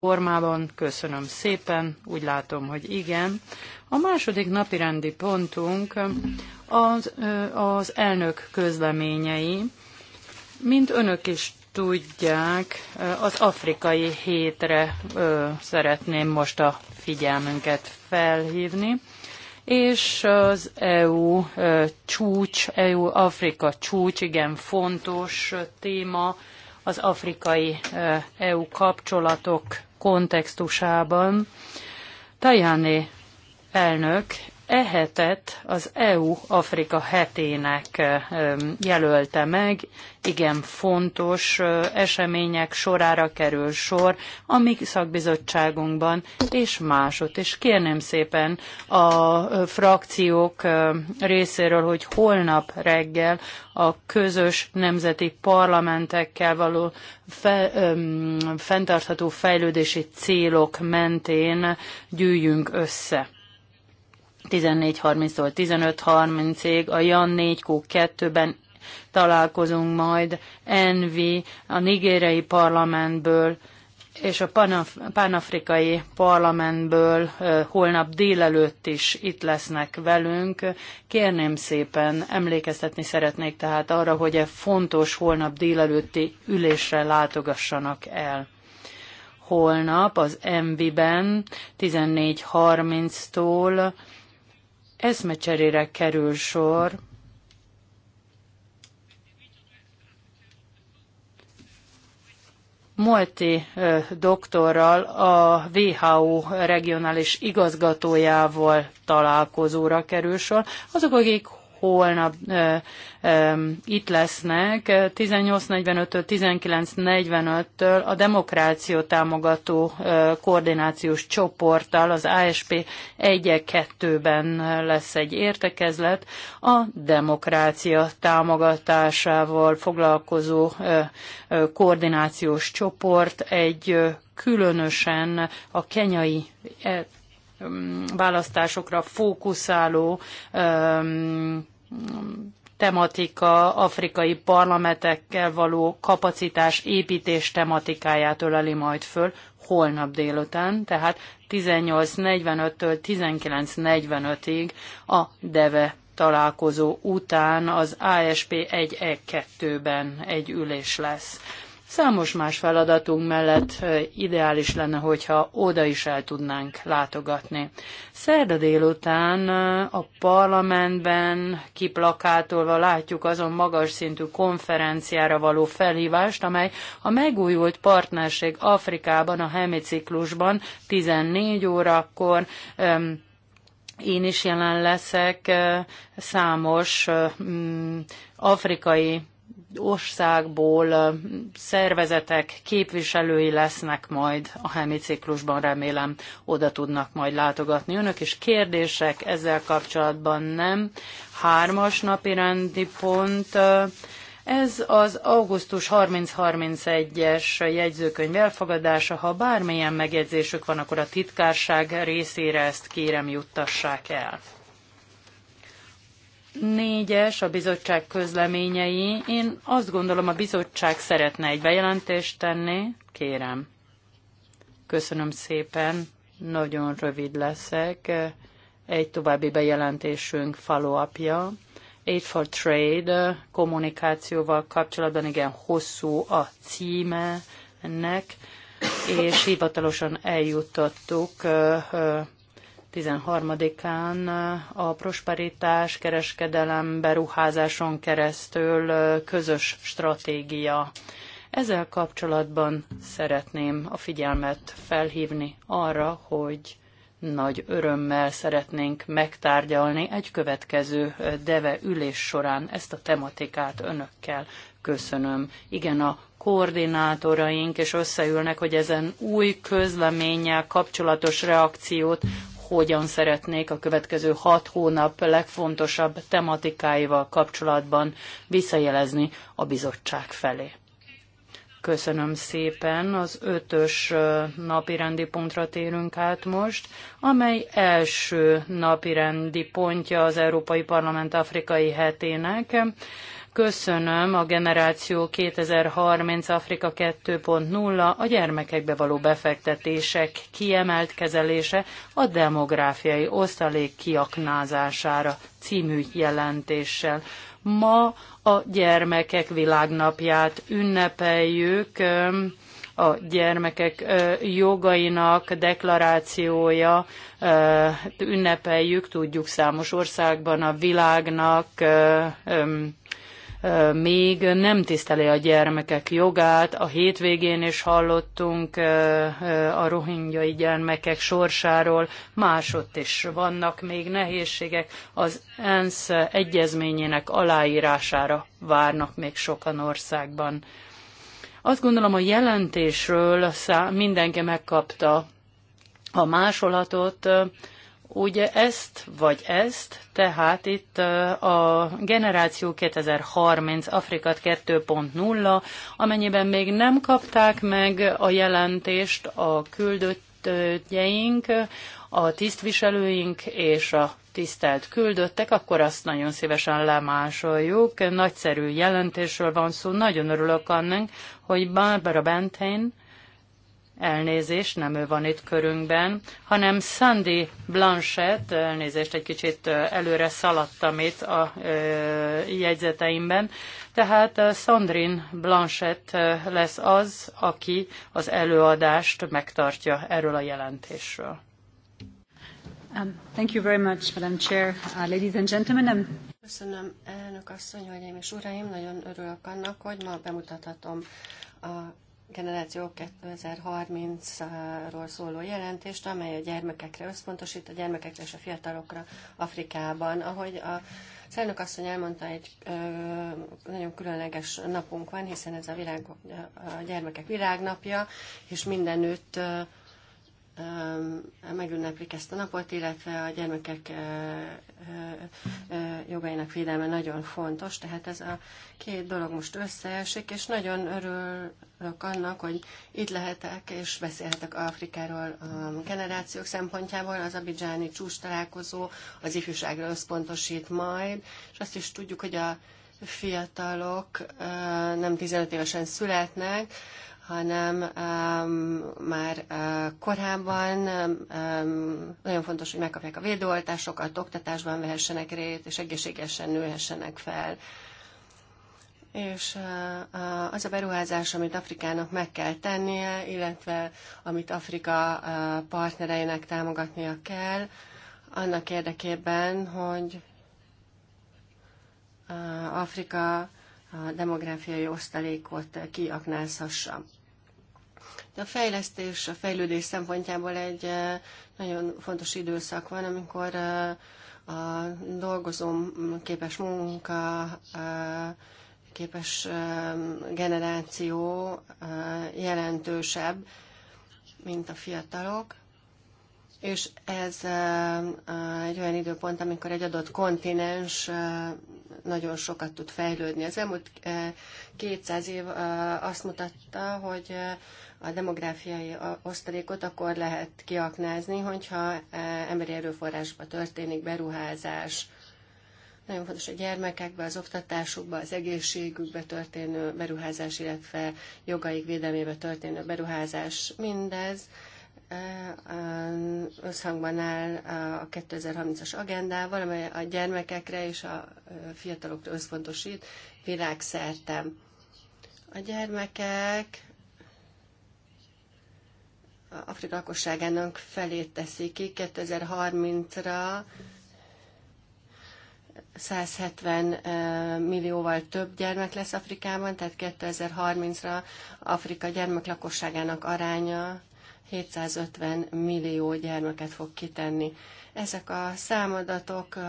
formában. Köszönöm szépen, úgy látom, hogy igen. A második napirendi pontunk az, az elnök közleményei. Mint önök is tudják, az afrikai hétre szeretném most a figyelmünket felhívni, és az EU csúcs, EU-Afrika csúcs, igen fontos téma, az afrikai EU kapcsolatok kontextusában Tajani elnök e hetet az EU Afrika hetének jelölte meg, igen fontos események sorára kerül sor a mi szakbizottságunkban és másot. És kérném szépen a frakciók részéről, hogy holnap reggel a közös nemzeti parlamentekkel való fe, öm, fenntartható fejlődési célok mentén gyűjjünk össze 14.30-tól 15.30-ig, a Jan 4Q2-ben találkozunk majd, Envi, a nigériai parlamentből, és a panafrikai pánafrikai parlamentből holnap délelőtt is itt lesznek velünk. Kérném szépen, emlékeztetni szeretnék tehát arra, hogy e fontos holnap délelőtti ülésre látogassanak el. Holnap az MB-ben 14.30-tól eszmecserére kerül sor, Molti doktorral, a WHO regionális igazgatójával találkozóra kerül sor. Azok, akik holnap ö, ö, itt lesznek 18.45-től 19.45-től a demokráció támogató ö, koordinációs csoporttal az ASP 1-2-ben lesz egy értekezlet a demokrácia támogatásával foglalkozó ö, ö, koordinációs csoport egy ö, különösen a kenyai e, választásokra fókuszáló tematika afrikai parlamentekkel való kapacitás építés tematikáját öleli majd föl holnap délután, tehát 18.45-től 19.45-ig a DEVE találkozó után az ASP 1E2-ben e egy ülés lesz. Számos más feladatunk mellett ideális lenne, hogyha oda is el tudnánk látogatni. Szerda délután a parlamentben kiplakátolva látjuk azon magas szintű konferenciára való felhívást, amely a megújult partnerség Afrikában, a hemiciklusban 14 órakor én is jelen leszek számos afrikai országból szervezetek képviselői lesznek majd a hemiciklusban, remélem oda tudnak majd látogatni önök, és kérdések ezzel kapcsolatban nem. Hármas napi rendi pont. Ez az augusztus 30-31-es jegyzőkönyv elfogadása. Ha bármilyen megjegyzésük van, akkor a titkárság részére ezt kérem juttassák el négyes a bizottság közleményei. Én azt gondolom, a bizottság szeretne egy bejelentést tenni. Kérem. Köszönöm szépen. Nagyon rövid leszek. Egy további bejelentésünk follow -upja. Aid for Trade kommunikációval kapcsolatban igen hosszú a címe ennek, és hivatalosan eljutottuk 13-án a prosperitás kereskedelem beruházáson keresztül közös stratégia. Ezzel kapcsolatban szeretném a figyelmet felhívni arra, hogy nagy örömmel szeretnénk megtárgyalni egy következő deve ülés során ezt a tematikát önökkel. Köszönöm. Igen, a koordinátoraink, és összeülnek, hogy ezen új közleménnyel kapcsolatos reakciót hogyan szeretnék a következő hat hónap legfontosabb tematikáival kapcsolatban visszajelezni a bizottság felé. Köszönöm szépen. Az ötös napirendi pontra térünk át most, amely első napirendi pontja az Európai Parlament Afrikai hetének köszönöm a Generáció 2030 Afrika 2.0 a gyermekekbe való befektetések kiemelt kezelése a demográfiai osztalék kiaknázására című jelentéssel. Ma a gyermekek világnapját ünnepeljük a gyermekek jogainak deklarációja, ünnepeljük, tudjuk számos országban a világnak még nem tiszteli a gyermekek jogát. A hétvégén is hallottunk a rohingyai gyermekek sorsáról, másodt is vannak még nehézségek. Az ENSZ egyezményének aláírására várnak még sokan országban. Azt gondolom, a jelentésről mindenki megkapta a másolatot, ugye ezt vagy ezt, tehát itt a generáció 2030 Afrikat 2.0, amennyiben még nem kapták meg a jelentést a küldöttjeink, a tisztviselőink és a tisztelt küldöttek, akkor azt nagyon szívesen lemásoljuk. Nagyszerű jelentésről van szó, nagyon örülök annak, hogy Barbara Bentheim, elnézést, nem ő van itt körünkben, hanem Sandy Blanchett, elnézést, egy kicsit előre szaladtam itt a jegyzeteimben, tehát Sandrine Blanchett lesz az, aki az előadást megtartja erről a jelentésről. Um, thank you very much, Madam Chair, uh, ladies and gentlemen. I'm... Um, Köszönöm, elnök asszony, én és uraim, nagyon örülök annak, hogy ma bemutathatom a generáció 2030-ról szóló jelentést, amely a gyermekekre összpontosít, a gyermekekre és a fiatalokra Afrikában. Ahogy a Szelnök asszony elmondta, egy ö, nagyon különleges napunk van, hiszen ez a, világ, a gyermekek világnapja, és mindenütt ö, megünneplik ezt a napot, illetve a gyermekek jogainak védelme nagyon fontos, tehát ez a két dolog most összeesik, és nagyon örülök annak, hogy itt lehetek, és beszélhetek Afrikáról a generációk szempontjából. Az abidzsáni csúcs találkozó az ifjúságra összpontosít majd, és azt is tudjuk, hogy a fiatalok nem 15 évesen születnek, hanem um, már uh, korábban um, um, nagyon fontos, hogy megkapják a védőoltásokat, oktatásban vehessenek részt, és egészségesen nőhessenek fel. És uh, uh, az a beruházás, amit Afrikának meg kell tennie, illetve amit Afrika uh, partnereinek támogatnia kell, annak érdekében, hogy uh, Afrika a demográfiai osztalékot kiaknázhassa. De a fejlesztés, a fejlődés szempontjából egy eh, nagyon fontos időszak van, amikor eh, a dolgozom képes munka, eh, képes generáció jelentősebb, mint a fiatalok, és ez egy olyan időpont, amikor egy adott kontinens nagyon sokat tud fejlődni. Az elmúlt 200 év azt mutatta, hogy a demográfiai osztalékot akkor lehet kiaknázni, hogyha e, emberi erőforrásba történik beruházás. Nagyon fontos a gyermekekbe, az oktatásukba, az egészségükbe történő beruházás, illetve jogaik védelmébe történő beruházás. Mindez e, összhangban áll a 2030-as agendával, amely a gyermekekre és a e, fiatalokra összpontosít világszerte. A gyermekek Afrika lakosságának felét teszi ki. 2030-ra 170 e, millióval több gyermek lesz Afrikában, tehát 2030-ra Afrika gyermek lakosságának aránya 750 millió gyermeket fog kitenni. Ezek a számadatok e,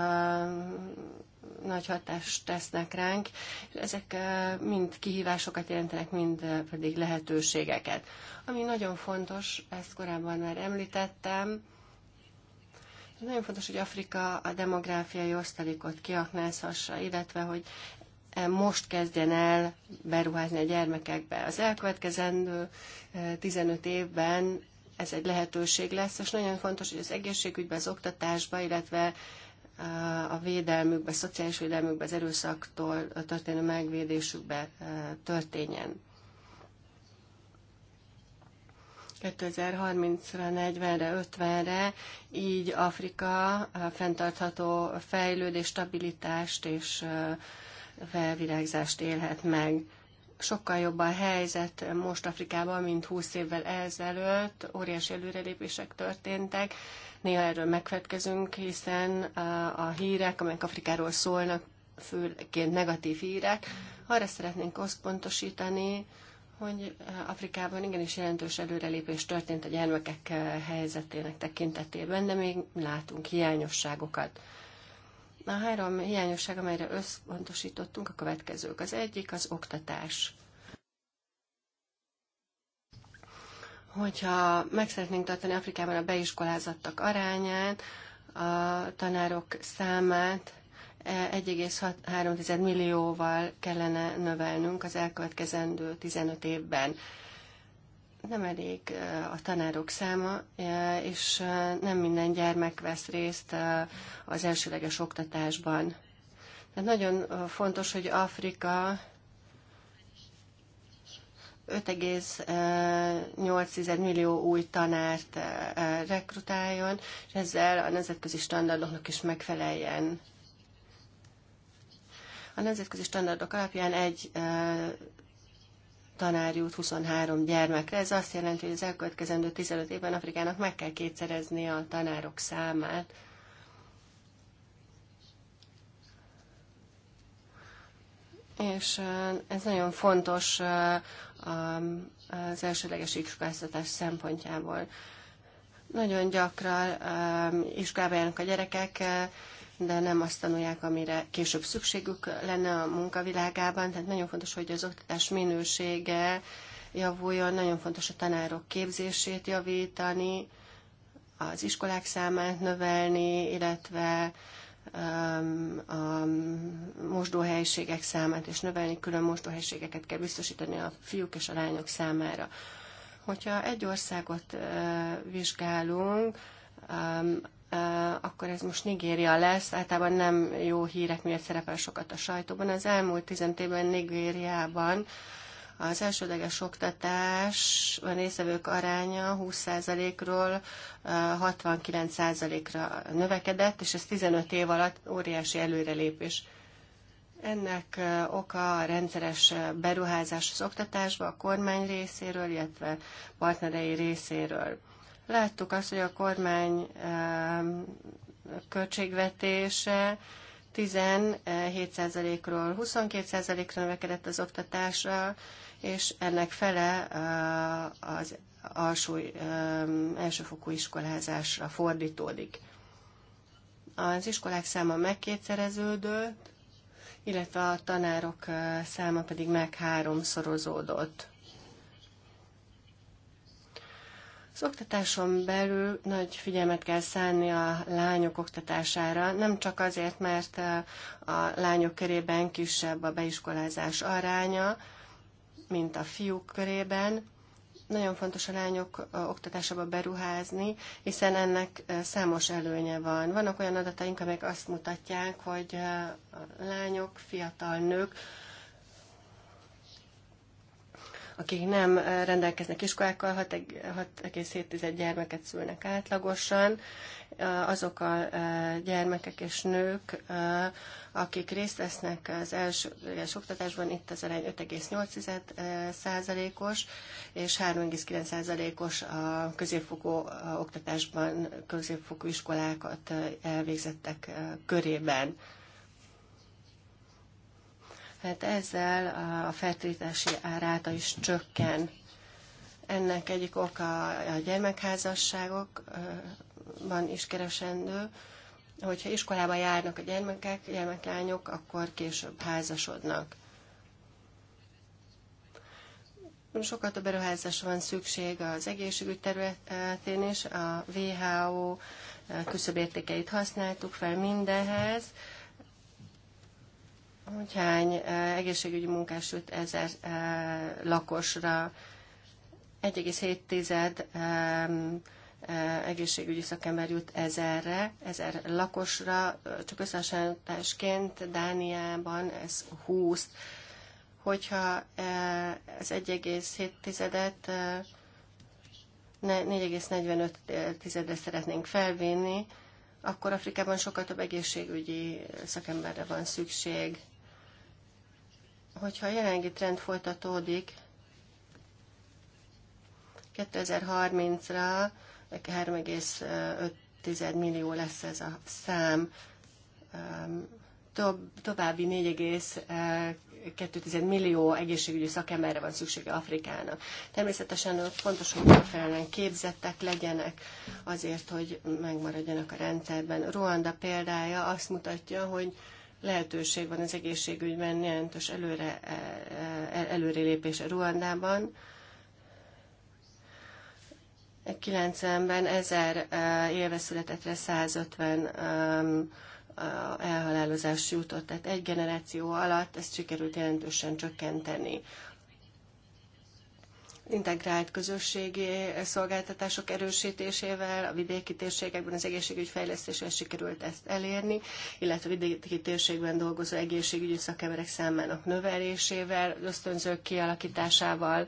nagy hatást tesznek ránk, és ezek mind kihívásokat jelentenek, mind pedig lehetőségeket. Ami nagyon fontos, ezt korábban már említettem, nagyon fontos, hogy Afrika a demográfiai osztalékot kiaknázhassa, illetve hogy most kezdjen el beruházni a gyermekekbe. Az elkövetkezendő 15 évben ez egy lehetőség lesz, és nagyon fontos, hogy az egészségügybe, az oktatásba, illetve a védelmükbe, a szociális védelmükbe, az erőszaktól történő megvédésükbe eh, történjen. 2030-ra, 40-re, 50-re, így Afrika eh, fenntartható fejlődés, stabilitást és eh, felvirágzást élhet meg sokkal jobb a helyzet most Afrikában, mint 20 évvel ezelőtt. Óriási előrelépések történtek. Néha erről megfetkezünk, hiszen a hírek, amelyek Afrikáról szólnak, főként negatív hírek, arra szeretnénk összpontosítani, hogy Afrikában igenis jelentős előrelépés történt a gyermekek helyzetének tekintetében, de még látunk hiányosságokat. A három hiányosság, amelyre összpontosítottunk, a következők. Az egyik az oktatás. Hogyha meg szeretnénk tartani Afrikában a beiskolázattak arányát, a tanárok számát 1,3 e, millióval kellene növelnünk az elkövetkezendő 15 évben nem elég a tanárok száma, és nem minden gyermek vesz részt az elsőleges oktatásban. De nagyon fontos, hogy Afrika 5,8 millió új tanárt rekrutáljon, és ezzel a nemzetközi standardoknak is megfeleljen. A nemzetközi standardok alapján egy tanár jut 23 gyermekre. Ez azt jelenti, hogy az elkövetkezendő 15 évben Afrikának meg kell kétszerezni a tanárok számát. És ez nagyon fontos az elsőleges iskoláztatás szempontjából. Nagyon gyakran iskolába járnak a gyerekek, de nem azt tanulják, amire később szükségük lenne a munkavilágában. Tehát nagyon fontos, hogy az oktatás minősége javuljon, nagyon fontos a tanárok képzését javítani, az iskolák számát növelni, illetve um, a mosdóhelyiségek számát és növelni, külön mosdóhelyiségeket kell biztosítani a fiúk és a lányok számára. Hogyha egy országot uh, vizsgálunk, um, akkor ez most Nigéria lesz. Általában nem jó hírek miatt szerepel sokat a sajtóban. Az elmúlt 10 évben Nigériában az elsődleges a részvevők aránya 20%-ról 69%-ra növekedett, és ez 15 év alatt óriási előrelépés. Ennek oka a rendszeres beruházás az oktatásba a kormány részéről, illetve partnerei részéről. Láttuk azt, hogy a kormány költségvetése 17%-ról 22%-ra növekedett az oktatásra, és ennek fele az alsó, elsőfokú iskolázásra fordítódik. Az iskolák száma megkétszereződött, illetve a tanárok száma pedig megháromszorozódott. Az oktatáson belül nagy figyelmet kell szánni a lányok oktatására, nem csak azért, mert eh, a lányok körében kisebb a beiskolázás aránya, mint a fiúk körében. Nagyon fontos a lányok eh, oktatásába beruházni, hiszen ennek eh, számos előnye van. Vannak olyan adataink, amelyek azt mutatják, hogy a lányok, fiatal nők akik nem rendelkeznek iskolákkal, 6,7 gyermeket szülnek átlagosan. Azok a gyermekek és nők, akik részt vesznek az elsőleges oktatásban, itt az arány 5,8 százalékos, és 3,9 százalékos a középfokú oktatásban középfokú iskolákat elvégzettek körében hát ezzel a fertőzési áráta is csökken. Ennek egyik oka a gyermekházasságokban is keresendő, hogyha iskolába járnak a gyermekek, gyermeklányok, akkor később házasodnak. sokat a beruházásra van szükség az egészségügy területén is. A WHO küszöbértékeit használtuk fel mindenhez, hogy hány eh, egészségügyi munkás jut ezer eh, lakosra. 1,7 eh, egészségügyi szakember jut ezerre, ezer lakosra, csak összehasonlításként Dániában ez 20. Hogyha ez 1,7-et 445 tizedre szeretnénk felvinni, akkor Afrikában sokkal több egészségügyi szakemberre van szükség hogyha a jelenlegi trend folytatódik, 2030-ra 3,5 millió lesz ez a szám, további 4,2 millió egészségügyi szakemberre van szüksége Afrikának. Természetesen fontos, hogy megfelelően képzettek legyenek azért, hogy megmaradjanak a rendszerben. Ruanda példája azt mutatja, hogy lehetőség van az egészségügyben jelentős előre, e, e, előrelépése Ruandában. 90-ben 1000 e, élve születetre 150 elhalálozás jutott, tehát egy generáció alatt ezt sikerült jelentősen csökkenteni integrált közösségi szolgáltatások erősítésével a vidéki térségekben az egészségügy fejlesztésével sikerült ezt elérni, illetve a vidéki térségben dolgozó egészségügyi szakemberek számának növelésével, ösztönzők kialakításával,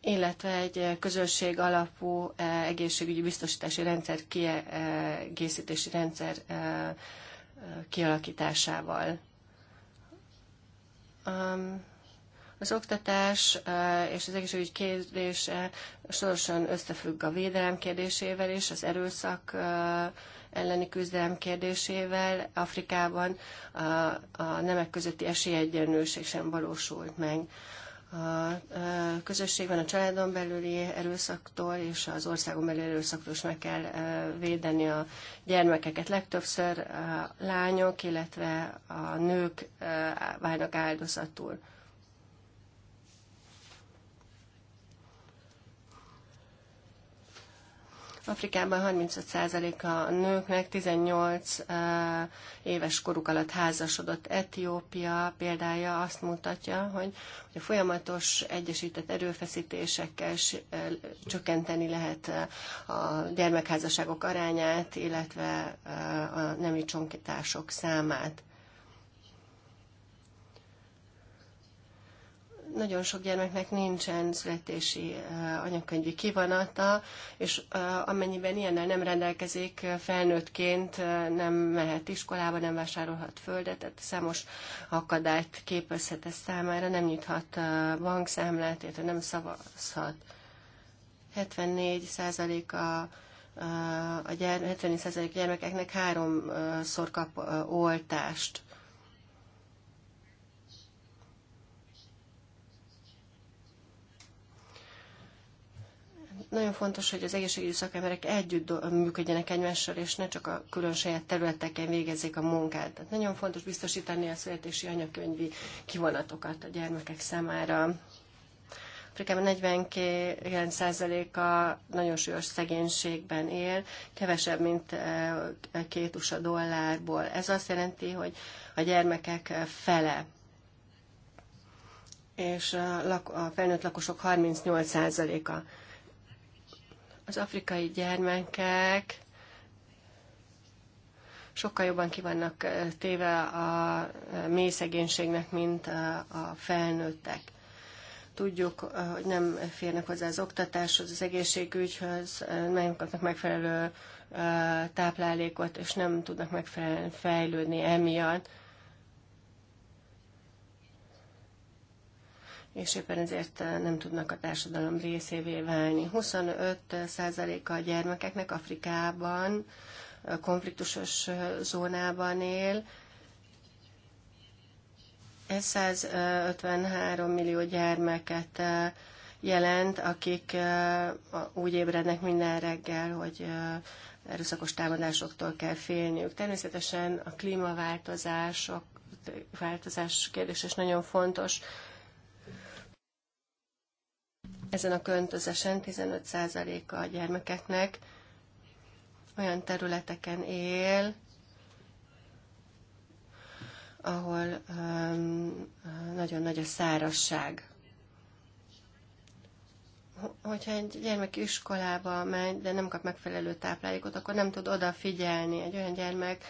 illetve egy közösség alapú eh, egészségügyi biztosítási rendszer kiegészítési rendszer eh, eh, kialakításával. Um, az oktatás és az egészségügy kérdése sorosan összefügg a védelem kérdésével és az erőszak elleni küzdelem kérdésével. Afrikában a, a nemek közötti esélyegyenlőség sem valósult meg. A közösségben a családon belüli erőszaktól és az országon belüli erőszaktól is meg kell védeni a gyermekeket. Legtöbbször a lányok, illetve a nők válnak áldozatul. Afrikában 35%-a a nőknek 18 eh, éves koruk alatt házasodott. Etiópia példája azt mutatja, hogy, hogy a folyamatos egyesített erőfeszítésekkel eh, csökkenteni lehet eh, a gyermekházasságok arányát, illetve a nemi csonkítások számát. nagyon sok gyermeknek nincsen születési eh, anyakönyvi kivonata, és eh, amennyiben ilyennel nem rendelkezik, eh, felnőttként nem mehet iskolába, nem vásárolhat földet, tehát számos akadályt képezhet ez számára, nem nyithat bankszámlát, illetve nem szavazhat. 74% a a gyermek, 74% gyermekeknek háromszor kap oltást. Nagyon fontos, hogy az egészségügyi szakemberek együtt működjenek egymással, és ne csak a külön saját területeken végezzék a munkát. Tehát nagyon fontos biztosítani a születési anyakönyvi kivonatokat a gyermekek számára. Afrikában 49%-a nagyon súlyos szegénységben él, kevesebb, mint e, két USA dollárból. Ez azt jelenti, hogy a gyermekek fele és a, a felnőtt lakosok 38%-a az afrikai gyermekek sokkal jobban kivannak téve a mély szegénységnek, mint a felnőttek. Tudjuk, hogy nem férnek hozzá az oktatáshoz, az egészségügyhöz, nem kapnak megfelelő táplálékot, és nem tudnak megfelelően fejlődni emiatt. és éppen ezért eh, nem tudnak a társadalom részévé válni. 25%-a eh, a gyermekeknek Afrikában, eh, konfliktusos zónában él, ez 153 millió gyermeket jelent, akik úgy ébrednek minden reggel, hogy erőszakos támadásoktól kell félniük. Természetesen a klímaváltozások változás kérdés is nagyon fontos. Ezen a költözésen 15%-a a gyermekeknek olyan területeken él, ahol um, nagyon nagy a szárasság. Hogyha egy gyermek iskolába megy, de nem kap megfelelő táplálékot, akkor nem tud odafigyelni. Egy olyan gyermek,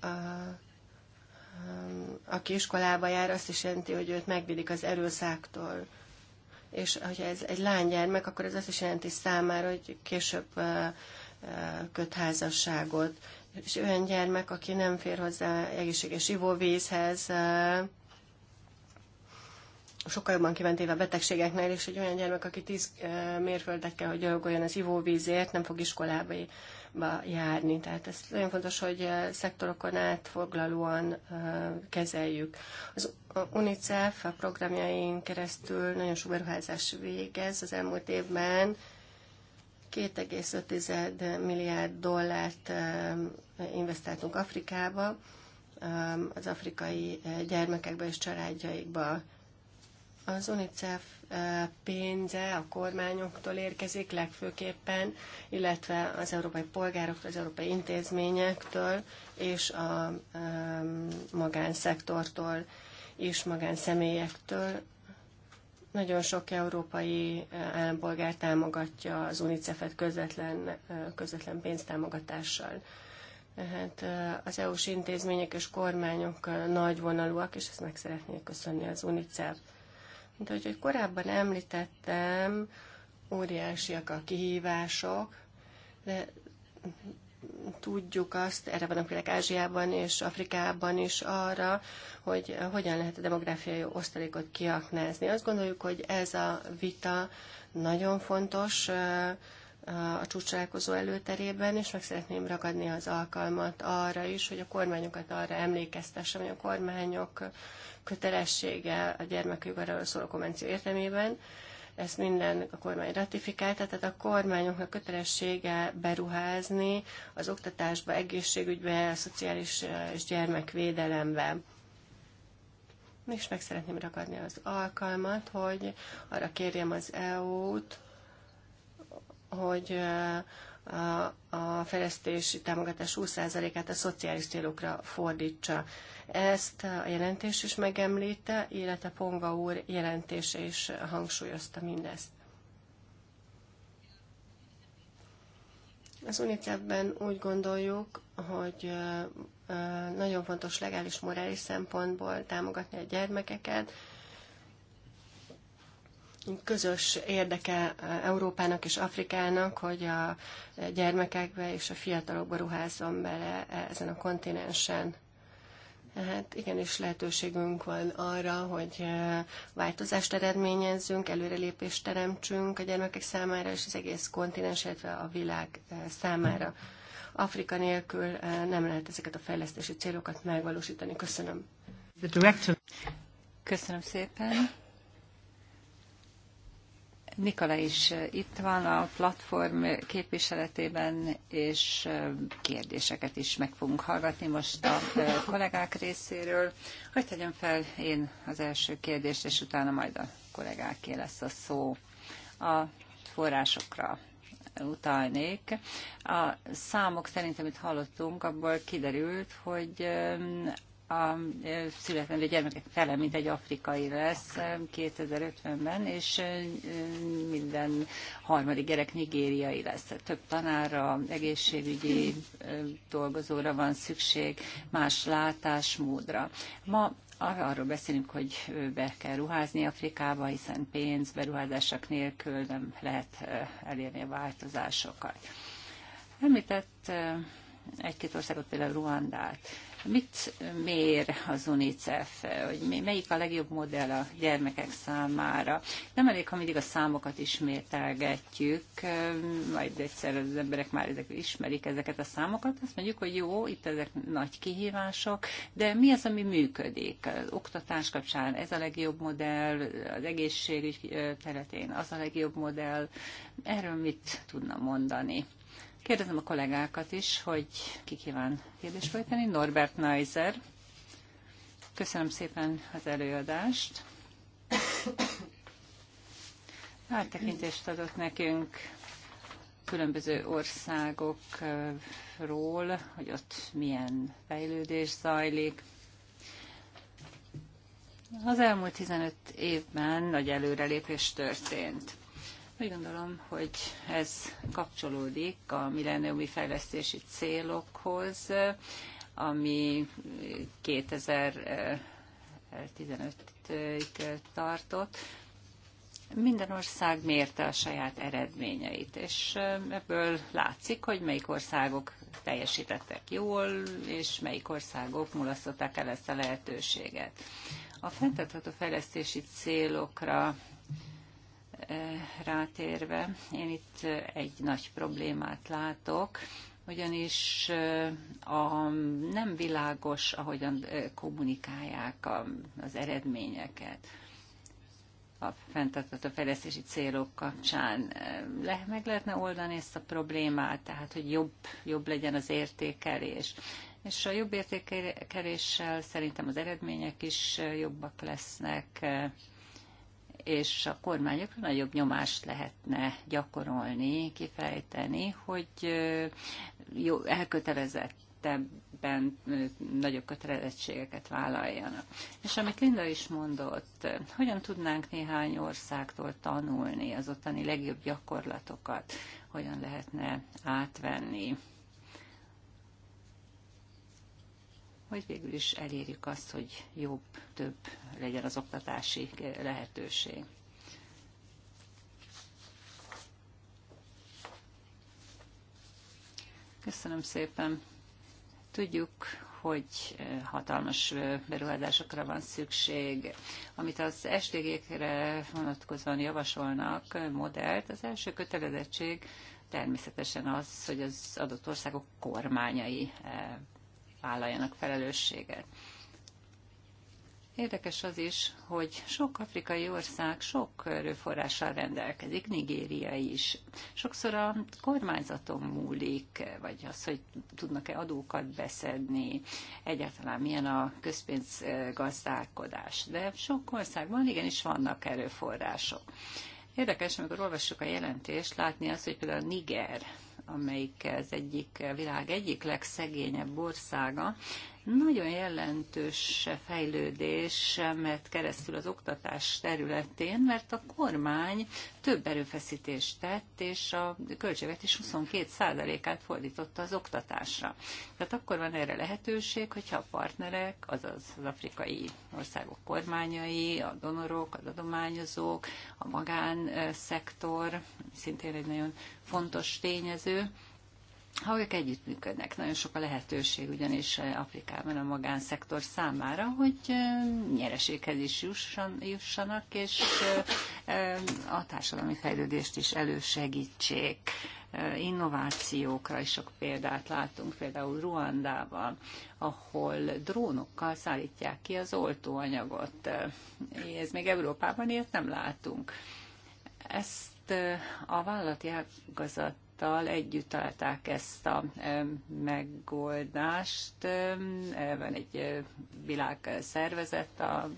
a, a, aki iskolába jár, azt is jelenti, hogy őt megvédik az erőszáktól és hogyha ez egy lánygyermek, akkor ez azt is jelenti számára, hogy később kötházasságot. És olyan gyermek, aki nem fér hozzá egészséges ivóvízhez, sokkal jobban kiventéve a betegségeknél, és egy olyan gyermek, aki tíz mérföldekkel, hogy gyalogoljon az ivóvízért, nem fog iskolába járni. Tehát ez nagyon fontos, hogy szektorokon átfoglalóan kezeljük. Az UNICEF a programjain keresztül nagyon sok beruházás végez az elmúlt évben, 2,5 milliárd dollárt investáltunk Afrikába, az afrikai gyermekekbe és családjaikba. Az UNICEF pénze a kormányoktól érkezik legfőképpen, illetve az európai polgároktól, az európai intézményektől és a magánszektortól és magánszemélyektől. Nagyon sok európai állampolgár támogatja az UNICEF-et közvetlen, közvetlen pénztámogatással. Tehát az EU-s intézmények és kormányok nagy vonalúak, és ezt meg szeretnék köszönni az UNICEF. Mint ahogy korábban említettem, óriásiak a kihívások, de tudjuk azt, erre vannak például Ázsiában és Afrikában is arra, hogy hogyan lehet a demográfiai osztalékot kiaknázni. Azt gondoljuk, hogy ez a vita nagyon fontos, a csúcsalálkozó előterében, és meg szeretném ragadni az alkalmat arra is, hogy a kormányokat arra emlékeztessem, hogy a kormányok kötelessége a gyermekjogarról szóló konvenció értelmében, ezt minden a kormány ratifikálta, tehát a kormányoknak kötelessége beruházni az oktatásba, egészségügybe, a szociális és gyermekvédelembe. És meg szeretném ragadni az alkalmat, hogy arra kérjem az EU-t, hogy a fejlesztési támogatás 20%-át a szociális célokra fordítsa. Ezt a jelentés is megemlíte, illetve Ponga úr jelentése is hangsúlyozta mindezt. Az UNICEF-ben úgy gondoljuk, hogy nagyon fontos legális morális szempontból támogatni a gyermekeket, közös érdeke Európának és Afrikának, hogy a gyermekekbe és a fiatalokba ruházzon bele ezen a kontinensen. Hát igenis lehetőségünk van arra, hogy eh, változást eredményezzünk, előrelépést teremtsünk a gyermekek számára és az egész kontinens, illetve a világ eh, számára. Afrika nélkül eh, nem lehet ezeket a fejlesztési célokat megvalósítani. Köszönöm. Köszönöm szépen. Nikola is itt van a platform képviseletében, és kérdéseket is meg fogunk hallgatni most a kollégák részéről. Hogy tegyem fel én az első kérdést, és utána majd a kollégáké lesz a szó a forrásokra utalnék. A számok szerintem, amit hallottunk, abból kiderült, hogy a e, születendő gyermekek fele, mint egy afrikai lesz 2050-ben, e, és e, minden harmadik gyerek nigériai lesz. Több tanára, egészségügyi dolgozóra van szükség, más látásmódra. Ma arról beszélünk, hogy be kell ruházni Afrikába, hiszen pénz, beruházások nélkül nem lehet elérni a változásokat. Említett egy-két országot, például Ruandát Mit mér az UNICEF, hogy melyik a legjobb modell a gyermekek számára? Nem elég, ha mindig a számokat ismételgetjük, majd egyszer az emberek már ezek, ismerik ezeket a számokat, azt mondjuk, hogy jó, itt ezek nagy kihívások, de mi az, ami működik? Az oktatás kapcsán ez a legjobb modell, az egészségügy területén az a legjobb modell. Erről mit tudna mondani? Kérdezem a kollégákat is, hogy ki kíván kérdést folytani. Norbert Neiser. Köszönöm szépen az előadást. Áttekintést adott nekünk különböző országokról, hogy ott milyen fejlődés zajlik. Az elmúlt 15 évben nagy előrelépés történt. Úgy gondolom, hogy ez kapcsolódik a milleniumi fejlesztési célokhoz, ami 2015-ig tartott. Minden ország mérte a saját eredményeit, és ebből látszik, hogy melyik országok teljesítettek jól, és melyik országok mulasztották el ezt a lehetőséget. A fenntartható fejlesztési célokra Eh, rátérve, én itt eh, egy nagy problémát látok, ugyanis eh, a nem világos, ahogyan kommunikálják az eredményeket a a fejlesztési célok kapcsán. Le, meg lehetne oldani ezt a problémát, tehát hogy jobb, jobb legyen az értékelés. És a jobb értékeléssel szerintem az eredmények is jobbak lesznek, és a kormányokra nagyobb nyomást lehetne gyakorolni, kifejteni, hogy jó, elkötelezett ebben nagyobb kötelezettségeket vállaljanak. És amit Linda is mondott, hogyan tudnánk néhány országtól tanulni az ottani legjobb gyakorlatokat, hogyan lehetne átvenni hogy végül is elérjük azt, hogy jobb, több legyen az oktatási eh, lehetőség. Köszönöm szépen. Tudjuk, hogy eh, hatalmas eh, beruházásokra van szükség. Amit az SDG-kre vonatkozóan javasolnak modellt, az első kötelezettség természetesen az, hogy az adott országok kormányai vállaljanak felelősséget. Érdekes az is, hogy sok afrikai ország sok erőforrással rendelkezik, Nigéria is. Sokszor a kormányzaton múlik, vagy az, hogy tudnak-e adókat beszedni, egyáltalán milyen a közpénzgazdálkodás. De sok országban igenis vannak erőforrások. Érdekes, amikor olvassuk a jelentést, látni azt, hogy például Niger amelyik az egyik világ egyik legszegényebb országa, nagyon jelentős fejlődés mert keresztül az oktatás területén, mert a kormány több erőfeszítést tett, és a költségvetés 22%-át fordította az oktatásra. Tehát akkor van erre lehetőség, hogyha a partnerek, azaz az afrikai országok kormányai, a donorok, az adományozók, a magánszektor, szintén egy nagyon fontos tényező, ha ők együttműködnek. Nagyon sok a lehetőség ugyanis eh, Afrikában a magánszektor számára, hogy eh, nyereséghez is jussanak, és eh, a társadalmi fejlődést is elősegítsék. Innovációkra is sok példát látunk, például Ruandában, ahol drónokkal szállítják ki az oltóanyagot. Ez még Európában ilyet nem látunk. Ezt a vállalati ágazat által együtt találták ezt a megoldást. Van egy világszervezet a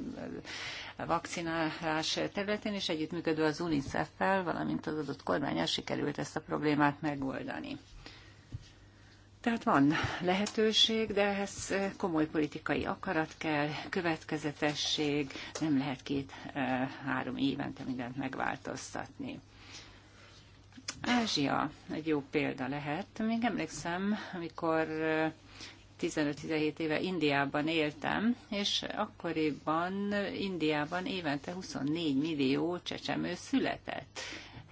vakcinálás területén, és együttműködve az UNICEF-fel, valamint az adott kormányal sikerült ezt a problémát megoldani. Tehát van lehetőség, de ehhez komoly politikai akarat kell, következetesség, nem lehet két-három évente mindent megváltoztatni. Ázsia egy jó példa lehet. Még emlékszem, amikor 15-17 eh, éve Indiában éltem, és akkoriban Indiában évente 24 millió csecsemő született.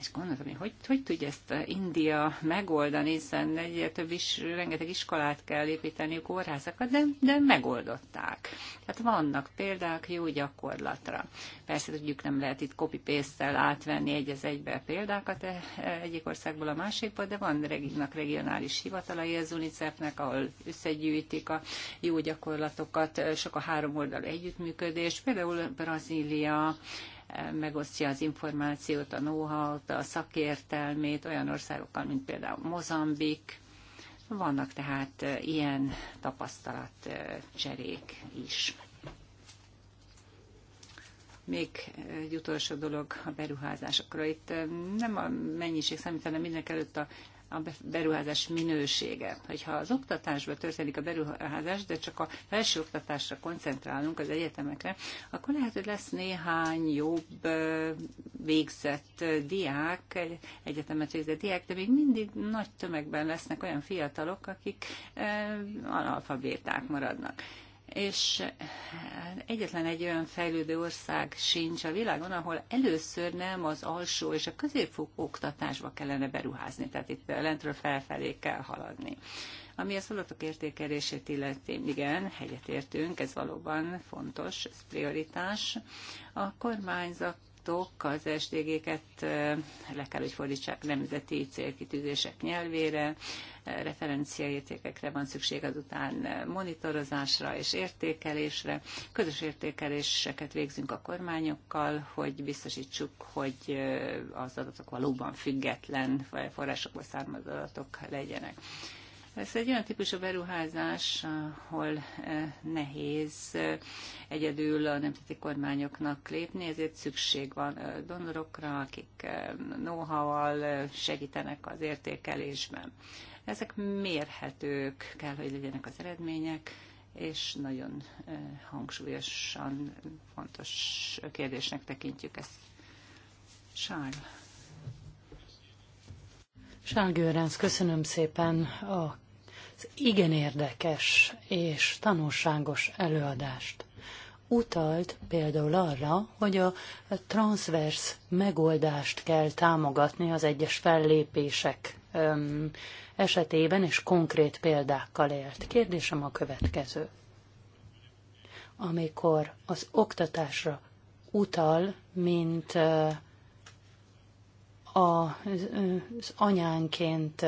És gondoltam, hogy, hogy hogy tudja ezt eh, India megoldani, hiszen egyre eh, több is, rengeteg iskolát kell építeniük, kórházakat, de, de megoldották. Tehát vannak példák jó gyakorlatra. Persze tudjuk, nem lehet itt copy paste átvenni egy az egybe példákat eh, egyik országból a másikba, de van reginak regionális hivatalai az UNICEF-nek, ahol összegyűjtik a jó gyakorlatokat, sok a három oldalú együttműködés, például Brazília, megosztja az információt, a know a szakértelmét olyan országokkal, mint például Mozambik. Vannak tehát ilyen tapasztalatcserék is. Még egy utolsó dolog a beruházásokra. Itt nem a mennyiség számít, hanem mindenek előtt a a beruházás minősége. Hogyha az oktatásban történik a beruházás, de csak a oktatásra koncentrálunk az egyetemekre, akkor lehet, hogy lesz néhány jobb végzett diák, egyetemet végzett diák, de még mindig nagy tömegben lesznek olyan fiatalok, akik analfabéták maradnak és eh, egyetlen egy olyan fejlődő ország sincs a világon, ahol először nem az alsó és a középfokú oktatásba kellene beruházni, tehát itt lentről felfelé kell haladni. Ami az szolatok értékelését illeti, igen, helyet értünk, ez valóban fontos, ez prioritás. A kormányzat gyártók az SDG-ket le kell, hogy fordítsák nemzeti célkitűzések nyelvére, referenciaértékekre van szükség, azután monitorozásra és értékelésre. Közös értékeléseket végzünk a kormányokkal, hogy biztosítsuk, hogy az adatok valóban független forrásokból származó adatok legyenek. Ez egy olyan típusú beruházás, ahol eh, nehéz eh, egyedül a nemzeti kormányoknak lépni, ezért szükség van eh, donorokra, akik know-how-val segítenek az értékelésben. Ezek mérhetők kell, hogy legyenek az eredmények, és nagyon hangsúlyosan fontos kérdésnek tekintjük ezt. Charles. Sálgőrenc, köszönöm szépen az igen érdekes és tanulságos előadást. Utalt például arra, hogy a transzvers megoldást kell támogatni az egyes fellépések esetében, és konkrét példákkal élt. Kérdésem a következő. Amikor az oktatásra utal, mint az anyánként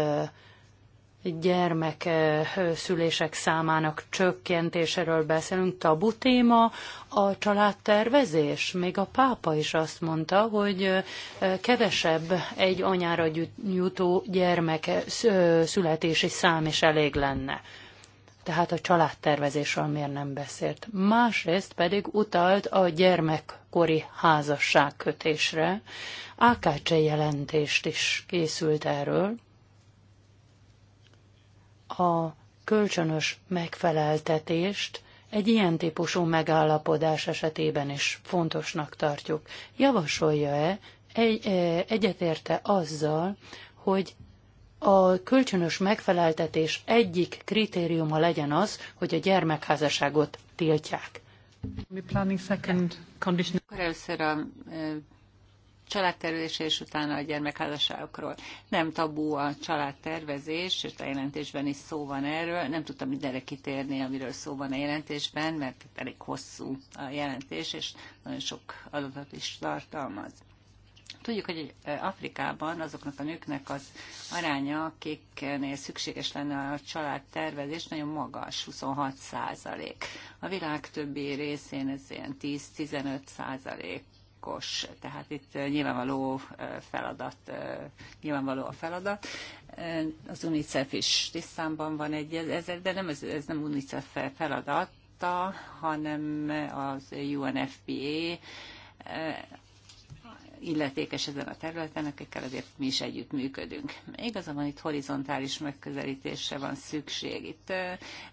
gyermek szülések számának csökkentéséről beszélünk. Tabu téma a családtervezés. Még a pápa is azt mondta, hogy kevesebb egy anyára jutó gyermek születési szám is elég lenne tehát a családtervezésről miért nem beszélt. Másrészt pedig utalt a gyermekkori házasságkötésre. AKC jelentést is készült erről. A kölcsönös megfeleltetést egy ilyen típusú megállapodás esetében is fontosnak tartjuk. Javasolja-e, egy, eh, egyetérte azzal, hogy a kölcsönös megfeleltetés egyik kritériuma legyen az, hogy a gyermekházasságot tiltják. Akkor először a családtervezés, és utána a gyermekházasságokról. Nem tabú a családtervezés, és a jelentésben is szó van erről. Nem tudtam mindenre kitérni, amiről szó van a jelentésben, mert elég hosszú a jelentés, és nagyon sok adatot is tartalmaz. Tudjuk, hogy Afrikában azoknak a nőknek az aránya, akiknél szükséges lenne a családtervezés, nagyon magas, 26 százalék. A világ többi részén ez ilyen 10-15 százalékos, tehát itt nyilvánvaló feladat, nyilvánvaló a feladat. Az UNICEF is tisztában van egy ez, de nem ez, ez nem UNICEF feladata, hanem az UNFPA illetékes ezen a területen, akikkel azért mi is együtt működünk. van, itt horizontális megközelítésre van szükség. Itt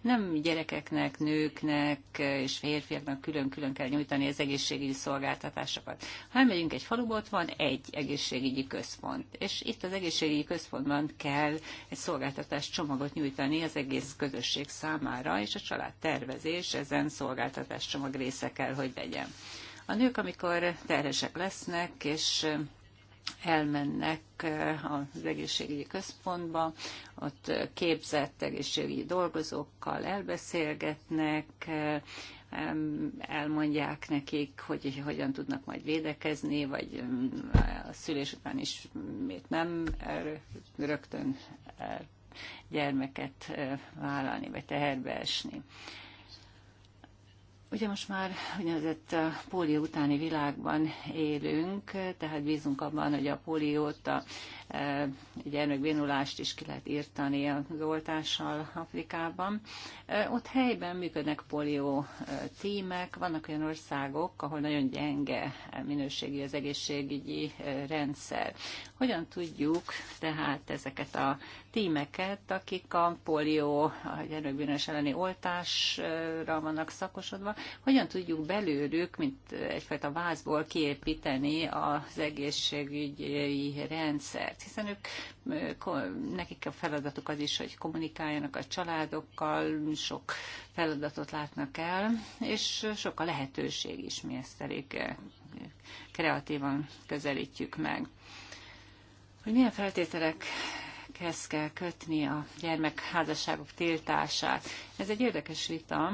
nem gyerekeknek, nőknek és férfiaknak külön-külön kell nyújtani az egészségügyi szolgáltatásokat. Ha megyünk egy faluba, ott van egy egészségügyi központ, és itt az egészségügyi központban kell egy szolgáltatás csomagot nyújtani az egész közösség számára, és a tervezés ezen szolgáltatás csomag része kell, hogy legyen. A nők, amikor terhesek lesznek, és elmennek az egészségügyi központba, ott képzett egészségügyi dolgozókkal elbeszélgetnek, elmondják nekik, hogy hogyan tudnak majd védekezni, vagy a szülés után is miért nem rögtön gyermeket vállalni, vagy teherbe esni. Ugye most már úgynevezett eh, pólió utáni világban élünk, eh, tehát bízunk abban, hogy a póliót a E, gyermekbénulást is ki lehet írtani az oltással Afrikában. E, ott helyben működnek polió e, tímek, vannak olyan országok, ahol nagyon gyenge minőségi az egészségügyi rendszer. Hogyan tudjuk tehát ezeket a tímeket, akik a polió, a gyermekbűnös elleni oltásra vannak szakosodva, hogyan tudjuk belőlük, mint egyfajta vázból kiépíteni az egészségügyi rendszert mert hiszen ők, nekik a feladatuk az is, hogy kommunikáljanak a családokkal, sok feladatot látnak el, és sok a lehetőség is, mi ezt elég kreatívan közelítjük meg. Hogy milyen feltételek kezd kell kötni a gyermekházasságok tiltását. Ez egy érdekes vita.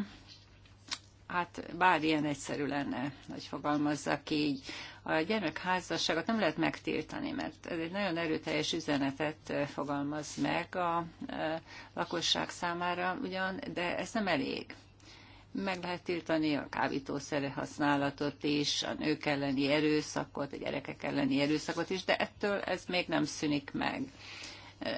Hát bár ilyen egyszerű lenne, hogy fogalmazzak így. A gyermekházasságot nem lehet megtiltani, mert ez egy nagyon erőteljes üzenetet fogalmaz meg a lakosság számára ugyan, de ez nem elég meg lehet tiltani a kábítószer használatot is, a nők elleni erőszakot, a gyerekek elleni erőszakot is, de ettől ez még nem szűnik meg.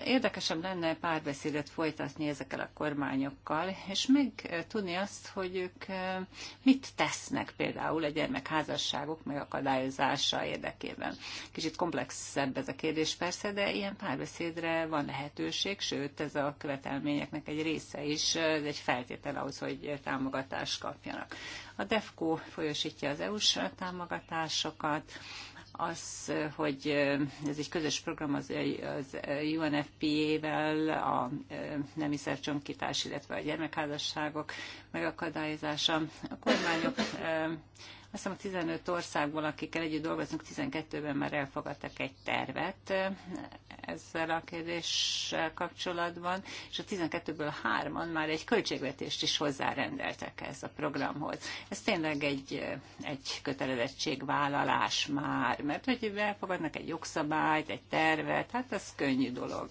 Érdekesebb lenne párbeszédet folytatni ezekkel a kormányokkal, és meg eh, tudni azt, hogy ők eh, mit tesznek például a gyermekházasságok megakadályozása érdekében. Kicsit komplexebb ez a kérdés persze, de ilyen párbeszédre van lehetőség, sőt ez a követelményeknek egy része is, eh, ez egy feltétel ahhoz, hogy támogatást kapjanak. A DEFCO folyosítja az EU-s támogatásokat, az, hogy ez egy közös program az, az UNFPA-vel, a nemi szercsonkítás, illetve a gyermekházasságok megakadályozása. A kormányok azt hiszem, a 15 országból, akikkel együtt dolgozunk, 12-ben már elfogadtak egy tervet eh, ezzel a kérdéssel kapcsolatban, és a 12-ből hárman már egy költségvetést is hozzárendeltek ez a programhoz. Ez tényleg egy, eh, egy kötelezettségvállalás már, mert hogy elfogadnak egy jogszabályt, egy tervet, hát ez könnyű dolog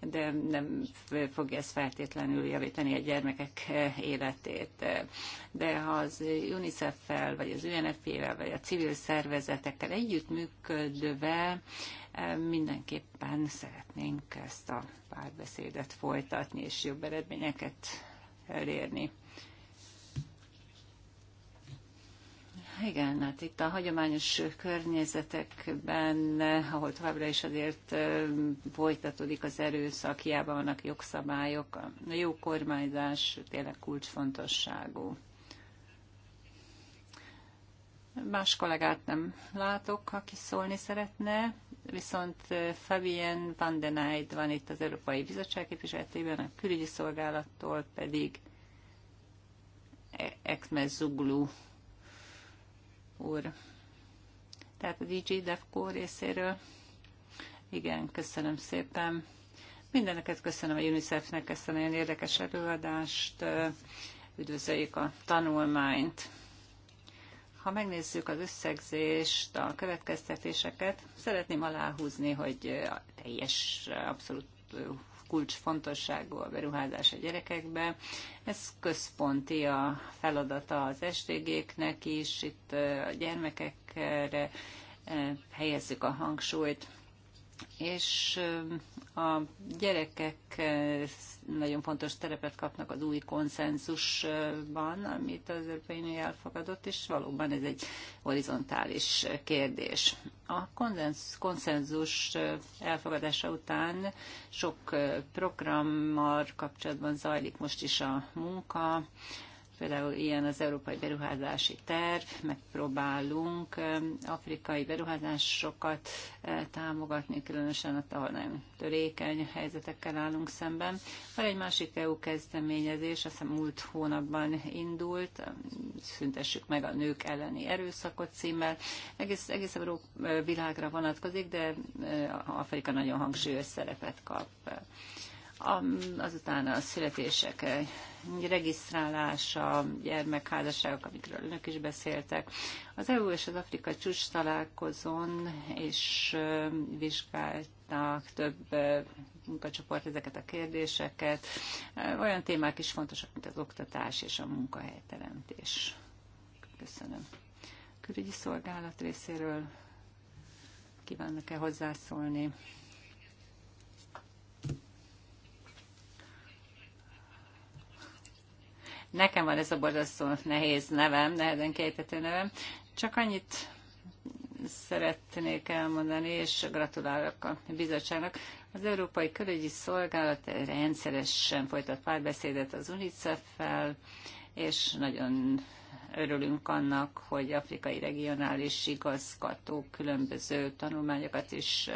de nem fogja ez feltétlenül javítani a gyermekek eh, életét. De ha az UNICEF-fel, vagy az UNFP-vel, vagy a civil szervezetekkel együttműködve eh, mindenképpen szeretnénk ezt a párbeszédet folytatni, és jobb eredményeket elérni. Igen, hát itt a hagyományos környezetekben, ahol továbbra is azért folytatódik az erőszak, hiába vannak jogszabályok, a jó kormányzás tényleg kulcsfontosságú. Más kollégát nem látok, aki szólni szeretne, viszont Fabien van den Eyde van itt az Európai Bizottság képviseletében, a külügyi szolgálattól pedig e- Ekmez Zuglu úr. Tehát a DJ DevCo részéről. Igen, köszönöm szépen. Mindeneket köszönöm a UNICEF-nek ezt a nagyon érdekes előadást. Üdvözöljük a tanulmányt. Ha megnézzük az összegzést, a következtetéseket, szeretném aláhúzni, hogy teljes, abszolút kulcsfontosságú a beruházás a gyerekekbe. Ez központi a feladata az SDG-knek is, itt a gyermekekre helyezzük a hangsúlyt és a gyerekek nagyon fontos terepet kapnak az új konszenzusban, amit az Európai Unió elfogadott, és valóban ez egy horizontális kérdés. A konszenzus elfogadása után sok programmal kapcsolatban zajlik most is a munka, Például ilyen az Európai Beruházási Terv, megpróbálunk afrikai beruházásokat e, támogatni, különösen ott, ahol nagyon törékeny helyzetekkel állunk szemben. Van egy másik EU kezdeményezés, azt hiszem múlt hónapban indult, szüntessük meg a nők elleni erőszakot címmel. Egész, egész Európa e, világra vonatkozik, de e, Afrika nagyon hangsúlyos szerepet kap azután a születések eh, regisztrálása, gyermekházasságok, amikről önök is beszéltek. Az EU és az Afrika csúcs találkozón és eh, vizsgálták több eh, munkacsoport ezeket a kérdéseket. Olyan témák is fontosak, mint az oktatás és a munkahelyteremtés. Köszönöm. Külügyi szolgálat részéről kívánnak-e hozzászólni? Nekem van ez a borzasztó nehéz nevem, nehezen kiejtető nevem. Csak annyit szeretnék elmondani, és gratulálok a bizottságnak. Az Európai Körögyi Szolgálat rendszeresen folytat párbeszédet az UNICEF-fel, és nagyon örülünk annak, hogy afrikai regionális igazgatók különböző tanulmányokat is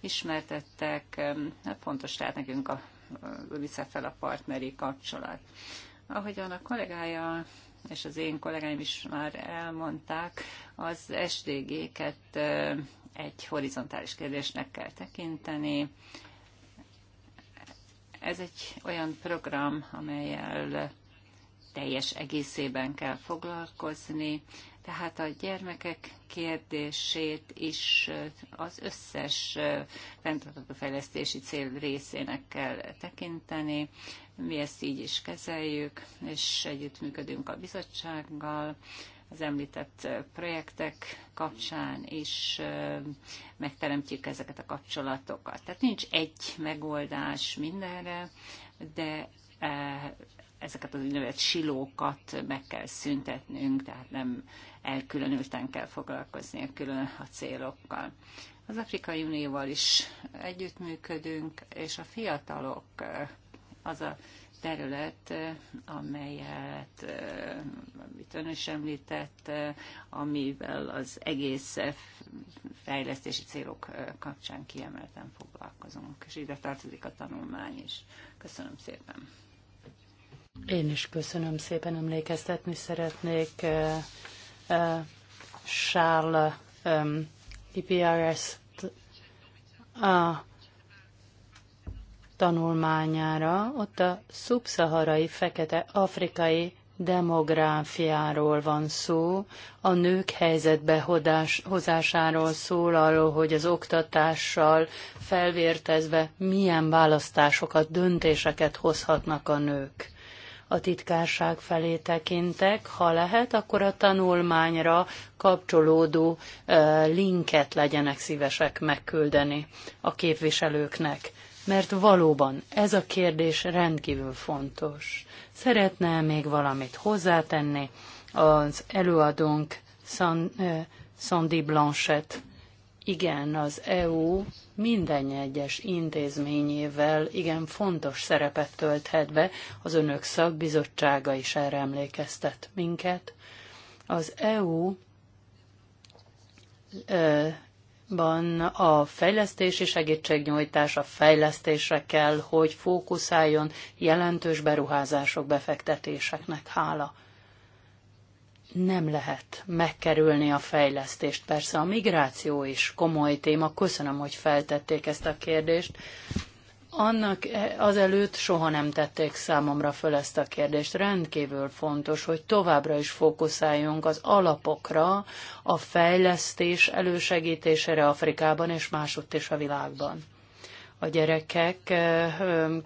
ismertettek. Hát fontos lehet nekünk a UNICEF-fel a partneri kapcsolat. Ahogyan a kollégája és az én kollégáim is már elmondták, az SDG-ket egy horizontális kérdésnek kell tekinteni. Ez egy olyan program, amelyel teljes egészében kell foglalkozni, tehát a gyermekek kérdését is az összes fenntartható fejlesztési cél részének kell tekinteni. Mi ezt így is kezeljük, és együttműködünk a bizottsággal, az említett projektek kapcsán is megteremtjük ezeket a kapcsolatokat. Tehát nincs egy megoldás mindenre, de ezeket az úgynevezett silókat meg kell szüntetnünk, tehát nem elkülönülten kell foglalkozni a külön a célokkal. Az Afrikai Unióval is együttműködünk, és a fiatalok az a terület, amelyet amit ön is említett, amivel az egész fejlesztési célok kapcsán kiemelten foglalkozunk, és ide tartozik a tanulmány is. Köszönöm szépen! Én is köszönöm szépen, emlékeztetni szeretnék uh, uh, Charles um, IPRS-t a tanulmányára. Ott a szubszaharai fekete afrikai demográfiáról van szó, a nők helyzetbe hodás, hozásáról szól, arról, hogy az oktatással felvértezve milyen választásokat, döntéseket hozhatnak a nők a titkárság felé tekintek, ha lehet, akkor a tanulmányra kapcsolódó linket legyenek szívesek megküldeni a képviselőknek. Mert valóban ez a kérdés rendkívül fontos. Szeretne még valamit hozzátenni az előadónk Sandy Blanchett? Igen, az EU minden egyes intézményével igen fontos szerepet tölthet be, az önök szakbizottsága is erre emlékeztet minket. Az EU ban a fejlesztési segítségnyújtás a fejlesztésre kell, hogy fókuszáljon jelentős beruházások befektetéseknek hála nem lehet megkerülni a fejlesztést. Persze a migráció is komoly téma. Köszönöm, hogy feltették ezt a kérdést. Annak e, azelőtt soha nem tették számomra föl ezt a kérdést. Rendkívül fontos, hogy továbbra is fókuszáljunk az alapokra, a fejlesztés elősegítésére Afrikában és másutt is a világban a gyerekeken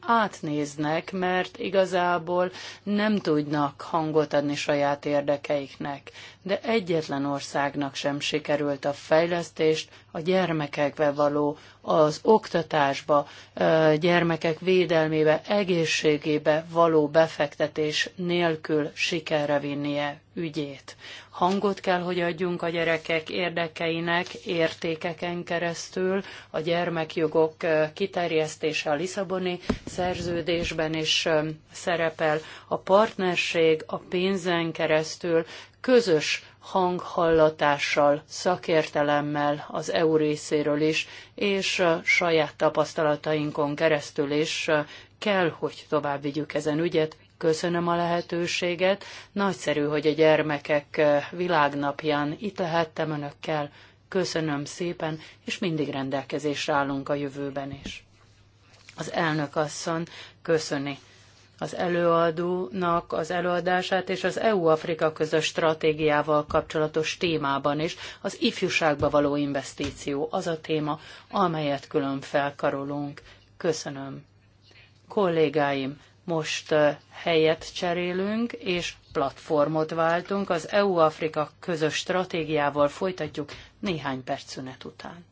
átnéznek, mert igazából nem tudnak hangot adni saját érdekeiknek. De egyetlen országnak sem sikerült a fejlesztést a gyermekekbe való, az oktatásba, gyermekek védelmébe, egészségébe való befektetés nélkül sikerre vinnie ügyét hangot kell, hogy adjunk a gyerekek érdekeinek értékeken keresztül. A gyermekjogok kiterjesztése a Lisszaboni szerződésben is szerepel. A partnerség a pénzen keresztül közös hanghallatással, szakértelemmel az EU részéről is, és saját tapasztalatainkon keresztül is kell, hogy tovább vigyük ezen ügyet, Köszönöm a lehetőséget. Nagyszerű, hogy a gyermekek eh, világnapján itt lehettem önökkel. Köszönöm szépen, és mindig rendelkezésre állunk a jövőben is. Az elnök asszony köszöni az előadónak az előadását és az EU-Afrika közös stratégiával kapcsolatos témában is az ifjúságba való investíció az a téma, amelyet külön felkarolunk. Köszönöm. Kollégáim, most helyet cserélünk, és platformot váltunk. Az EU-Afrika közös stratégiával folytatjuk néhány perc szünet után.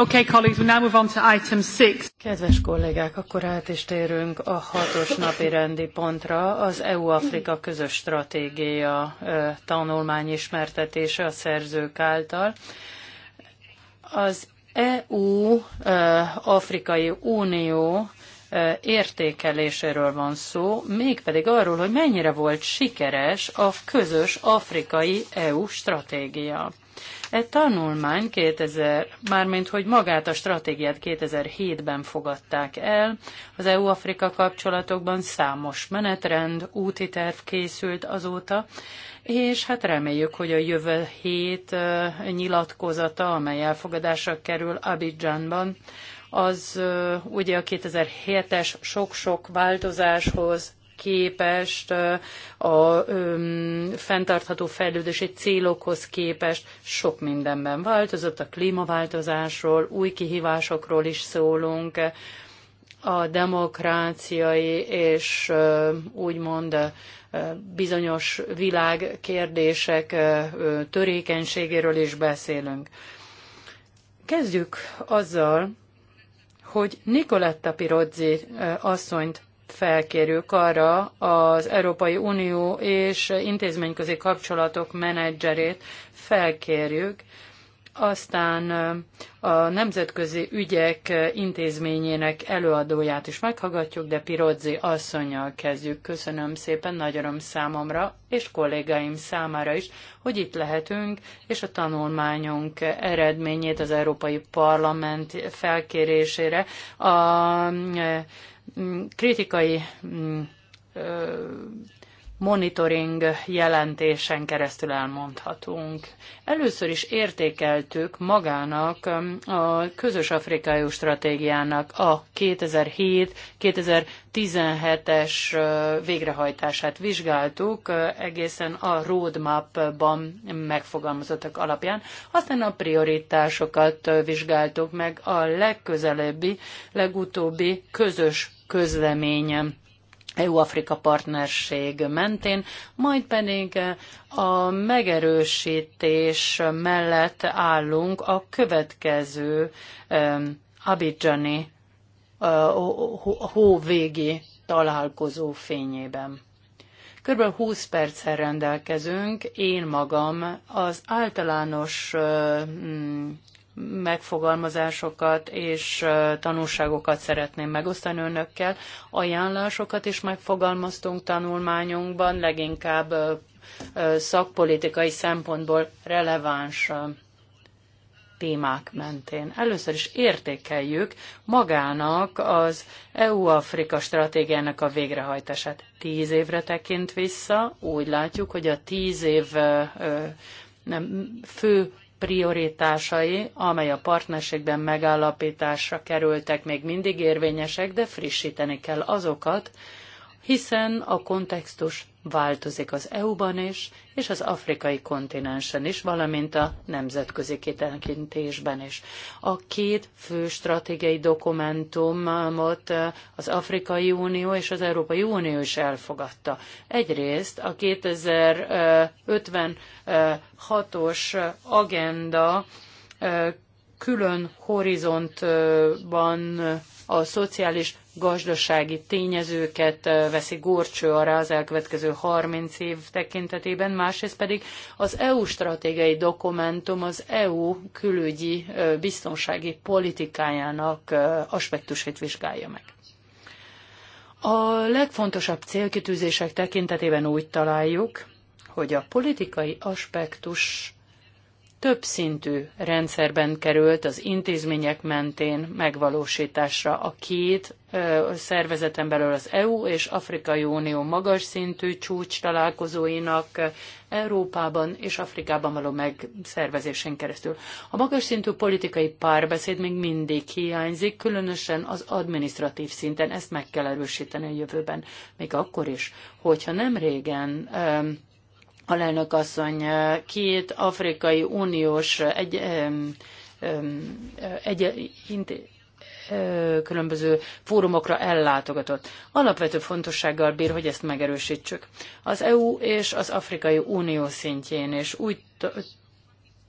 Okay, colleagues, we now move on to item six. Kedves kollégák, akkor át is térünk a hatos napi rendi pontra, az EU-Afrika közös stratégia tanulmány ismertetése a szerzők által. Az EU-Afrikai Unió értékeléséről van szó, mégpedig arról, hogy mennyire volt sikeres a közös afrikai EU stratégia. Egy tanulmány 2000, mármint hogy magát a stratégiát 2007-ben fogadták el, az EU-Afrika kapcsolatokban számos menetrend, úti terv készült azóta, és hát reméljük, hogy a jövő hét nyilatkozata, amely elfogadásra kerül Abidjanban, az ugye a 2007-es sok-sok változáshoz képest, a fenntartható fejlődési célokhoz képest sok mindenben változott. A klímaváltozásról, új kihívásokról is szólunk, a demokráciai és úgymond bizonyos világkérdések törékenységéről is beszélünk. Kezdjük azzal, hogy Nikoletta Pirozzi asszonyt felkérjük arra az Európai Unió és intézményközi kapcsolatok menedzserét felkérjük, aztán a Nemzetközi Ügyek Intézményének előadóját is meghallgatjuk, de Pirozzi asszonyjal kezdjük. Köszönöm szépen, nagy öröm számomra és kollégáim számára is, hogy itt lehetünk, és a tanulmányunk eredményét az Európai Parlament felkérésére a mm, mm, kritikai mm, monitoring jelentésen keresztül elmondhatunk. Először is értékeltük magának um, a közös afrikai stratégiának a 2007-2017-es uh, végrehajtását vizsgáltuk, uh, egészen a roadmapban megfogalmazottak alapján. Aztán a prioritásokat uh, vizsgáltuk meg a legközelebbi, legutóbbi közös közleményen. EU-Afrika partnerség mentén, majd pedig a megerősítés mellett állunk a következő Abidjani hóvégi találkozó fényében. Körülbelül 20 perccel rendelkezünk, én magam az általános megfogalmazásokat és tanulságokat szeretném megosztani önökkel. Ajánlásokat is megfogalmaztunk tanulmányunkban, leginkább szakpolitikai szempontból releváns témák mentén. Először is értékeljük magának az EU-Afrika stratégiának a végrehajtását. Tíz évre tekint vissza, úgy látjuk, hogy a tíz év nem, fő prioritásai, amely a partnerségben megállapításra kerültek, még mindig érvényesek, de frissíteni kell azokat, hiszen a kontextus változik az EU-ban is, és az afrikai kontinensen is, valamint a nemzetközi kitekintésben is. A két fő stratégiai dokumentumot az Afrikai Unió és az Európai Unió is elfogadta. Egyrészt a 2056-os agenda külön horizontban a szociális gazdasági tényezőket veszi górcső arra az elkövetkező 30 év tekintetében, másrészt pedig az EU stratégiai dokumentum az EU külügyi biztonsági politikájának aspektusait vizsgálja meg. A legfontosabb célkitűzések tekintetében úgy találjuk, hogy a politikai aspektus több szintű rendszerben került az intézmények mentén megvalósításra. A két ö, szervezeten belül az EU és Afrikai Unió magas szintű csúcs találkozóinak Európában és Afrikában való megszervezésén keresztül. A magas szintű politikai párbeszéd még mindig hiányzik, különösen az administratív szinten. Ezt meg kell erősíteni a jövőben, még akkor is, hogyha nem régen ö, alelnök asszony két afrikai uniós egy, egy, egy, különböző fórumokra ellátogatott. Alapvető fontossággal bír, hogy ezt megerősítsük. Az EU és az Afrikai Unió szintjén is úgy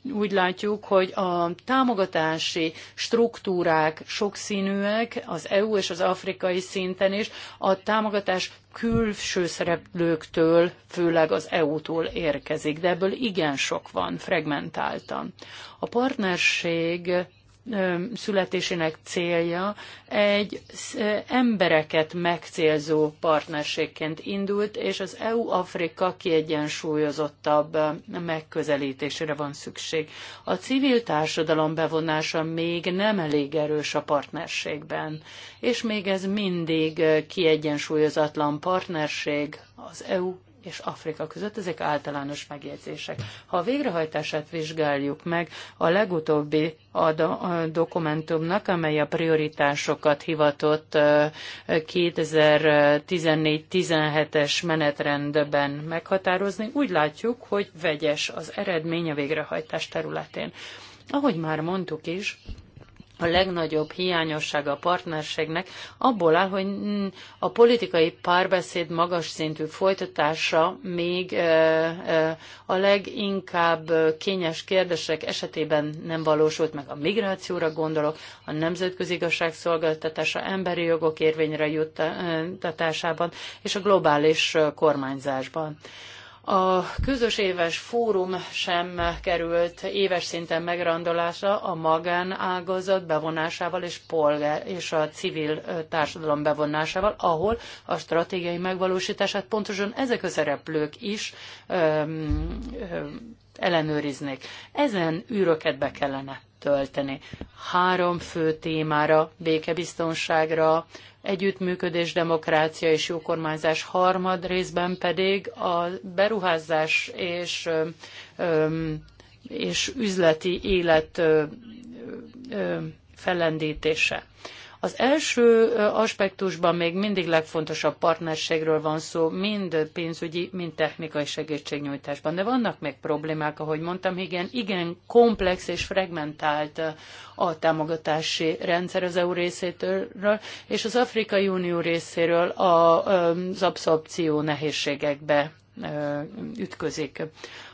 úgy látjuk, hogy a támogatási struktúrák sokszínűek az EU és az afrikai szinten is, a támogatás külső szereplőktől, főleg az EU-tól érkezik, de ebből igen sok van, fragmentáltan. A partnerség születésének célja egy embereket megcélzó partnerségként indult, és az EU-Afrika kiegyensúlyozottabb megközelítésére van szükség. A civil társadalom bevonása még nem elég erős a partnerségben, és még ez mindig kiegyensúlyozatlan partnerség az EU és Afrika között, ezek általános megjegyzések. Ha a végrehajtását vizsgáljuk meg a legutóbbi a dokumentumnak, amely a prioritásokat hivatott 2014-17-es menetrendben meghatározni, úgy látjuk, hogy vegyes az eredmény a végrehajtás területén. Ahogy már mondtuk is, a legnagyobb hiányossága a partnerségnek abból áll, hogy mm, a politikai párbeszéd magas szintű folytatása még a leginkább kényes kérdések esetében nem valósult meg. A migrációra gondolok, a nemzetközi igazságszolgáltatása, emberi jogok érvényre juttatásában és a globális kormányzásban. A közös éves fórum sem került éves szinten megrandolásra a magánágazat bevonásával és, polgár, és a civil társadalom bevonásával, ahol a stratégiai megvalósítását pontosan ezek a szereplők is öm, öm, ellenőriznék. Ezen űröket be kellene tölteni. Három fő témára, békebiztonságra, együttműködés, demokrácia és jókormányzás harmad részben pedig a beruházás és, és üzleti élet fellendítése. Az első aspektusban még mindig legfontosabb partnerségről van szó, mind pénzügyi, mind technikai segítségnyújtásban. De vannak még problémák, ahogy mondtam, igen, igen komplex és fragmentált a támogatási rendszer az EU részétől, és az Afrikai Unió részéről az abszorpció nehézségekbe ütközik.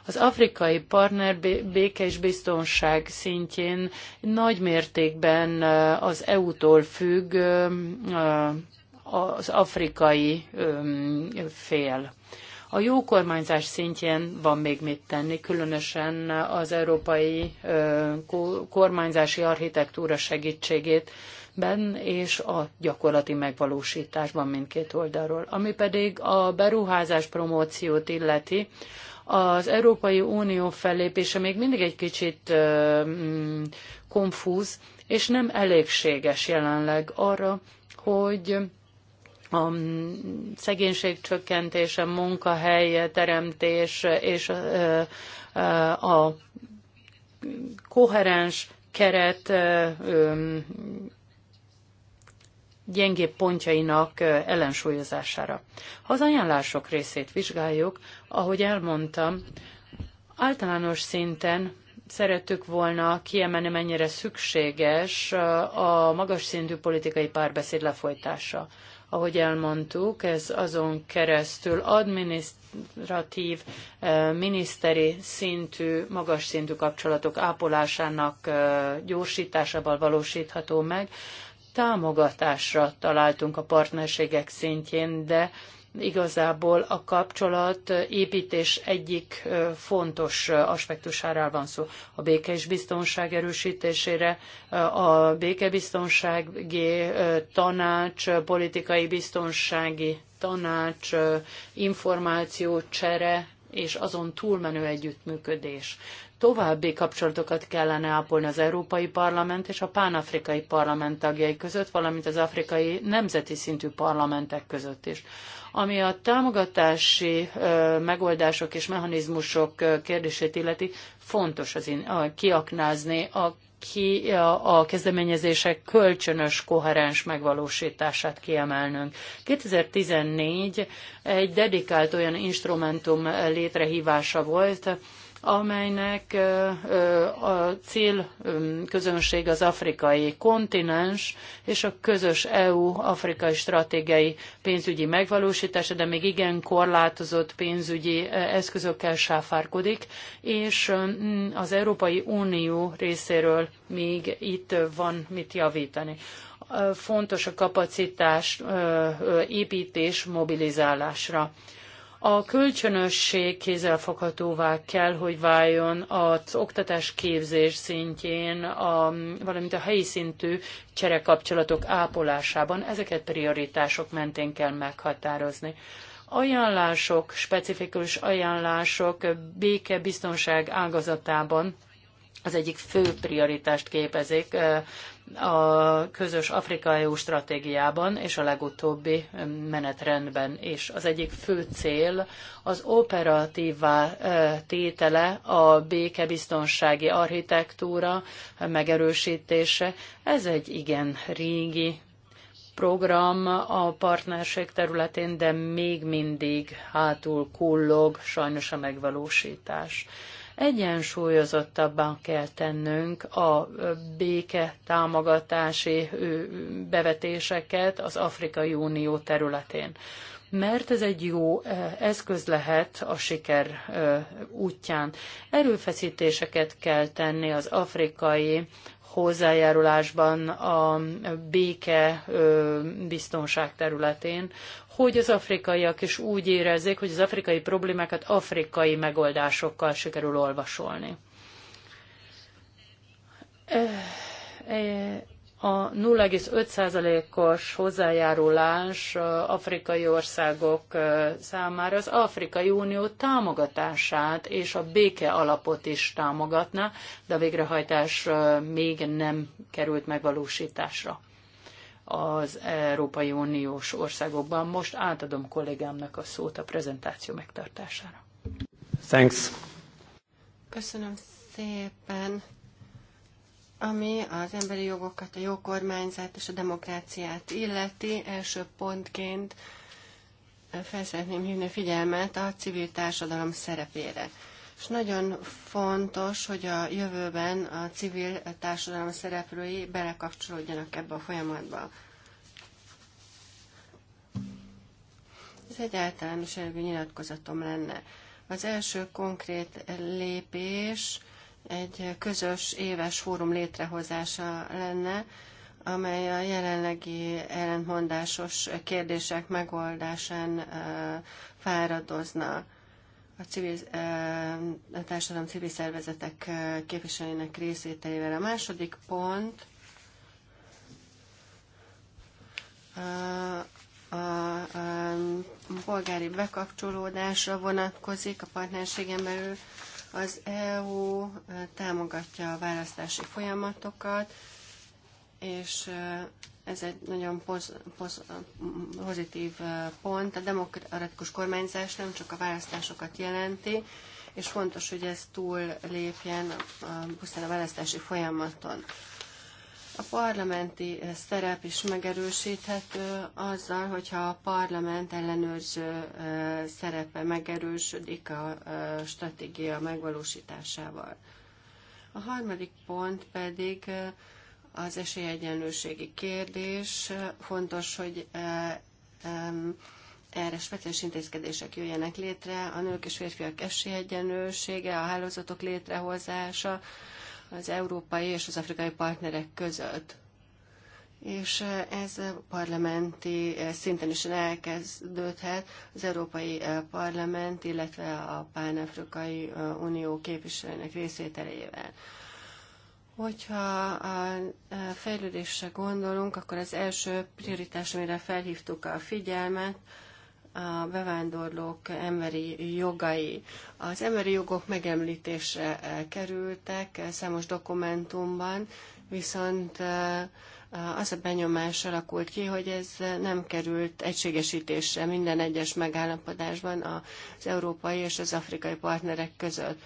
Az afrikai partner béke és biztonság szintjén nagy mértékben az EU-tól függ az afrikai fél. A jó kormányzás szintjén van még mit tenni, különösen az európai kormányzási architektúra segítségét ben és a gyakorlati megvalósításban mindkét oldalról. Ami pedig a beruházás promóciót illeti, az Európai Unió fellépése még mindig egy kicsit mm, konfúz, és nem elégséges jelenleg arra, hogy a mm, szegénység csökkentése, munkahely teremtés és a koherens keret mm, gyengébb pontjainak ellensúlyozására. Ha az ajánlások részét vizsgáljuk, ahogy elmondtam, általános szinten szerettük volna kiemelni, mennyire szükséges a magas szintű politikai párbeszéd lefolytása. Ahogy elmondtuk, ez azon keresztül administratív, miniszteri szintű, magas szintű kapcsolatok ápolásának gyorsításával valósítható meg, támogatásra találtunk a partnerségek szintjén, de igazából a kapcsolat építés egyik fontos aspektusára van szó. A béke és biztonság erősítésére, a békebiztonsági tanács, politikai biztonsági tanács, információ, csere és azon túlmenő együttműködés további kapcsolatokat kellene ápolni az Európai Parlament és a Pánafrikai Parlament tagjai között, valamint az afrikai nemzeti szintű parlamentek között is. Ami a támogatási megoldások és mechanizmusok kérdését illeti, fontos az in, a, kiaknázni a ki a, a kezdeményezések kölcsönös, koherens megvalósítását kiemelnünk. 2014 egy dedikált olyan instrumentum létrehívása volt, amelynek a cél közönség az afrikai kontinens és a közös EU-afrikai stratégiai pénzügyi megvalósítása, de még igen korlátozott pénzügyi eszközökkel sáfárkodik, és mm, az Európai Unió részéről még itt van mit javítani fontos a kapacitás építés mobilizálásra. A kölcsönösség kézzelfoghatóvá kell, hogy váljon az oktatás képzés szintjén, a, valamint a helyi szintű cserekapcsolatok ápolásában. Ezeket prioritások mentén kell meghatározni ajánlások, specifikus ajánlások béke biztonság ágazatában az egyik fő prioritást képezik a közös afrikai EU stratégiában és a legutóbbi menetrendben is. Az egyik fő cél az operatívvá tétele a békebiztonsági architektúra megerősítése. Ez egy igen régi program a partnerség területén, de még mindig hátul kullog sajnos a megvalósítás. Egyensúlyozottabban kell tennünk a béke támogatási bevetéseket az Afrikai Unió területén mert ez egy jó eszköz lehet a siker útján. Erőfeszítéseket kell tenni az afrikai hozzájárulásban a béke biztonság területén, hogy az afrikaiak is úgy érezzék, hogy az afrikai problémákat afrikai megoldásokkal sikerül olvasolni a 0,5%-os hozzájárulás afrikai országok számára az Afrikai Unió támogatását és a béke alapot is támogatná, de a végrehajtás még nem került megvalósításra az Európai Uniós országokban. Most átadom kollégámnak a szót a prezentáció megtartására. Thanks. Köszönöm szépen. Ami az emberi jogokat, a jó kormányzát és a demokráciát illeti, első pontként fel szeretném hívni a figyelmet a civil társadalom szerepére. És nagyon fontos, hogy a jövőben a civil társadalom szereplői belekapcsolódjanak ebbe a folyamatba. Ez egy általános elvű nyilatkozatom lenne. Az első konkrét lépés egy közös éves fórum létrehozása lenne, amely a jelenlegi ellentmondásos kérdések megoldásán fáradozna a civil, a társadalom civil szervezetek képviselőinek részvételével. A második pont a, a, a polgári bekapcsolódásra vonatkozik a partnerségen belül. Az EU támogatja a választási folyamatokat, és ez egy nagyon poz, poz, pozitív pont. A demokratikus kormányzás nem csak a választásokat jelenti, és fontos, hogy ez túl lépjen a, a, a választási folyamaton. A parlamenti eh, szerep is megerősíthető azzal, hogyha a parlament ellenőrző eh, szerepe megerősödik a eh, stratégia megvalósításával. A harmadik pont pedig az esélyegyenlőségi kérdés. Fontos, hogy erre speciális intézkedések jöjjenek létre, a nők és férfiak esélyegyenlősége, a hálózatok létrehozása, az európai és az afrikai partnerek között. És e, ez parlamenti e, szinten is elkezdődhet az Európai e, Parlament, illetve a Pán-Afrikai Unió képviselőinek részvételével. Hogyha a fejlődésre gondolunk, akkor az első prioritás, amire felhívtuk a figyelmet, a bevándorlók emberi jogai. Az emberi jogok megemlítésre eh, kerültek eh, számos dokumentumban, viszont eh, az a benyomás alakult ki, hogy ez nem került egységesítésre minden egyes megállapodásban az európai és az afrikai partnerek között.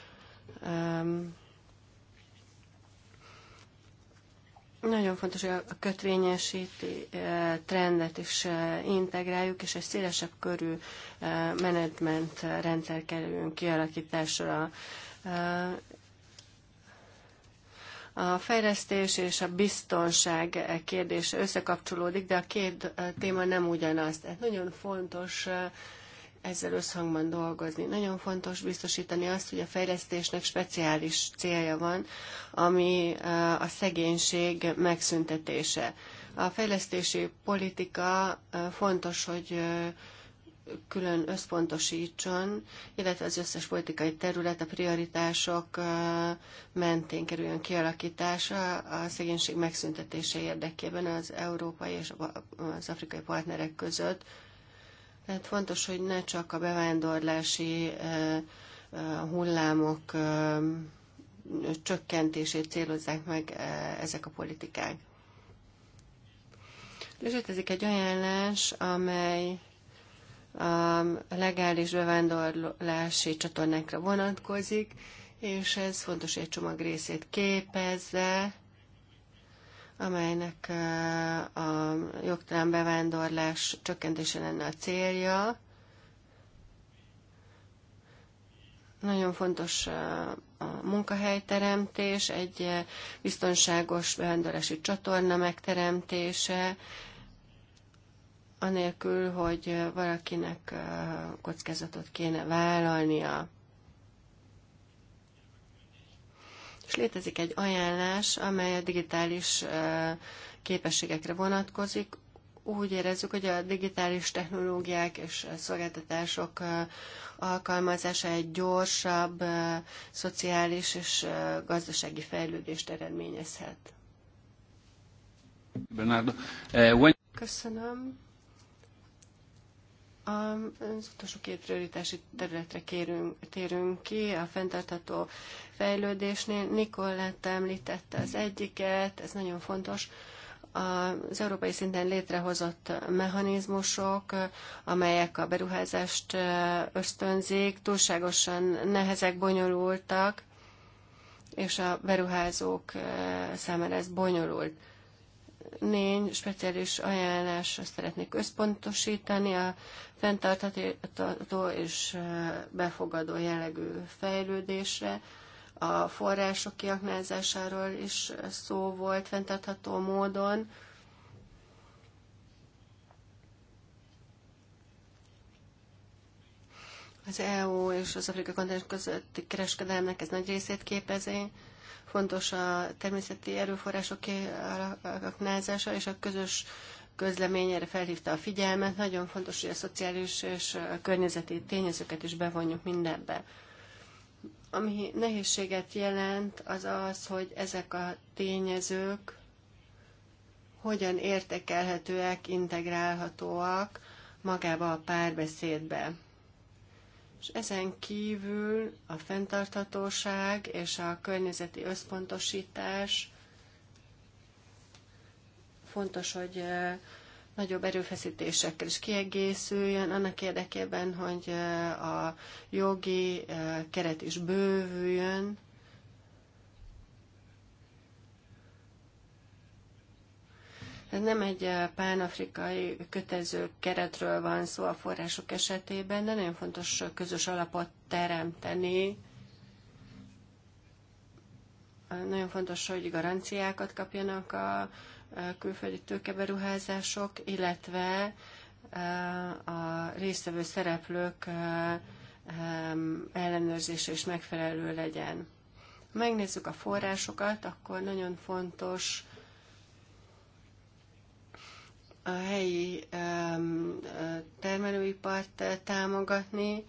Nagyon fontos, hogy a kötvényesíti e, trendet is e, integráljuk, és egy szélesebb körű e, menedzsment rendszer kerüljünk kialakításra. A fejlesztés és a biztonság kérdése összekapcsolódik, de a két téma nem ugyanaz. Tehát nagyon fontos ezzel összhangban dolgozni. Nagyon fontos biztosítani azt, hogy a fejlesztésnek speciális célja van, ami eh, a szegénység megszüntetése. A fejlesztési politika eh, fontos, hogy eh, külön összpontosítson, illetve az összes politikai terület a prioritások mentén kerüljön kialakítása a szegénység megszüntetése érdekében az európai és az afrikai partnerek között tehát fontos, hogy ne csak a bevándorlási hullámok csökkentését célozzák meg ezek a politikák. Létezik egy ajánlás, amely a legális bevándorlási csatornákra vonatkozik, és ez fontos, hogy egy csomag részét képezze, amelynek eh, a jogtalan bevándorlás csökkentése lenne a célja. Nagyon fontos eh, a munkahelyteremtés, egy eh, biztonságos bevándorlási csatorna megteremtése, anélkül, hogy valakinek kockázatot kéne vállalnia. és létezik egy ajánlás, amely a digitális képességekre vonatkozik. Úgy érezzük, hogy a digitális technológiák és szolgáltatások alkalmazása egy gyorsabb, szociális és gazdasági fejlődést eredményezhet. Bernardo, eh, Köszönöm. Az utolsó két prioritási területre kérünk, térünk ki, a fenntartható fejlődésnél. Nikolett említette az egyiket, ez nagyon fontos. Az európai szinten létrehozott mechanizmusok, amelyek a beruházást ösztönzik, túlságosan nehezek, bonyolultak, és a beruházók számára ez bonyolult négy speciális ajánlásra szeretnék összpontosítani a fenntartható és befogadó jellegű fejlődésre, a források kiaknázásáról is szó volt fenntartható módon, az EU és az Afrika kontinens közötti kereskedelmnek ez nagy részét képezi, Fontos a természeti erőforrások kiaknázása és a közös közlemény erre felhívta a figyelmet. Nagyon fontos, hogy a szociális és a környezeti tényezőket is bevonjuk mindenbe. Ami nehézséget jelent, az az, hogy ezek a tényezők hogyan értekelhetőek, integrálhatóak magába a párbeszédbe. És ezen kívül a fenntarthatóság és a környezeti összpontosítás fontos, hogy nagyobb erőfeszítésekkel is kiegészüljön, annak érdekében, hogy a jogi keret is bővüljön, Ez nem egy eh, pánafrikai kötező keretről van szó a források esetében, de nagyon fontos közös alapot teremteni. Nagyon fontos, hogy garanciákat kapjanak a eh, külföldi tőkeberuházások, illetve eh, a résztvevő szereplők ellenőrzése is megfelelő legyen. Ha megnézzük a forrásokat, akkor nagyon fontos a helyi termelőipart támogatni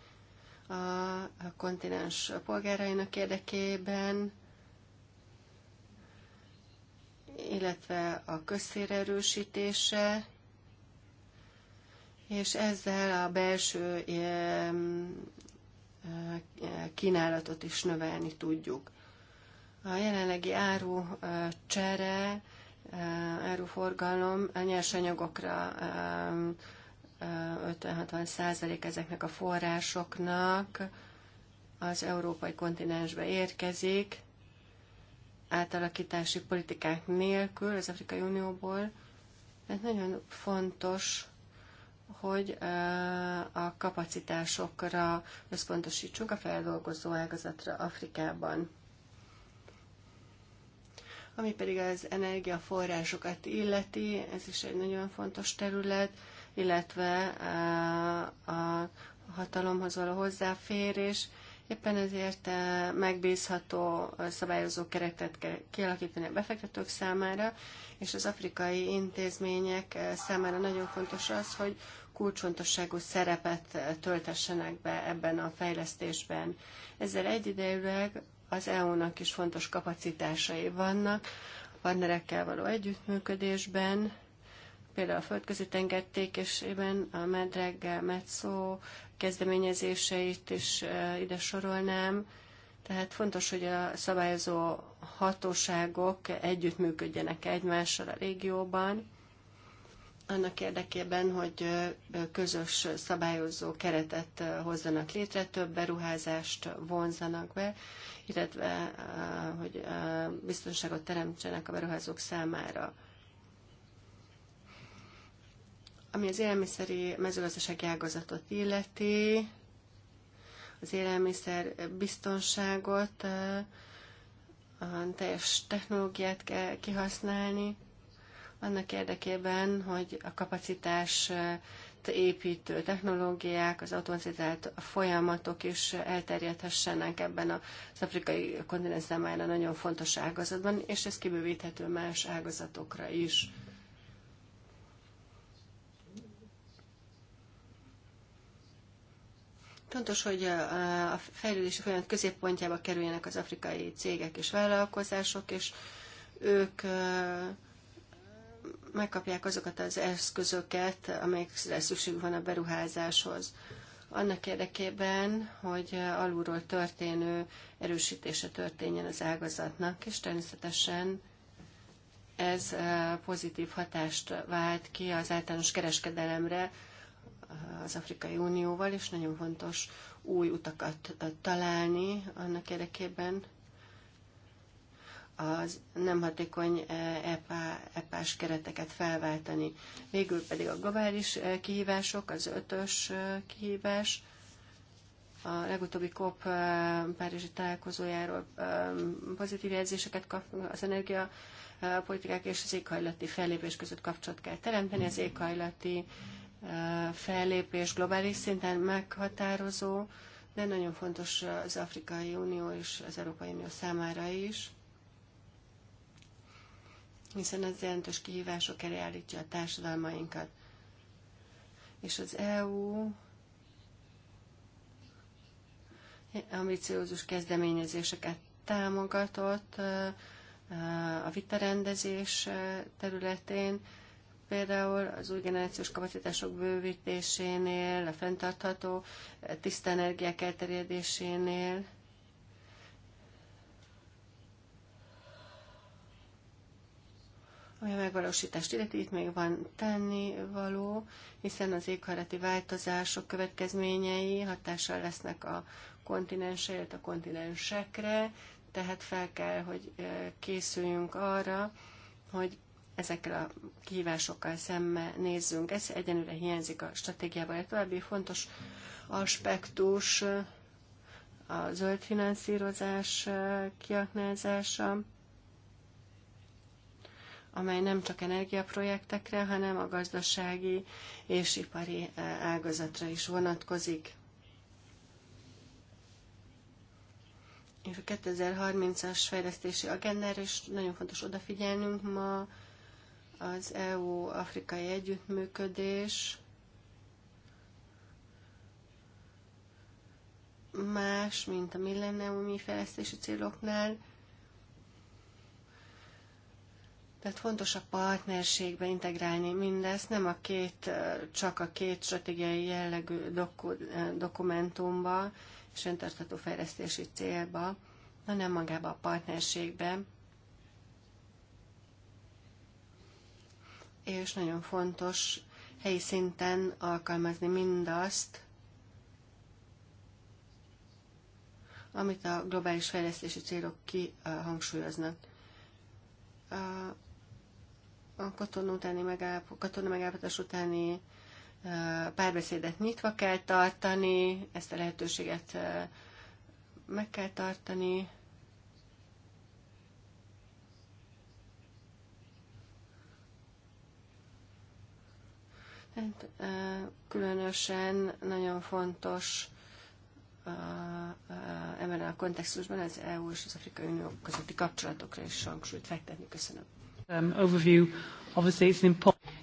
a kontinens polgárainak érdekében, illetve a közszér erősítése, és ezzel a belső kínálatot is növelni tudjuk. A jelenlegi áru csere Eh, áruforgalom, a nyersanyagokra 50-60 eh, eh, százalék ezeknek a forrásoknak az európai kontinensbe érkezik, átalakítási politikák nélkül az Afrikai Unióból. Ez hát nagyon fontos, hogy a kapacitásokra összpontosítsunk a feldolgozó ágazatra Afrikában. Ami pedig az energiaforrásokat illeti, ez is egy nagyon fontos terület, illetve eh, a hatalomhoz való hozzáférés. Éppen ezért eh, megbízható eh, szabályozó keretet kell kialakítani a befektetők számára, és az afrikai intézmények számára nagyon fontos az, hogy kulcsfontosságú szerepet töltessenek be ebben a fejlesztésben. Ezzel egyidejűleg az EU-nak is fontos kapacitásai vannak a partnerekkel való együttműködésben, például a földközi tengertékésében a Medreggel, Metszó kezdeményezéseit is ide sorolnám. Tehát fontos, hogy a szabályozó hatóságok együttműködjenek egymással a régióban, annak érdekében, hogy közös szabályozó keretet hozzanak létre, több beruházást vonzanak be, illetve eh, hogy eh, biztonságot teremtsenek a beruházók számára. Ami az élelmiszeri mezőgazdasági ágazatot illeti, az élelmiszer biztonságot, eh, a teljes technológiát kell kihasználni, annak érdekében, hogy a kapacitás építő technológiák, az automatizált folyamatok is elterjedhessenek ebben az afrikai kontinens számára nagyon fontos ágazatban, és ez kibővíthető más ágazatokra is. Fontos, hogy a fejlődési folyamat középpontjába kerüljenek az afrikai cégek és vállalkozások, és ők megkapják azokat az eszközöket, amelyekre szükség van a beruházáshoz. Annak érdekében, hogy alulról történő erősítése történjen az ágazatnak, és természetesen ez eh, pozitív hatást vált ki az általános kereskedelemre eh, az Afrikai Unióval, és nagyon fontos új utakat eh, találni annak érdekében, az nem hatékony EPA, eh, EPA-s kereteket felváltani. Végül pedig a globális eh, kihívások, az ötös eh, kihívás, a legutóbbi COP Párizsi találkozójáról pozitív jelzéseket kap az energia politikák és az éghajlati fellépés között kapcsolat kell teremteni. Az éghajlati fellépés globális szinten meghatározó, de nagyon fontos az Afrikai Unió és az Európai Unió számára is hiszen ez jelentős kihívások elé állítja a társadalmainkat. És az EU ambiciózus kezdeményezéseket támogatott a vitarendezés területén, például az új generációs kapacitások bővítésénél, a fenntartható tiszta energiák elterjedésénél, Ami a megvalósítást illeti, itt még van tennivaló, hiszen az éghajlati változások következményei hatással lesznek a kontinensre, illetve a kontinensekre, tehát fel kell, hogy készüljünk arra, hogy ezekkel a kihívásokkal szembe nézzünk. Ez egyenlőre hiányzik a stratégiában. Egy további fontos aspektus a zöld finanszírozás kiaknázása amely nem csak energiaprojektekre, hanem a gazdasági és ipari eh, ágazatra is vonatkozik. És a 2030-as fejlesztési agendára is nagyon fontos odafigyelnünk ma az EU-afrikai együttműködés, más, mint a millenniumi fejlesztési céloknál, Tehát fontos a partnerségbe integrálni mindezt, nem a két, csak a két stratégiai jellegű doku, dokumentumba és öntartató fejlesztési célba, hanem magába a partnerségbe. És nagyon fontos helyi szinten alkalmazni mindazt, amit a globális fejlesztési célok kihangsúlyoznak a katona utáni megállap, katona megállapodás utáni párbeszédet nyitva kell tartani, ezt a lehetőséget meg kell tartani. Hát, különösen nagyon fontos ebben a kontextusban az EU és az Afrikai Unió közötti kapcsolatokra is hangsúlyt fektetni. Köszönöm. Um,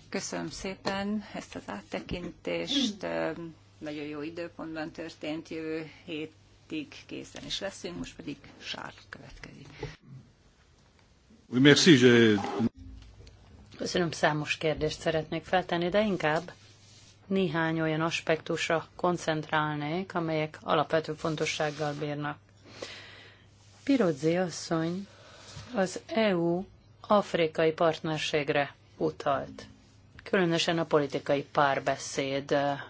Köszönöm szépen ezt az áttekintést. Um, nagyon jó időpontban történt, jövő hétig készen is leszünk, most pedig Sár következik. Köszönöm, számos kérdést szeretnék feltenni, de inkább néhány olyan aspektusra koncentrálnék, amelyek alapvető fontossággal bírnak. Pirozzi asszony az EU afrikai partnerségre utalt. Különösen a politikai párbeszédre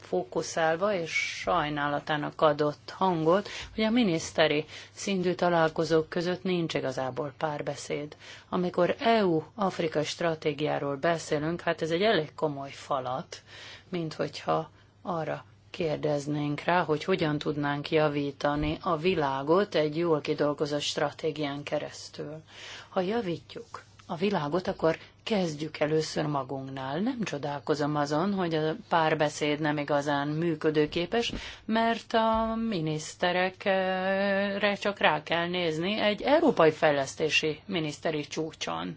fókuszálva, és sajnálatának adott hangot, hogy a miniszteri szintű találkozók között nincs igazából párbeszéd. Amikor EU-Afrika stratégiáról beszélünk, hát ez egy elég komoly falat, mint hogyha arra kérdeznénk rá, hogy hogyan tudnánk javítani a világot egy jól kidolgozott stratégián keresztül. Ha javítjuk a világot, akkor kezdjük először magunknál. Nem csodálkozom azon, hogy a párbeszéd nem igazán működőképes, mert a miniszterekre csak rá kell nézni egy európai fejlesztési miniszteri csúcson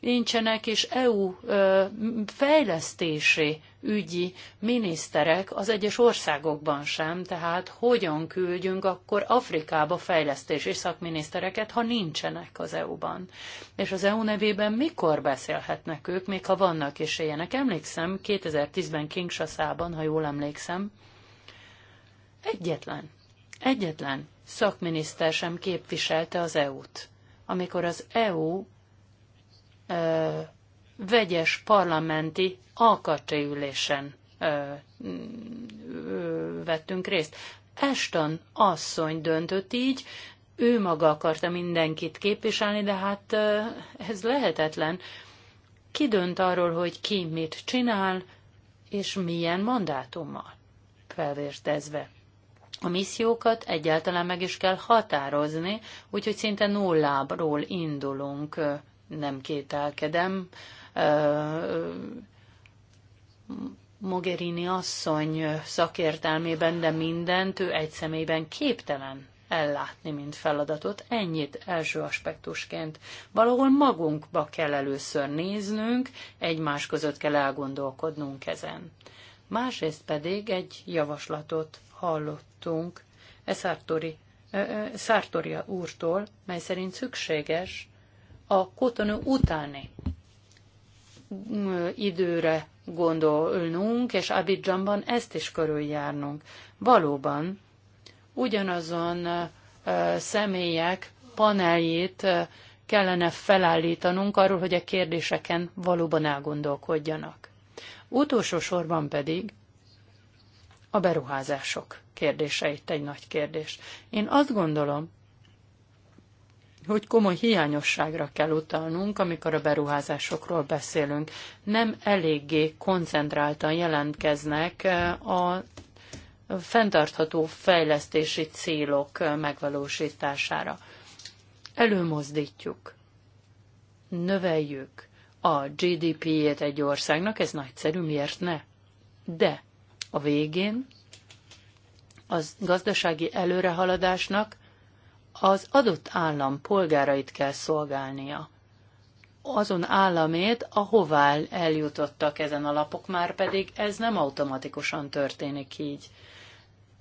nincsenek is EU fejlesztési ügyi miniszterek az egyes országokban sem, tehát hogyan küldjünk akkor Afrikába fejlesztési szakminisztereket, ha nincsenek az EU-ban. És az EU nevében mikor beszélhetnek ők, még ha vannak is ilyenek. Emlékszem, 2010-ben Kinshasa-ban, ha jól emlékszem, egyetlen, egyetlen szakminiszter sem képviselte az EU-t amikor az EU ö, vegyes parlamenti alkatréülésen vettünk részt. Eston asszony döntött így, ő maga akarta mindenkit képviselni, de hát ö, ez lehetetlen. Ki dönt arról, hogy ki mit csinál, és milyen mandátummal? Felvértezve. A missziókat egyáltalán meg is kell határozni, úgyhogy szinte nullábról indulunk nem kételkedem. Mogherini asszony szakértelmében, de mindent ő egy személyben képtelen ellátni, mint feladatot. Ennyit első aspektusként. Valahol magunkba kell először néznünk, egymás között kell elgondolkodnunk ezen. Másrészt pedig egy javaslatot hallottunk e Szártori, e, Szártoria úrtól, mely szerint szükséges a kotonő utáni mm, időre gondolnunk, és Abidjanban ezt is körüljárnunk. Valóban ugyanazon személyek paneljét kellene felállítanunk arról, hogy a kérdéseken valóban elgondolkodjanak. Utolsó sorban pedig a beruházások kérdése egy nagy kérdés. Én azt gondolom, hogy komoly hiányosságra kell utalnunk, amikor a beruházásokról beszélünk. Nem eléggé koncentráltan jelentkeznek eh, a fenntartható fejlesztési célok eh, megvalósítására. Előmozdítjuk, növeljük a GDP-jét egy országnak, ez nagyszerű, miért ne? De a végén az gazdasági előrehaladásnak az adott állam polgárait kell szolgálnia. Azon államét, ahová eljutottak ezen a lapok, már pedig ez nem automatikusan történik így.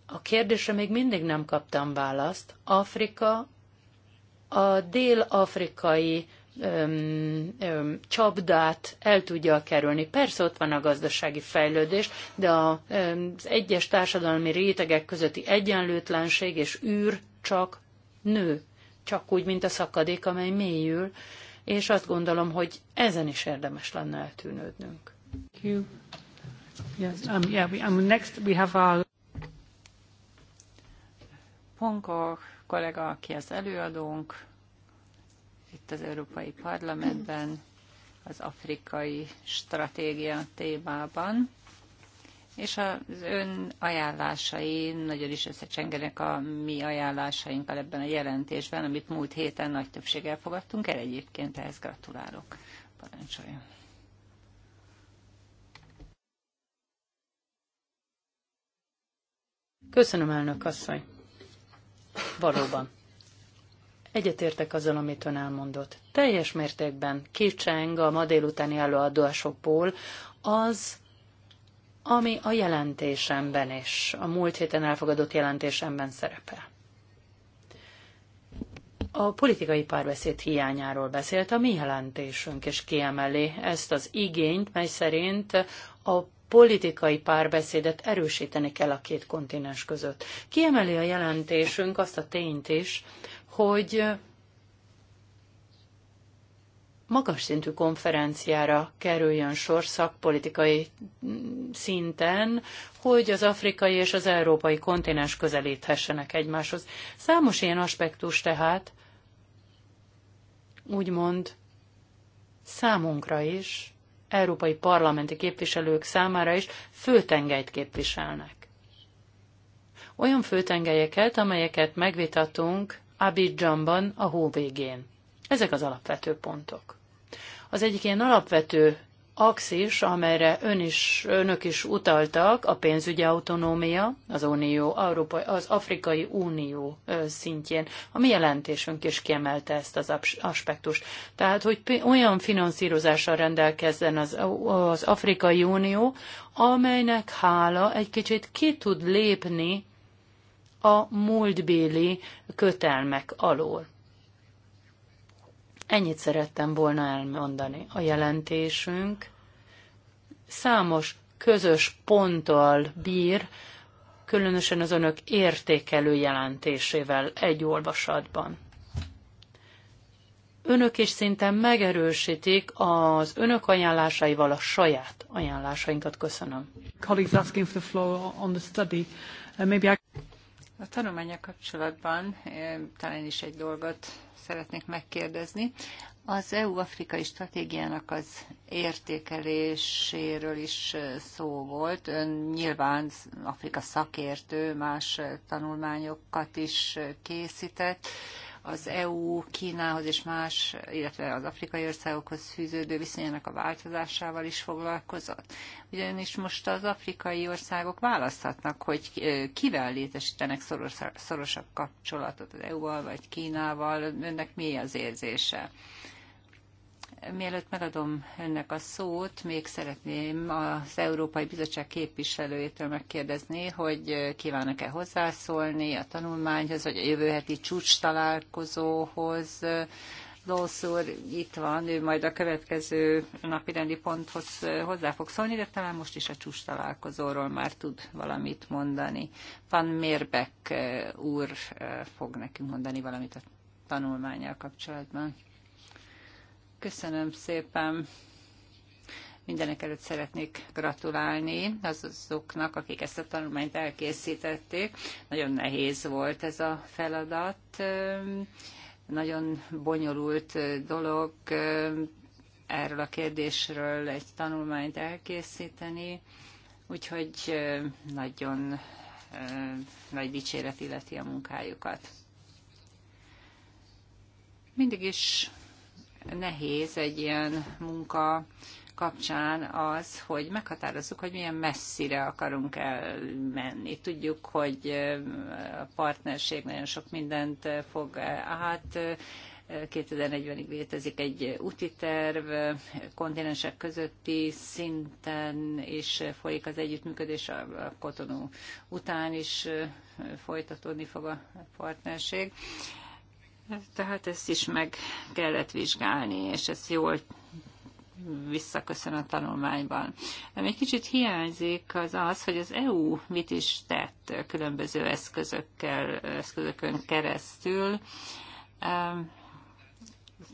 A kérdésre még mindig nem kaptam választ. Afrika, a dél-afrikai öm, öm, csapdát el tudja kerülni. Persze ott van a gazdasági fejlődés, de a, öm, az egyes társadalmi rétegek közötti egyenlőtlenség és űr csak nő, csak úgy, mint a szakadék, amely mélyül, és azt gondolom, hogy ezen is érdemes lenne eltűnődnünk. Yes, um, yeah, we, um, next we have our... Ponko kollega, aki az előadónk, itt az Európai Parlamentben, az afrikai stratégia témában és az ön ajánlásai nagyon is összecsengenek a mi ajánlásainkkal ebben a jelentésben, amit múlt héten nagy többséggel fogadtunk el. Egyébként ehhez gratulálok. Parancsoljon. Köszönöm, elnök asszony. Valóban. Egyetértek azzal, amit ön elmondott. Teljes mértékben kicseng a ma délutáni előadásokból az ami a jelentésemben és a múlt héten elfogadott jelentésemben szerepel. A politikai párbeszéd hiányáról beszélt a mi jelentésünk, és kiemeli ezt az igényt, mely szerint a politikai párbeszédet erősíteni kell a két kontinens között. Kiemeli a jelentésünk azt a tényt is, hogy magas szintű konferenciára kerüljön sor szakpolitikai szinten, hogy az afrikai és az európai kontinens közelíthessenek egymáshoz. Számos ilyen aspektus tehát, úgymond számunkra is, európai parlamenti képviselők számára is főtengelyt képviselnek. Olyan főtengelyeket, amelyeket megvitatunk Abidjanban a hó végén. Ezek az alapvető pontok. Az egyik ilyen alapvető axis, amelyre ön is, önök is utaltak, a pénzügyi autonómia az, Unió, Európai, az Afrikai Unió szintjén. A mi jelentésünk is kiemelte ezt az aspektust. Tehát, hogy olyan finanszírozással rendelkezzen az, az Afrikai Unió, amelynek hála egy kicsit ki tud lépni a múltbéli kötelmek alól Ennyit szerettem volna elmondani. A jelentésünk számos közös ponttal bír, különösen az önök értékelő jelentésével egy olvasatban. Önök is szinte megerősítik az önök ajánlásaival a saját ajánlásainkat. Köszönöm. Colleagues asking for the floor on the study. Uh, maybe I... A tanulmánya kapcsolatban talán is egy dolgot szeretnék megkérdezni. Az EU-afrikai stratégiának az értékeléséről is szó volt. Ön nyilván Afrika szakértő más tanulmányokat is készített az EU Kínához és más, illetve az afrikai országokhoz fűződő viszonyának a változásával is foglalkozott. Ugyanis most az afrikai országok választhatnak, hogy kivel létesítenek szoros, szorosabb kapcsolatot az EU-val vagy Kínával, önnek mi az érzése? mielőtt megadom önnek a szót, még szeretném az Európai Bizottság képviselőjétől megkérdezni, hogy kívánnak-e hozzászólni a tanulmányhoz, vagy a jövő heti csúcs találkozóhoz. Lósz úr itt van, ő majd a következő napi rendi ponthoz hozzá fog szólni, de talán most is a csúcs találkozóról már tud valamit mondani. Van Mérbek eh, úr eh, fog nekünk mondani valamit a tanulmányjal kapcsolatban. Köszönöm szépen. Mindenek előtt szeretnék gratulálni azoknak, akik ezt a tanulmányt elkészítették. Nagyon nehéz volt ez a feladat. Nagyon bonyolult dolog erről a kérdésről egy tanulmányt elkészíteni, úgyhogy nagyon nagy dicséret illeti a munkájukat. Mindig is nehéz egy ilyen munka kapcsán az, hogy meghatározzuk, hogy milyen messzire akarunk elmenni. Tudjuk, hogy a partnerség nagyon sok mindent fog át, 2040-ig létezik egy úti terv, kontinensek közötti szinten is folyik az együttműködés, a Kotonú után is folytatódni fog a partnerség. Tehát ezt is meg kellett vizsgálni, és ezt jól visszaköszön a tanulmányban. Ami egy kicsit hiányzik, az az, hogy az EU mit is tett különböző eszközökkel, eszközökön keresztül.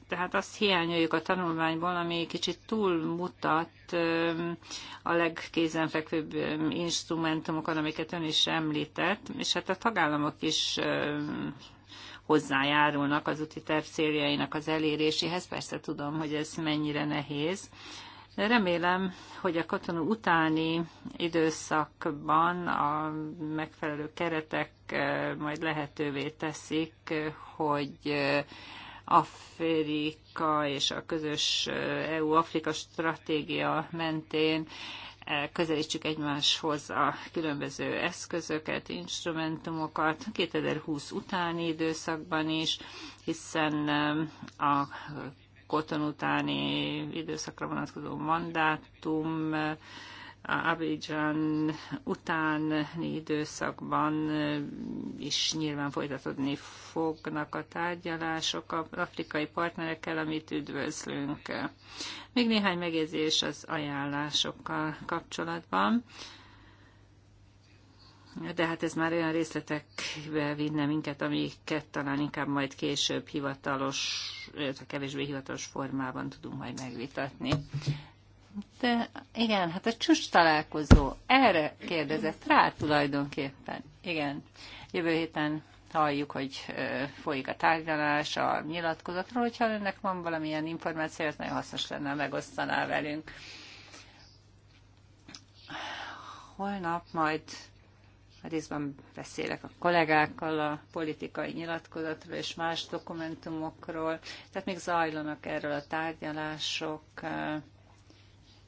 Tehát azt hiányoljuk a tanulmányból, ami kicsit túlmutat a legkézenfekvőbb instrumentumokon, amiket ön is említett, és hát a tagállamok is hozzájárulnak az úti terv céljainak az eléréséhez. Persze tudom, hogy ez mennyire nehéz. De remélem, hogy a katonú utáni időszakban a megfelelő keretek eh, majd lehetővé teszik, hogy eh, Afrika és a közös eh, EU-Afrika stratégia mentén közelítsük egymáshoz a különböző eszközöket, instrumentumokat 2020 utáni időszakban is, hiszen um, a koton utáni időszakra vonatkozó mandátum Abidjan utáni időszakban eh, is nyilván folytatódni fognak a tárgyalások az afrikai partnerekkel, amit üdvözlünk. Még néhány megjegyzés az ajánlásokkal kapcsolatban. De hát ez már olyan részletekbe vinne minket, amiket talán inkább majd később hivatalos, illetve kevésbé hivatalos formában tudunk majd megvitatni. De igen, hát a csúcs találkozó. Erre kérdezett rá tulajdonképpen. Igen. Jövő héten halljuk, hogy folyik a tárgyalás a nyilatkozatról, hogyha önnek van valamilyen információ, ez nagyon hasznos lenne, ha megosztaná velünk. Holnap majd a részben beszélek a kollégákkal a politikai nyilatkozatról és más dokumentumokról, tehát még zajlanak erről a tárgyalások,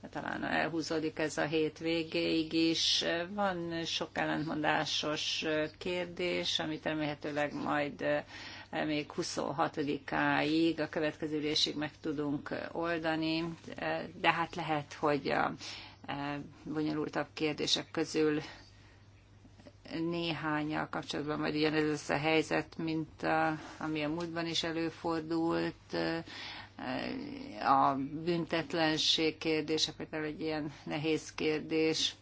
talán elhúzódik ez a hét végéig is. Van sok ellentmondásos kérdés, amit remélhetőleg majd eh, még 26-áig, a következő ülésig meg tudunk oldani, de hát lehet, hogy a eh, bonyolultabb kérdések közül néhányal kapcsolatban majd ugyanez lesz a helyzet, mint a, ami a múltban is előfordult a büntetlenség kérdése például egy ilyen nehéz kérdés.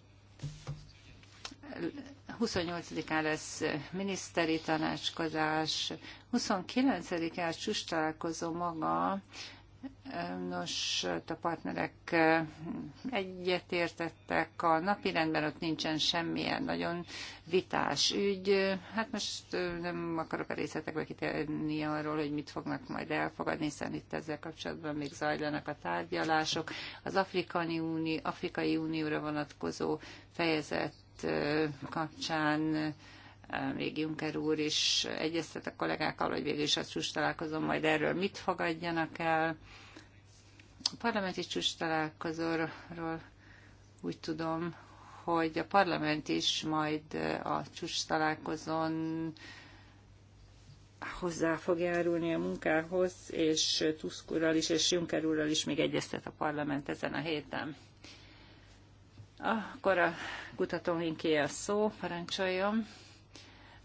28-án lesz miniszteri tanácskozás, 29-án csúcs találkozó maga Nos, a partnerek egyetértettek a napi rendben, ott nincsen semmilyen nagyon vitás ügy. Hát most nem akarok a részletekbe kitérni arról, hogy mit fognak majd elfogadni, hiszen itt ezzel kapcsolatban még zajlanak a tárgyalások. Az Afrikai, Unió, Afrikai Unióra vonatkozó fejezet kapcsán még Juncker úr is egyeztet a kollégákkal, hogy végül is a csúcs találkozom, majd erről mit fogadjanak el. A parlamenti csúcs találkozóról úgy tudom, hogy a parlament is majd a csúcs találkozón hozzá fog járulni a munkához, és Tusk úrral is, és Juncker úrral is még egyeztet a parlament ezen a héten. Akkor a kutatóinké a szó, parancsoljon.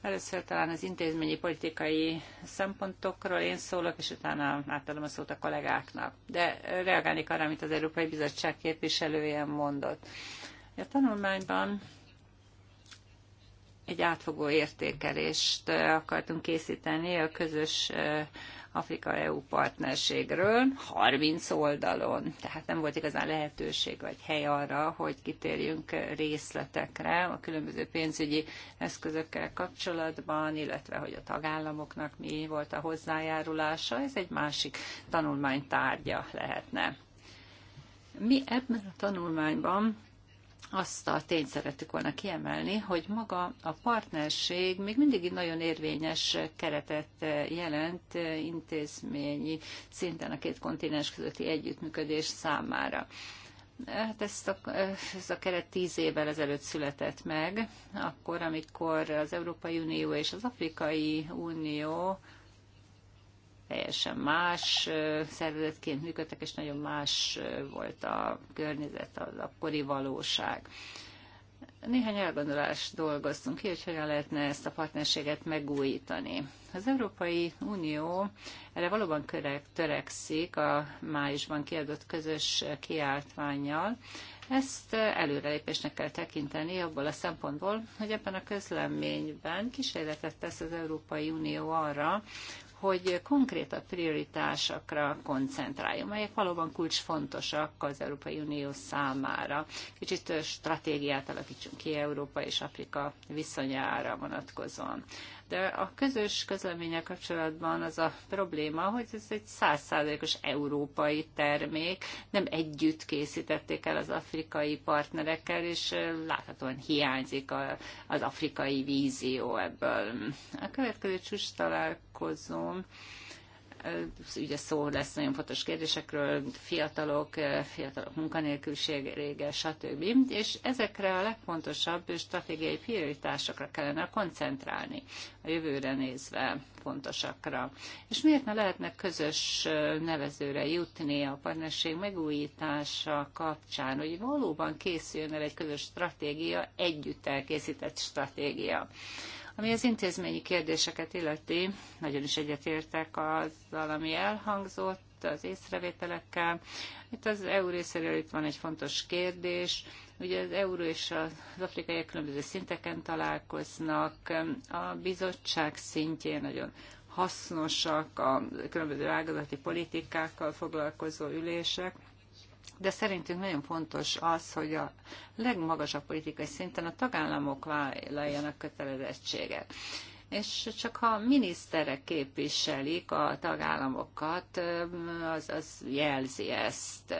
Először talán az intézményi politikai szempontokról én szólok, és utána átadom a szót a kollégáknak. De reagálnék arra, amit az Európai Bizottság képviselője mondott. A tanulmányban egy átfogó értékelést akartunk készíteni a közös Afrika-EU partnerségről 30 oldalon, tehát nem volt igazán lehetőség vagy hely arra, hogy kitérjünk részletekre a különböző pénzügyi eszközökkel kapcsolatban, illetve hogy a tagállamoknak mi volt a hozzájárulása. Ez egy másik tanulmány tárgya lehetne. Mi ebben a tanulmányban azt a tényt szerettük volna kiemelni, hogy maga a partnerség még mindig nagyon érvényes keretet jelent intézményi szinten a két kontinens közötti együttműködés számára. Hát ezt a, ez a keret tíz évvel ezelőtt született meg, akkor, amikor az Európai Unió és az Afrikai Unió teljesen más szervezetként működtek, és nagyon más volt a környezet, az akkori valóság. Néhány elgondolást dolgoztunk ki, hogy hogyan lehetne ezt a partnerséget megújítani. Az Európai Unió erre valóban törekszik a májusban kiadott közös kiáltványjal, ezt előrelépésnek kell tekinteni abból a szempontból, hogy ebben a közleményben kísérletet tesz az Európai Unió arra, hogy konkrét a prioritásokra koncentráljunk, melyek valóban kulcsfontosak az Európai Unió számára. Kicsit stratégiát alakítsunk ki Európa és Afrika viszonyára vonatkozóan. De a közös közleménye kapcsolatban az a probléma, hogy ez egy százszázalékos európai termék, nem együtt készítették el az afrikai partnerekkel, és láthatóan hiányzik a, az afrikai vízió ebből. A következő csúcs találkozom ugye szó lesz nagyon fontos kérdésekről, fiatalok, fiatalok munkanélküliség, rége, stb. És ezekre a legfontosabb stratégiai prioritásokra kellene koncentrálni, a jövőre nézve fontosakra. És miért ne lehetne közös nevezőre jutni a partnerség megújítása kapcsán, hogy valóban készüljön el egy közös stratégia, együtt elkészített stratégia. Ami az intézményi kérdéseket illeti, nagyon is egyetértek azzal, ami elhangzott, az észrevételekkel. Itt az EU részéről itt van egy fontos kérdés. Ugye az EU és az afrikai különböző szinteken találkoznak, a bizottság szintjén nagyon hasznosak a különböző ágazati politikákkal foglalkozó ülések de szerintünk nagyon fontos az, hogy a legmagasabb politikai szinten a tagállamok vállaljanak kötelezettséget. És csak ha miniszterek képviselik a tagállamokat, az, az jelzi ezt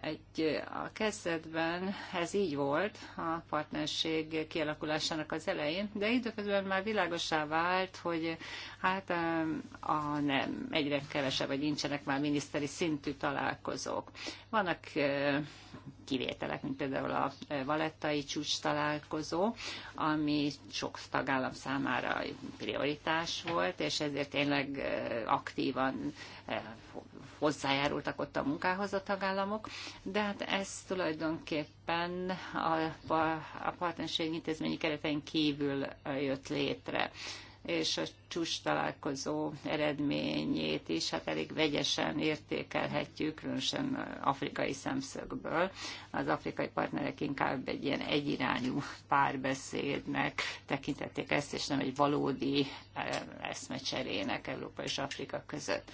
egy a kezdetben ez így volt a partnerség kialakulásának az elején, de időközben már világosá vált, hogy hát a nem, egyre kevesebb, vagy nincsenek már miniszteri szintű találkozók. Vannak kivételek, mint például a valettai csúcs találkozó, ami sok tagállam számára prioritás volt, és ezért tényleg aktívan hozzájárultak ott a munkához a tagállamok, de hát ez tulajdonképpen a, a partnerség intézményi keretein kívül jött létre és a csúcs találkozó eredményét is hát elég vegyesen értékelhetjük, különösen afrikai szemszögből. Az afrikai partnerek inkább egy ilyen egyirányú párbeszédnek tekintették ezt, és nem egy valódi eszmecserének Európa és Afrika között.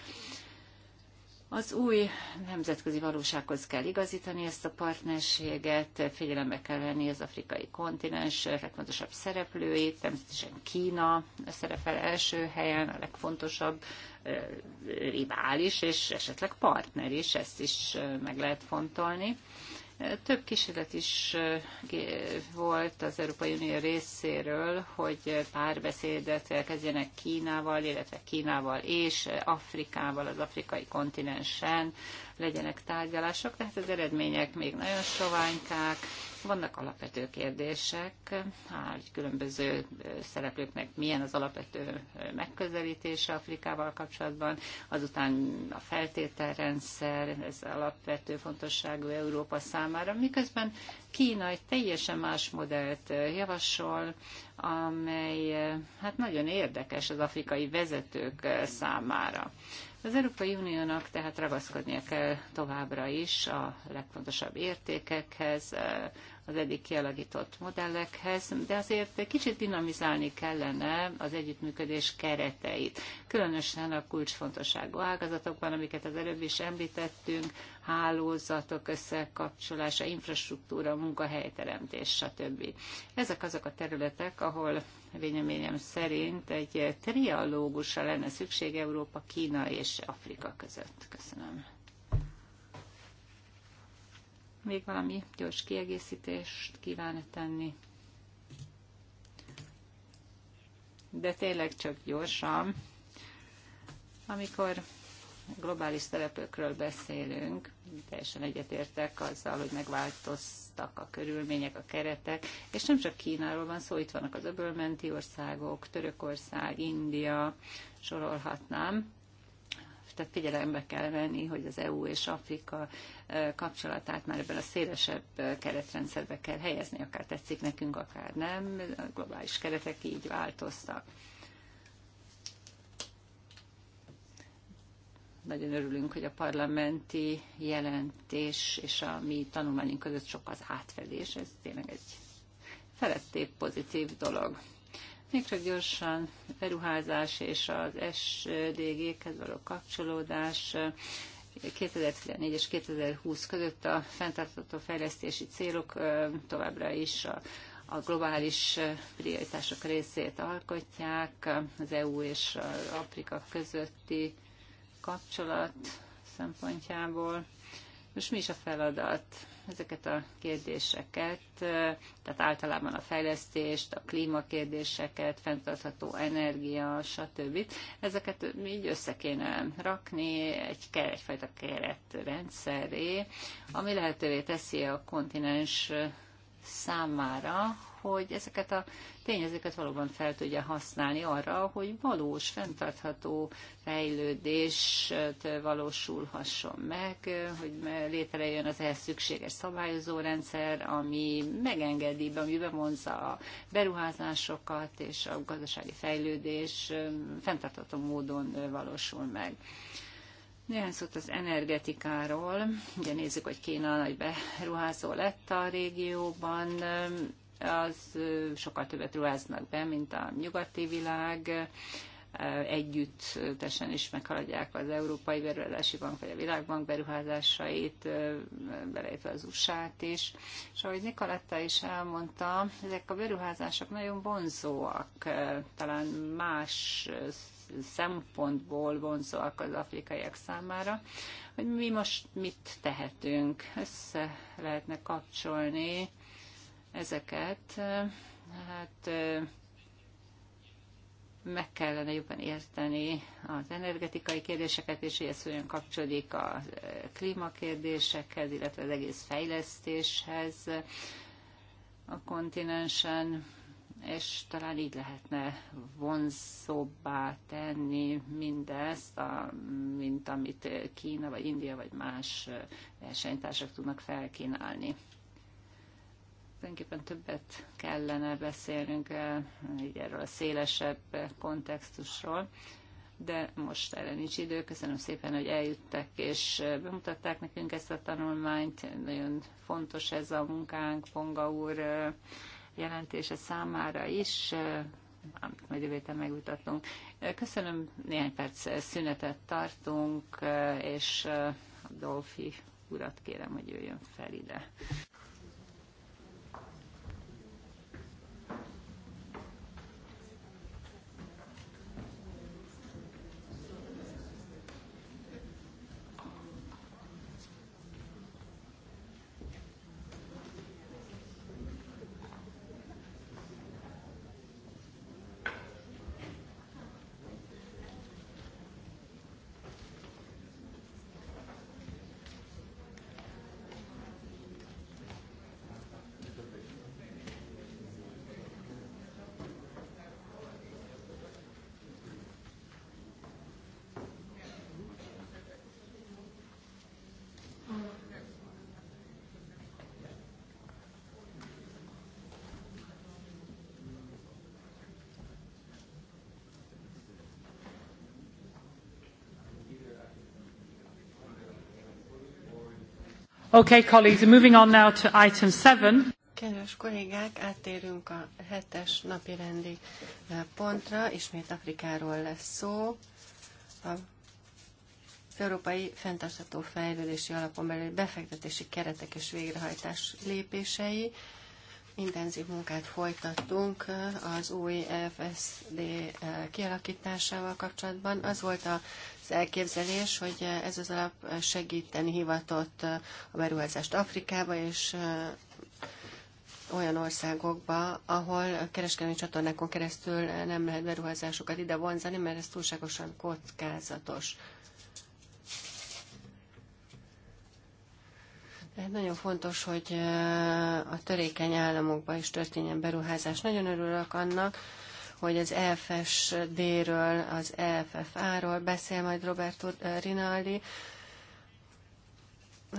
Az új nemzetközi valósághoz kell igazítani ezt a partnerséget, figyelembe kell venni az afrikai kontinens legfontosabb szereplőit, természetesen Kína szerepel első helyen, a legfontosabb rivális és esetleg partner is, ezt is meg lehet fontolni. Több kísérlet is volt az Európai Unió részéről, hogy párbeszédet kezdjenek Kínával, illetve Kínával és Afrikával, az afrikai kontinensen legyenek tárgyalások, tehát az eredmények még nagyon soványkák, vannak alapvető kérdések, hogy különböző szereplőknek milyen az alapvető megközelítése Afrikával kapcsolatban, azután a feltételrendszer, ez alapvető fontosságú Európa számára, miközben Kína egy teljesen más modellt javasol, amely hát nagyon érdekes az afrikai vezetők számára. Az Európai Uniónak tehát ragaszkodnia kell továbbra is a legfontosabb értékekhez, az eddig kialakított modellekhez, de azért kicsit dinamizálni kellene az együttműködés kereteit, különösen a kulcsfontosságú ágazatokban, amiket az előbb is említettünk, hálózatok összekapcsolása, infrastruktúra, munkahelyteremtés, stb. Ezek azok a területek, ahol véleményem szerint egy trialógusra lenne szükség Európa, Kína és Afrika között. Köszönöm még valami gyors kiegészítést kíván tenni? De tényleg csak gyorsan. Amikor globális szereplőkről beszélünk, teljesen egyetértek azzal, hogy megváltoztak a körülmények, a keretek, és nem csak Kínáról van szó, itt vannak az öbölmenti országok, Törökország, India, sorolhatnám tehát figyelembe kell venni, hogy az EU és Afrika kapcsolatát már ebben a szélesebb keretrendszerbe kell helyezni, akár tetszik nekünk, akár nem, a globális keretek így változtak. Nagyon örülünk, hogy a parlamenti jelentés és a mi tanulmányunk között sok az átfedés, ez tényleg egy feletté pozitív dolog. Még csak gyorsan beruházás és az SDG-khez való kapcsolódás. 2014 és 2020 között a fenntartható fejlesztési célok továbbra is a, a globális prioritások részét alkotják, az EU és az Afrika közötti kapcsolat szempontjából. Most mi is a feladat? Ezeket a kérdéseket, tehát általában a fejlesztést, a klímakérdéseket, fenntartható energia, stb. Ezeket így össze kéne rakni egy, egyfajta keretrendszeré, ami lehetővé teszi a kontinens számára, hogy ezeket a tényezőket valóban fel tudja használni arra, hogy valós, fenntartható fejlődést valósulhasson meg, hogy létrejön az ehhez szükséges szabályozó rendszer, ami megengedi, ami bevonza a beruházásokat, és a gazdasági fejlődés fenntartható módon valósul meg. Néhány szót az energetikáról. Ugye nézzük, hogy Kína nagy beruházó lett a régióban, az sokkal többet ruháznak be, mint a nyugati világ együttesen is meghaladják az Európai Beruházási Bank vagy a Világbank beruházásait, beleértve az usa is. És ahogy Nikoletta is elmondta, ezek a beruházások nagyon vonzóak, talán más szempontból vonzóak az afrikaiak számára, hogy mi most mit tehetünk. Össze lehetne kapcsolni ezeket, hát meg kellene jobban érteni az energetikai kérdéseket, és hogy ez olyan kapcsolódik a klímakérdésekhez, illetve az egész fejlesztéshez a kontinensen és talán így lehetne vonzóbbá tenni mindezt, a, mint amit Kína, vagy India, vagy más versenytársak tudnak felkínálni. Tulajdonképpen többet kellene beszélnünk eh, így erről a szélesebb kontextusról, de most erre nincs idő. Köszönöm szépen, hogy eljöttek és bemutatták nekünk ezt a tanulmányt. Nagyon fontos ez a munkánk, Ponga úr eh, jelentése számára is, amit majd jövő héten megmutatunk. Köszönöm, néhány perc szünetet tartunk, és Dolfi urat kérem, hogy jöjjön fel ide. Okay, colleagues, moving on now to item seven. Kedves kollégák, áttérünk a hetes napi rendi eh, pontra. Ismét Afrikáról lesz szó. A Európai Fentartató Fejlődési Alapon belül befektetési keretek és végrehajtás lépései. Intenzív munkát folytattunk eh, az új FSD eh, kialakításával kapcsolatban. Az volt a az elképzelés, hogy ez az alap segíteni hivatott a beruházást Afrikába és olyan országokba, ahol kereskedelmi csatornákon keresztül nem lehet beruházásokat ide vonzani, mert ez túlságosan kockázatos. nagyon fontos, hogy a törékeny államokba is történjen beruházás. Nagyon örülök annak, hogy az EFSD-ről, az EFFA-ról beszél majd Roberto eh, Rinaldi.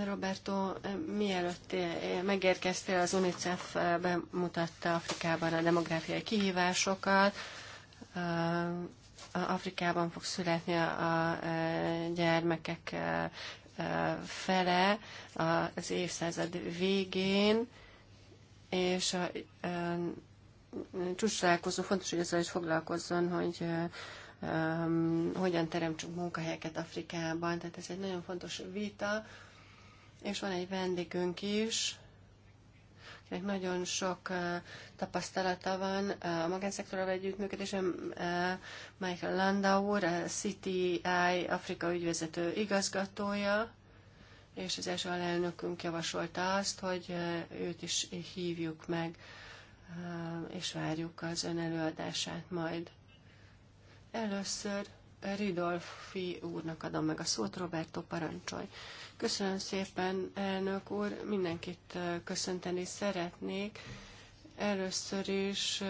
Roberto, eh, mielőtt eh, megérkeztél, az UNICEF bemutatta Afrikában a demográfiai kihívásokat. Afrikában fog születni a gyermekek fele az évszázad végén, és a csúcsrálkozó fontos, hogy ezzel is foglalkozzon, hogy um, hogyan teremtsünk munkahelyeket Afrikában. Tehát ez egy nagyon fontos vita, és van egy vendégünk is, akinek nagyon sok uh, tapasztalata van uh, a magánszektorral együttműködésen. Uh, Michael Landau a CTI Afrika ügyvezető igazgatója, és az első alelnökünk javasolta azt, hogy uh, őt is hívjuk meg. Uh, és várjuk az ön előadását majd. Először Ridolfi úrnak adom meg a szót, Roberto parancsolj. Köszönöm szépen, elnök úr, mindenkit köszönteni szeretnék. Először is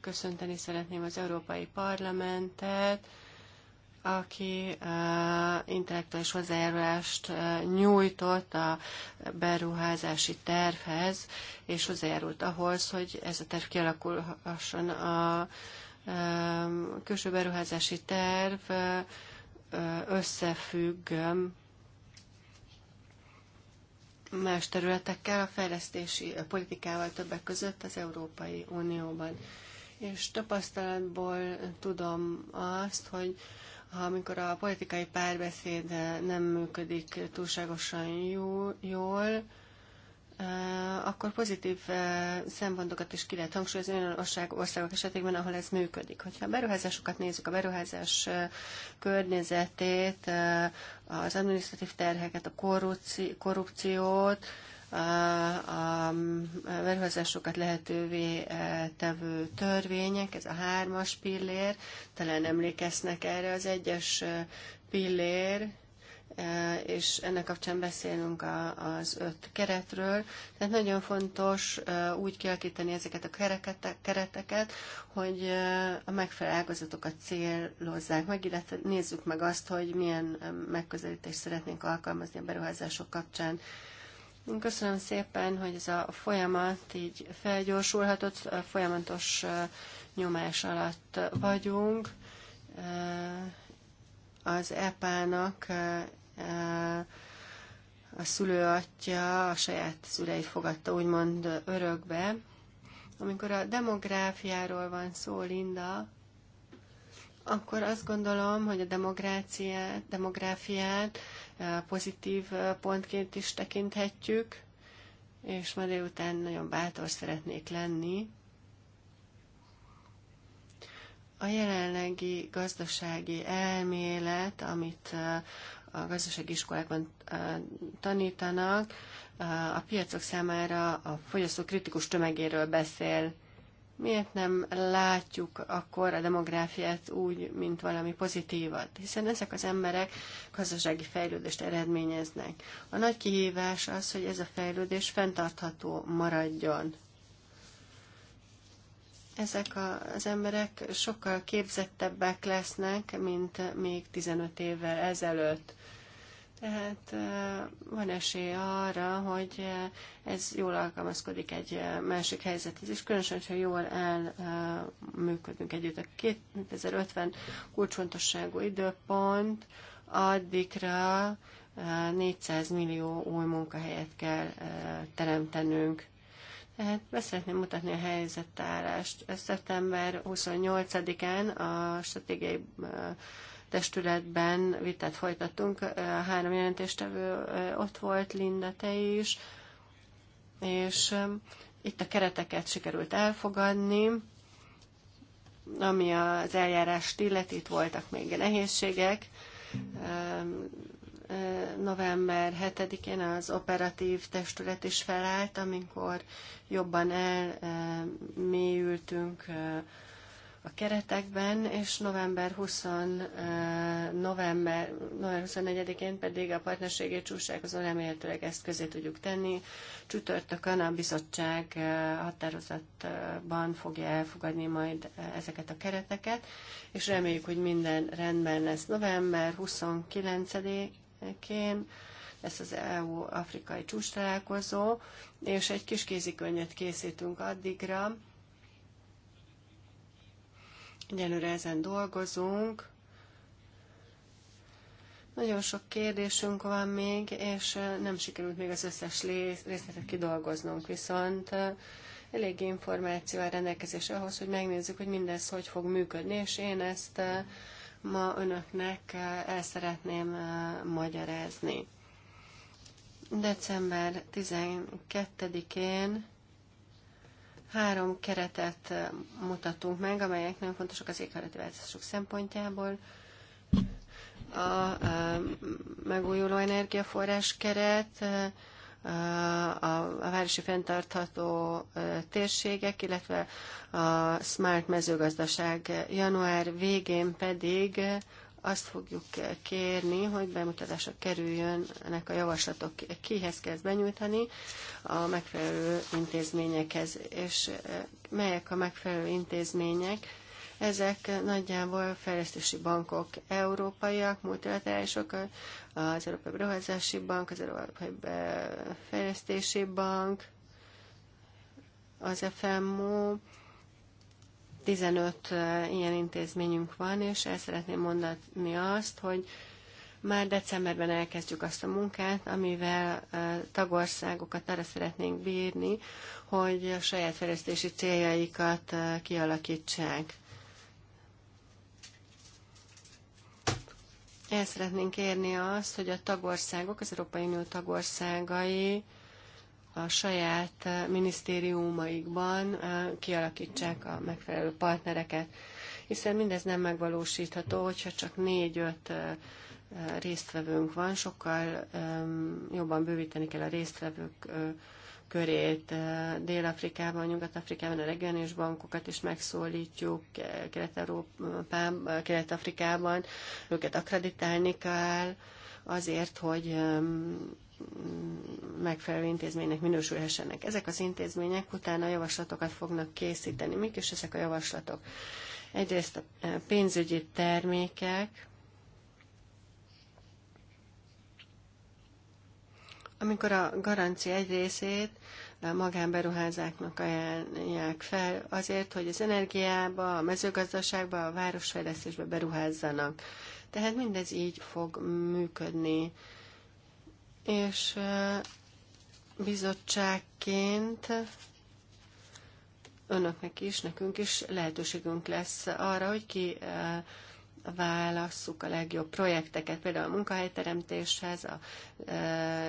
köszönteni szeretném az Európai Parlamentet, aki uh, intellektuális hozzájárulást uh, nyújtott a beruházási tervhez, és hozzájárult ahhoz, hogy ez a terv kialakulhasson. A uh, külső beruházási terv uh, összefügg más területekkel, a fejlesztési politikával többek között az Európai Unióban. És tapasztalatból tudom azt, hogy ha amikor a politikai párbeszéd eh, nem működik túlságosan jó, jól, eh, akkor pozitív eh, szempontokat is ki lehet hangsúlyozni olyan országok esetében, ahol ez működik. Hogyha a beruházásokat nézzük, a beruházás környezetét, az administratív terheket, a korrupciót, a beruházásokat lehetővé e, tevő törvények, ez a hármas pillér, talán emlékeznek erre az egyes e, pillér, e, és ennek kapcsán beszélünk az öt keretről. Tehát nagyon fontos úgy kialakítani ezeket a kereteket, hogy a megfelelő ágazatokat célozzák meg, illetve nézzük meg azt, hogy milyen megközelítést szeretnénk alkalmazni a beruházások kapcsán. Köszönöm szépen, hogy ez a folyamat így felgyorsulhatott, folyamatos nyomás alatt vagyunk. Az EPA-nak a szülőatja a saját szüleit fogadta úgymond örökbe. Amikor a demográfiáról van szó, Linda, akkor azt gondolom, hogy a demográciát, demográfiát pozitív pontként is tekinthetjük, és ma délután nagyon bátor szeretnék lenni. A jelenlegi gazdasági elmélet, amit a gazdasági iskolákban tanítanak, a piacok számára a fogyasztó kritikus tömegéről beszél miért nem látjuk akkor a demográfiát úgy, mint valami pozitívat? Hiszen ezek az emberek gazdasági fejlődést eredményeznek. A nagy kihívás az, hogy ez a fejlődés fenntartható maradjon. Ezek az emberek sokkal képzettebbek lesznek, mint még 15 évvel ezelőtt. Tehát van esély arra, hogy ez jól alkalmazkodik egy másik helyzethez, és különösen, hogyha jól elműködünk együtt. A 2050 kulcsfontosságú időpont addigra 400 millió új munkahelyet kell teremtenünk. Tehát beszeretném mutatni a helyzetállást. Szeptember 28-án a stratégiai testületben vitát folytattunk, a három jelentéstevő ott volt, Linda, te is, és itt a kereteket sikerült elfogadni, ami az eljárás illeti, itt voltak még nehézségek. November 7-én az operatív testület is felállt, amikor jobban elmélyültünk a keretekben, és november 20 november, november 24-én pedig a partnerségi csúcsálkozón remélhetőleg ezt közé tudjuk tenni. Csütörtökön a bizottság határozatban fogja elfogadni majd ezeket a kereteket, és reméljük, hogy minden rendben lesz. November 29-én ez az EU-afrikai csúcs találkozó, és egy kis kézikönyvet készítünk addigra, Egyelőre ezen dolgozunk. Nagyon sok kérdésünk van még, és nem sikerült még az összes részletet kidolgoznunk, viszont elég információ a rendelkezés ahhoz, hogy megnézzük, hogy mindez hogy fog működni, és én ezt ma önöknek el szeretném magyarázni. December 12-én Három keretet mutatunk meg, amelyek nagyon fontosak az éghajlati változások szempontjából. A, megújuló energiaforrás keret, a, a városi fenntartható térségek, illetve a Smart mezőgazdaság január végén pedig azt fogjuk kérni, hogy bemutatásra kerüljönnek a javaslatok, kihez kezd benyújtani a megfelelő intézményekhez, és eh, melyek a megfelelő intézmények. Ezek nagyjából fejlesztési bankok, európaiak, multilaterálisok, az Európai Beruházási Bank, az Európai Fejlesztési Bank, az FMO, 15 ilyen intézményünk van, és el szeretném mondani azt, hogy már decemberben elkezdjük azt a munkát, amivel tagországokat arra szeretnénk bírni, hogy a saját fejlesztési céljaikat kialakítsák. El szeretnénk érni azt, hogy a tagországok, az Európai Unió tagországai a saját eh, minisztériumaikban eh, kialakítsák a megfelelő partnereket, hiszen mindez nem megvalósítható, hogyha csak négy-öt eh, résztvevőnk van, sokkal jobban bővíteni kell a résztvevők körét. Dél-Afrikában, Nyugat-Afrikában a regionális bankokat is megszólítjuk, kelet afrikában őket akkreditálni kell azért, hogy megfelelő intézménynek minősülhessenek. Ezek az intézmények utána javaslatokat fognak készíteni. Mik is ezek a javaslatok? Egyrészt a e, pénzügyi termékek, amikor a garancia egy részét magánberuházáknak ajánlják fel azért, hogy az energiába, a mezőgazdaságba, a városfejlesztésbe beruházzanak. Tehát mindez így fog működni és bizottságként önöknek is, nekünk is lehetőségünk lesz arra, hogy ki válasszuk a legjobb projekteket, például a munkahelyteremtéshez,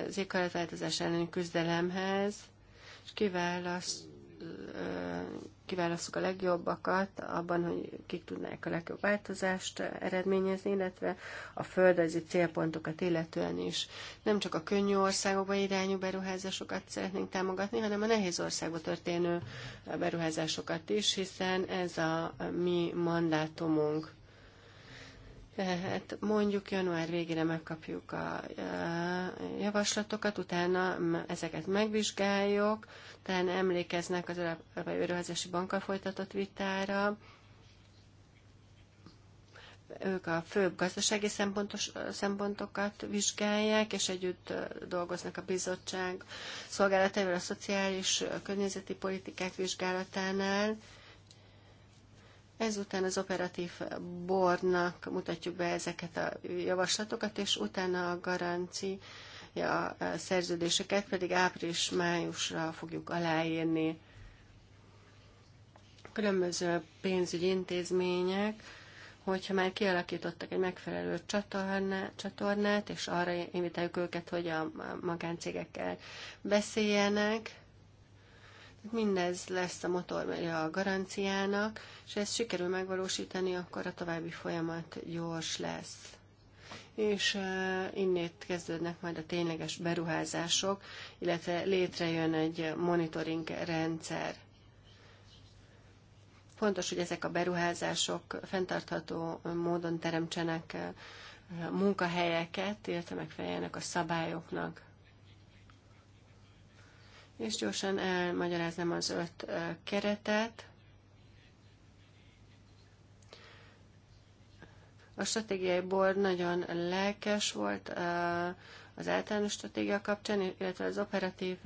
az éghajlatváltozás elleni küzdelemhez, és kiválaszt kiválasztjuk a legjobbakat abban, hogy kik tudnák a legjobb változást eredményezni, illetve a földrajzi célpontokat illetően is. Nem csak a könnyű országokba irányú beruházásokat szeretnénk támogatni, hanem a nehéz országba történő beruházásokat is, hiszen ez a mi mandátumunk. Tehát mondjuk január végére megkapjuk a javaslatokat, utána ezeket megvizsgáljuk, talán emlékeznek az Európai Őrőhezési Bankkal folytatott vitára, ők a főbb gazdasági szempontos, szempontokat vizsgálják, és együtt dolgoznak a bizottság szolgálataival a szociális környezeti politikák vizsgálatánál, Ezután az operatív bornak mutatjuk be ezeket a javaslatokat, és utána a garancia a szerződéseket pedig április-májusra fogjuk aláírni. Különböző pénzügyi intézmények, hogyha már kialakítottak egy megfelelő csatornát, és arra invitáljuk őket, hogy a magáncégekkel beszéljenek, Mindez lesz a motorja a garanciának, és ezt sikerül megvalósítani, akkor a további folyamat gyors lesz. És innét kezdődnek majd a tényleges beruházások, illetve létrejön egy monitoring rendszer. Fontos, hogy ezek a beruházások fenntartható módon teremtsenek munkahelyeket, illetve megfeleljenek a szabályoknak és gyorsan elmagyaráznám az öt keretet. A stratégiai board nagyon lelkes volt az általános stratégia kapcsán, illetve az operatív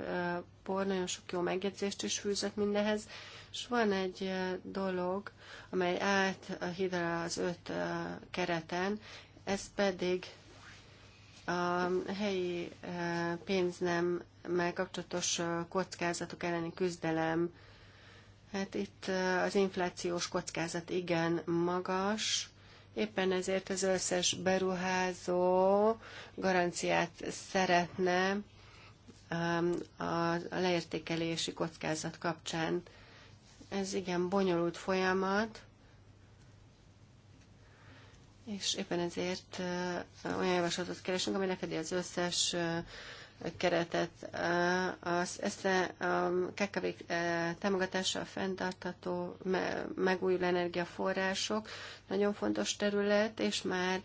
board nagyon sok jó megjegyzést is fűzött mindehez, és van egy dolog, amely áthidal az öt kereten, ez pedig a helyi e, pénznem már kapcsolatos e, kockázatok elleni küzdelem, hát itt e, az inflációs kockázat igen magas, éppen ezért az összes beruházó garanciát szeretne a leértékelési kockázat kapcsán. Ez igen bonyolult folyamat, és éppen ezért olyan javaslatot keresünk, ami lefedi az összes keretet. Az, ezt a KKV támogatása a fenntartató megújuló energiaforrások nagyon fontos terület, és már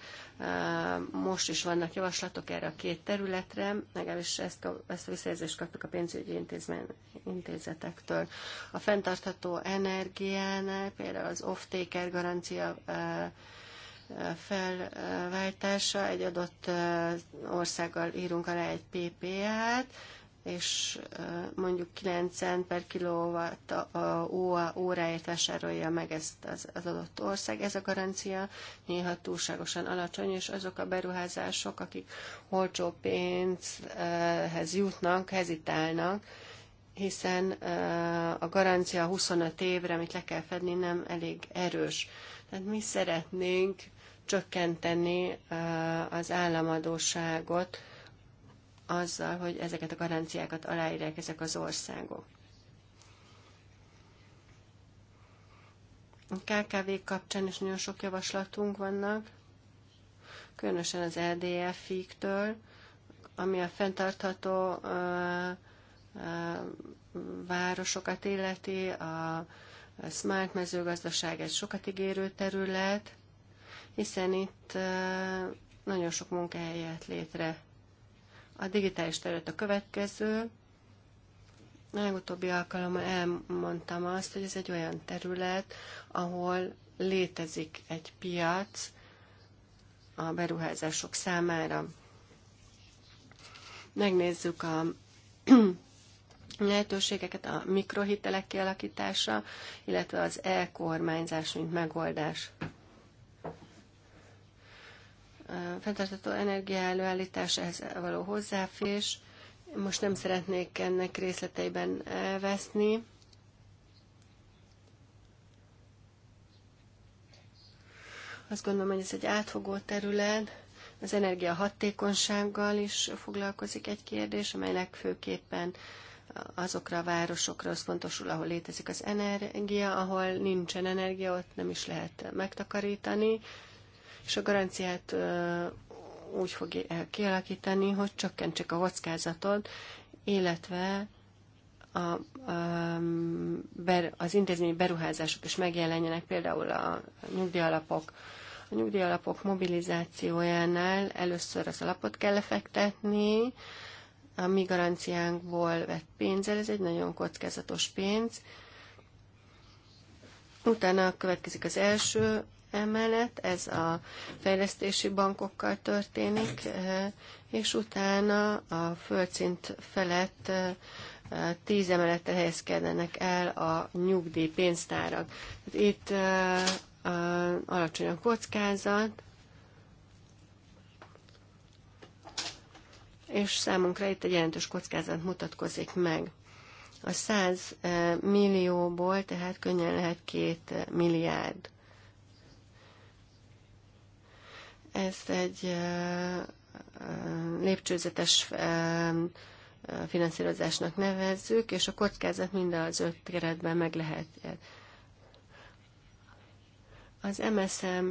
most is vannak javaslatok erre a két területre, legalábbis ezt a, ezt a visszajelzést kaptuk a pénzügyi intézmény, intézetektől. A fenntartható energiánál például az off-taker garancia felváltása, egy adott országgal írunk alá egy PPA-t, és mondjuk 9 cent per kilowatt óráért vásárolja meg ezt az, az adott ország. Ez a garancia néha túlságosan alacsony, és azok a beruházások, akik olcsó pénzhez jutnak, hezitálnak, hiszen a garancia 25 évre, amit le kell fedni, nem elég erős. Tehát mi szeretnénk csökkenteni az államadóságot azzal, hogy ezeket a garanciákat aláírják ezek az országok. A KKV kapcsán is nagyon sok javaslatunk vannak, különösen az ldf e től ami a fenntartható városokat illeti, a smart mezőgazdaság egy sokat ígérő terület, hiszen itt nagyon sok munkahely jött létre. A digitális terület a következő. A legutóbbi alkalommal elmondtam azt, hogy ez egy olyan terület, ahol létezik egy piac a beruházások számára. Megnézzük a lehetőségeket, a mikrohitelek kialakítása, illetve az e-kormányzás, mint megoldás előállítás, ehhez való hozzáférés. Most nem szeretnék ennek részleteiben veszni. Azt gondolom, hogy ez egy átfogó terület. Az energia hatékonysággal is foglalkozik egy kérdés, amelynek főképpen azokra a városokra fontosul, ahol létezik az energia, ahol nincsen energia, ott nem is lehet megtakarítani és a garanciát úgy fog kialakítani, hogy csökkentsék a kockázatot, illetve a, ber, az intézmény beruházások is megjelenjenek, például a nyugdíjalapok. A nyugdíjalapok mobilizációjánál először az alapot kell lefektetni, a mi garanciánkból vett pénzzel, ez egy nagyon kockázatos pénz. Utána következik az első emellett, ez a fejlesztési bankokkal történik, eh, és utána a földszint felett eh, tíz emeletre helyezkednek el a nyugdíjpénztárak. Hát itt eh, alacsony a kockázat, és számunkra itt egy jelentős kockázat mutatkozik meg. A 100 millióból tehát könnyen lehet 2 milliárd. Ez egy lépcsőzetes finanszírozásnak nevezzük, és a kockázat mind az öt keretben meg lehet. Az MSM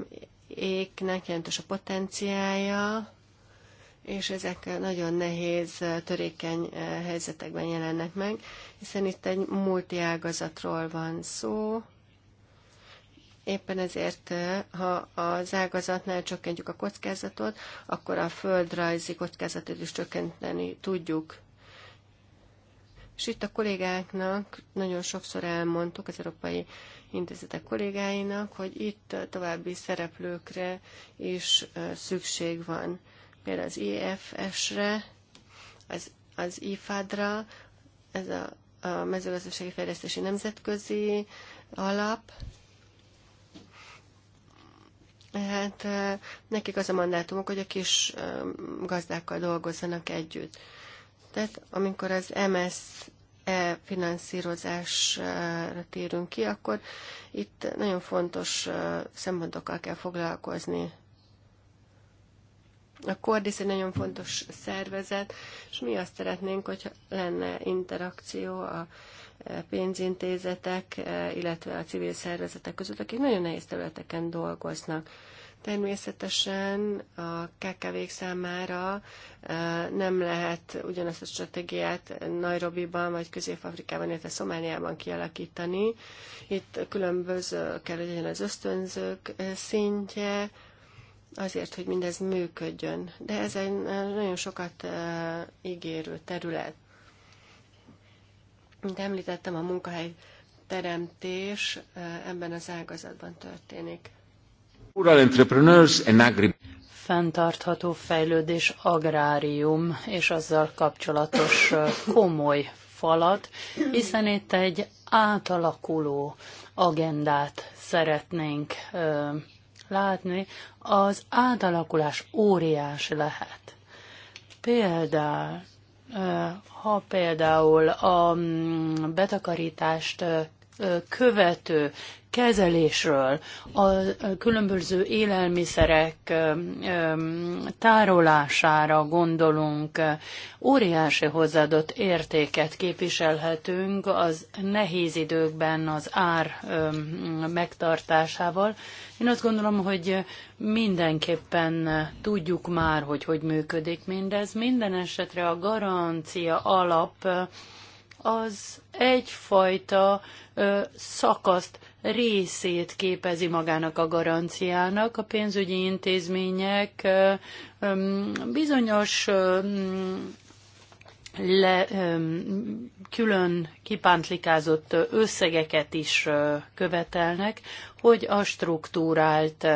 éknek jelentős a potenciája, és ezek nagyon nehéz, törékeny helyzetekben jelennek meg, hiszen itt egy multiágazatról van szó, Éppen ezért, ha az ágazatnál csökkentjük a kockázatot, akkor a földrajzi kockázatot is csökkenteni tudjuk. És itt a kollégáknak nagyon sokszor elmondtuk, az európai intézetek kollégáinak, hogy itt további szereplőkre is szükség van. Például az IFS-re, az, az IFAD-ra, ez a, a mezőgazdasági fejlesztési nemzetközi alap, Hát nekik az a mandátumok, hogy a kis gazdákkal dolgozzanak együtt. Tehát amikor az MSZE finanszírozásra térünk ki, akkor itt nagyon fontos szempontokkal kell foglalkozni. A Kordis egy nagyon fontos szervezet, és mi azt szeretnénk, hogy lenne interakció a pénzintézetek, eh, illetve a civil szervezetek között, akik nagyon nehéz területeken dolgoznak. Természetesen a KKV-k számára eh, nem lehet ugyanazt a stratégiát Nairobi-ban vagy Közép-Afrikában, illetve Szomáliában kialakítani. Itt különböző kell, hogy legyen az ösztönzők eh, szintje, azért, hogy mindez működjön. De ez egy nagyon sokat ígérő terület. Mint említettem, a munkahely teremtés ebben az ágazatban történik. Rural entrepreneurs and agri Fentartható fejlődés agrárium és azzal kapcsolatos komoly falat, hiszen itt egy átalakuló agendát szeretnénk ö, látni. Az átalakulás óriás lehet. Például ha például a mm, betakarítást követő kezelésről, a különböző élelmiszerek tárolására gondolunk, óriási hozzáadott értéket képviselhetünk az nehéz időkben az ár megtartásával. Én azt gondolom, hogy mindenképpen tudjuk már, hogy hogy működik mindez. Minden esetre a garancia alap az egyfajta ö, szakaszt, részét képezi magának a garanciának. A pénzügyi intézmények ö, ö, bizonyos ö, le, külön kipántlikázott összegeket is követelnek, hogy a struktúrált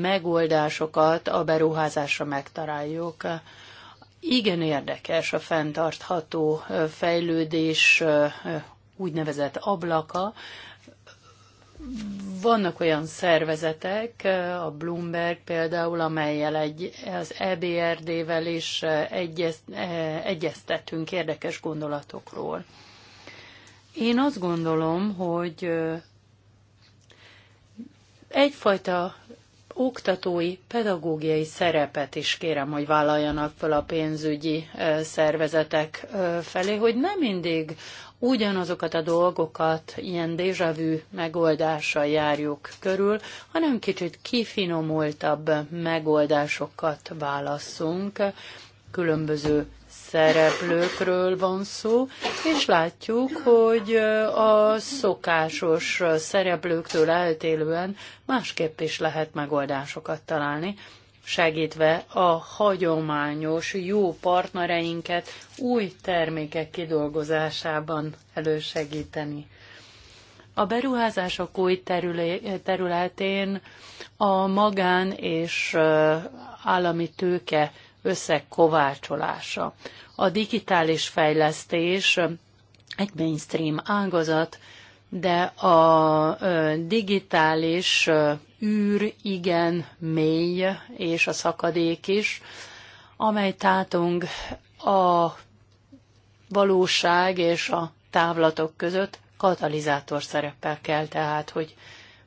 megoldásokat a beruházásra megtaláljuk. Igen érdekes a fenntartható fejlődés úgynevezett ablaka. Vannak olyan szervezetek, a Bloomberg például, amelyel egy, az EBRD-vel is egyezt, egyeztettünk érdekes gondolatokról. Én azt gondolom, hogy egyfajta oktatói, pedagógiai szerepet is kérem, hogy vállaljanak fel a pénzügyi szervezetek felé, hogy nem mindig ugyanazokat a dolgokat ilyen déjavű megoldással járjuk körül, hanem kicsit kifinomultabb megoldásokat válasszunk különböző szereplőkről van szó, és látjuk, hogy a szokásos szereplőktől eltélően másképp is lehet megoldásokat találni, segítve a hagyományos jó partnereinket új termékek kidolgozásában elősegíteni. A beruházások új területén a magán és állami tőke összekovácsolása. A digitális fejlesztés egy mainstream ágazat, de a digitális űr igen mély, és a szakadék is, amely tátong a valóság és a távlatok között katalizátor szerepel kell tehát, hogy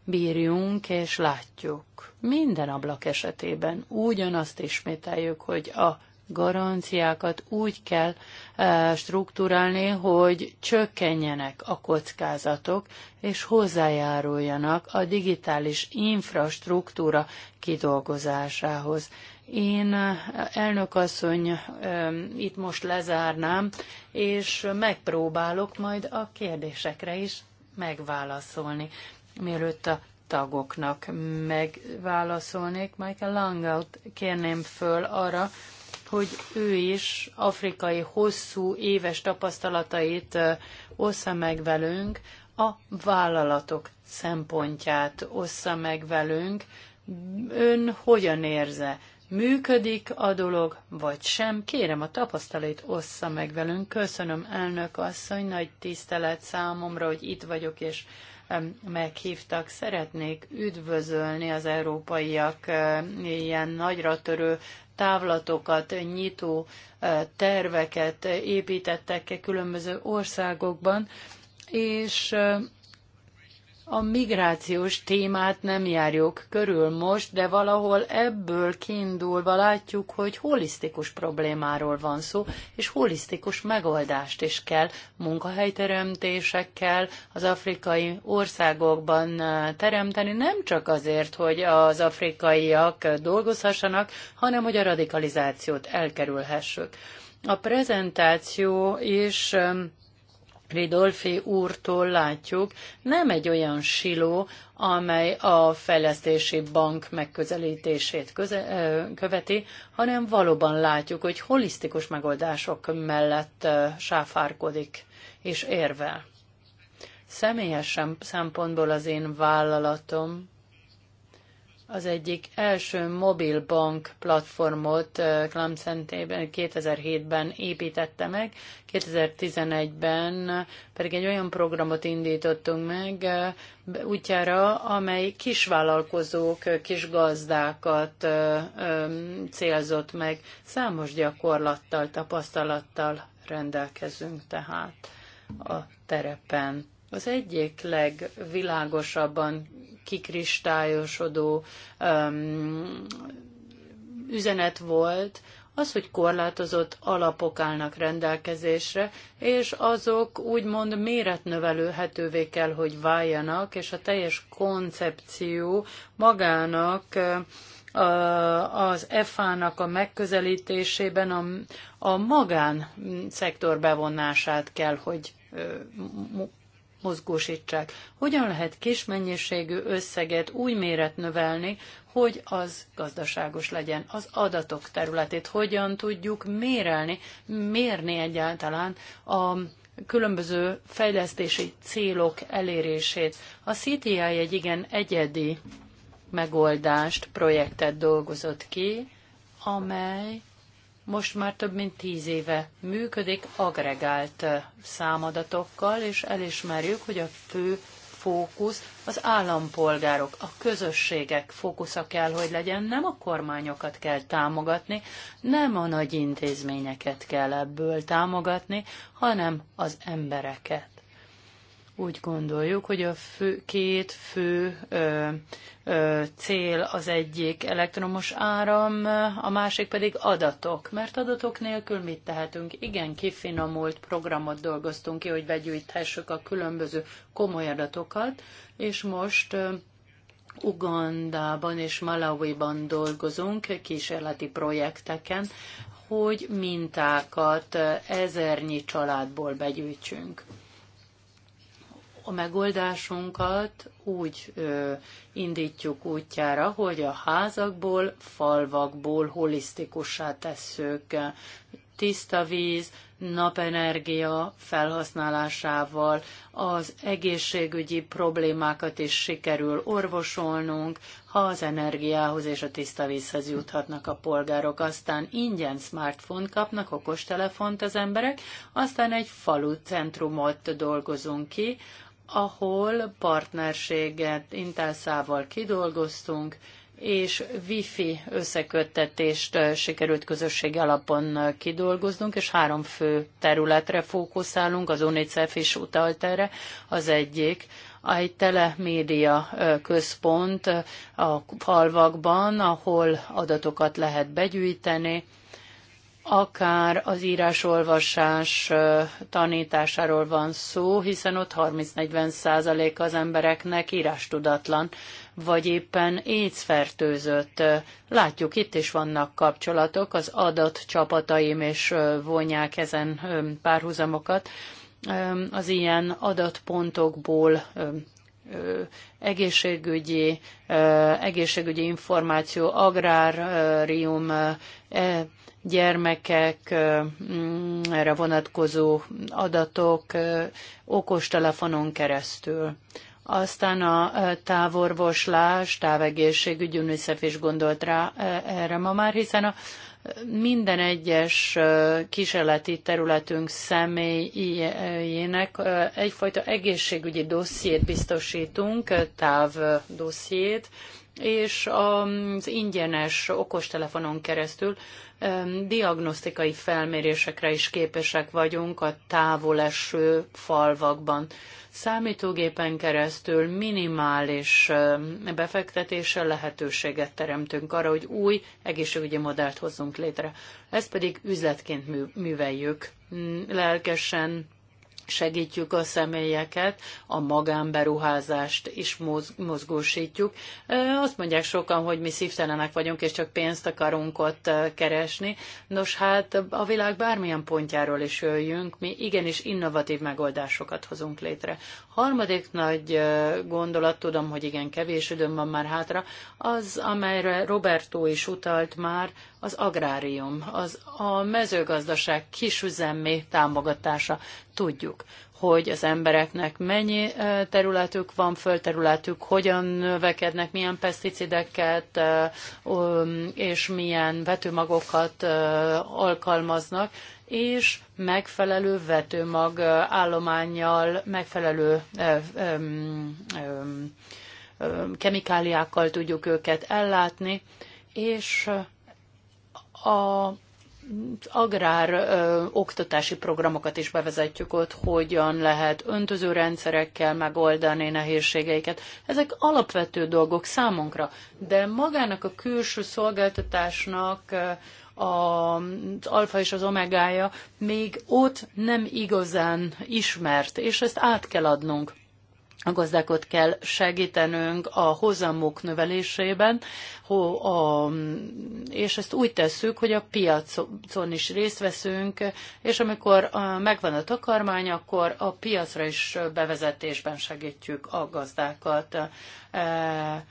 bírjunk és látjuk. Minden ablak esetében ugyanazt ismételjük, hogy a garanciákat úgy kell e, struktúrálni, hogy csökkenjenek a kockázatok, és hozzájáruljanak a digitális infrastruktúra kidolgozásához. Én, e, elnök asszony, e, itt most lezárnám, és megpróbálok majd a kérdésekre is megválaszolni. Mielőtt a tagoknak megválaszolnék, Michael Langout kérném föl arra, hogy ő is afrikai hosszú éves tapasztalatait ossza meg velünk, a vállalatok szempontját ossza meg velünk. Ön hogyan érze? Működik a dolog, vagy sem? Kérem a tapasztalait ossza meg velünk. Köszönöm, elnök asszony, nagy tisztelet számomra, hogy itt vagyok, és meghívtak. Szeretnék üdvözölni az európaiak ilyen nagyra törő távlatokat, nyitó terveket építettek -e különböző országokban, és a migrációs témát nem járjuk körül most, de valahol ebből kiindulva látjuk, hogy holisztikus problémáról van szó, és holisztikus megoldást is kell munkahelyteremtésekkel az afrikai országokban eh, teremteni, nem csak azért, hogy az afrikaiak dolgozhassanak, hanem hogy a radikalizációt elkerülhessük. A prezentáció is Pridolfi úrtól látjuk, nem egy olyan siló, amely a fejlesztési bank megközelítését köze- követi, hanem valóban látjuk, hogy holisztikus megoldások mellett sáfárkodik és érvel. Személyes szempontból az én vállalatom az egyik első mobilbank platformot Clemsentében eh, 2007-ben építette meg, 2011-ben pedig egy olyan programot indítottunk meg eh, útjára, amely kisvállalkozók, eh, kisgazdákat célzott meg. Számos gyakorlattal, tapasztalattal rendelkezünk tehát a terepen. Az egyik legvilágosabban kikristályosodó um, üzenet volt, az, hogy korlátozott alapok állnak rendelkezésre, és azok úgymond méretnövelőhetővé kell, hogy váljanak, és a teljes koncepció magának az efa nak a megközelítésében a, a magánszektor bevonását kell, hogy mozgósítsák. Hogyan lehet kis mennyiségű összeget új méret növelni, hogy az gazdaságos legyen. Az adatok területét hogyan tudjuk mérelni, mérni egyáltalán a különböző fejlesztési célok elérését. A CTI egy igen egyedi megoldást, projektet dolgozott ki, amely most már több mint tíz éve működik agregált számadatokkal, és elismerjük, hogy a fő fókusz az állampolgárok, a közösségek fókusza kell, hogy legyen, nem a kormányokat kell támogatni, nem a nagy intézményeket kell ebből támogatni, hanem az embereket. Úgy gondoljuk, hogy a fő, két fő ö, ö, cél az egyik elektromos áram, a másik pedig adatok. Mert adatok nélkül mit tehetünk? Igen, kifinomult programot dolgoztunk ki, hogy begyűjthessük a különböző komoly adatokat, és most ö, Ugandában és Malawiban dolgozunk kísérleti projekteken, hogy mintákat ezernyi családból begyűjtsünk a megoldásunkat úgy ö, indítjuk útjára, hogy a házakból, falvakból holisztikussá tesszük tiszta víz, napenergia felhasználásával az egészségügyi problémákat is sikerül orvosolnunk, ha az energiához és a tiszta vízhez juthatnak a polgárok. Aztán ingyen smartphone kapnak, okostelefont az emberek, aztán egy falu centrumot dolgozunk ki, ahol partnerséget Intelszával kidolgoztunk, és wifi összeköttetést sikerült közösségi alapon kidolgoznunk, és három fő területre fókuszálunk, az UNICEF is utalt erre, az egyik, egy telemédia központ a falvakban, ahol adatokat lehet begyűjteni, akár az írásolvasás tanításáról van szó, hiszen ott 30-40 százalék az embereknek írástudatlan, vagy éppen fertőzött. Látjuk, itt is vannak kapcsolatok, az adat csapataim és vonják ezen párhuzamokat. Az ilyen adatpontokból egészségügyi, egészségügyi információ, agrárium, e, gyermekekre mm, vonatkozó adatok okostelefonon keresztül. Aztán a távorvoslás, távegészségügy, UNICEF is gondolt rá erre ma már, hiszen a minden egyes kísérleti területünk személyének egyfajta egészségügyi dossziét biztosítunk, távdossziét, és az ingyenes okostelefonon keresztül diagnosztikai felmérésekre is képesek vagyunk a távoleső falvakban. Számítógépen keresztül minimális befektetéssel lehetőséget teremtünk arra, hogy új egészségügyi modellt hozzunk létre. Ezt pedig üzletként műveljük. Lelkesen segítjük a személyeket, a magánberuházást is mozgósítjuk. Azt mondják sokan, hogy mi szívtelenek vagyunk, és csak pénzt akarunk ott keresni. Nos, hát a világ bármilyen pontjáról is jöjjünk, mi igenis innovatív megoldásokat hozunk létre. Harmadik nagy gondolat, tudom, hogy igen, kevés időm van már hátra, az, amelyre Roberto is utalt már, az agrárium, az a mezőgazdaság kisüzemi támogatása tudjuk, hogy az embereknek mennyi területük van, földterületük, hogyan növekednek, milyen peszticideket és milyen vetőmagokat alkalmaznak, és megfelelő vetőmag állományjal, megfelelő kemikáliákkal tudjuk őket ellátni, és a agrár ö, oktatási programokat is bevezetjük ott, hogyan lehet öntöző rendszerekkel megoldani nehézségeiket. Ezek alapvető dolgok számunkra, de magának a külső szolgáltatásnak ö, az alfa és az omegája még ott nem igazán ismert, és ezt át kell adnunk a gazdákat kell segítenünk a hozamok növelésében, és ezt úgy tesszük, hogy a piacon is részt veszünk, és amikor megvan a takarmány, akkor a piacra is bevezetésben segítjük a gazdákat. E, e,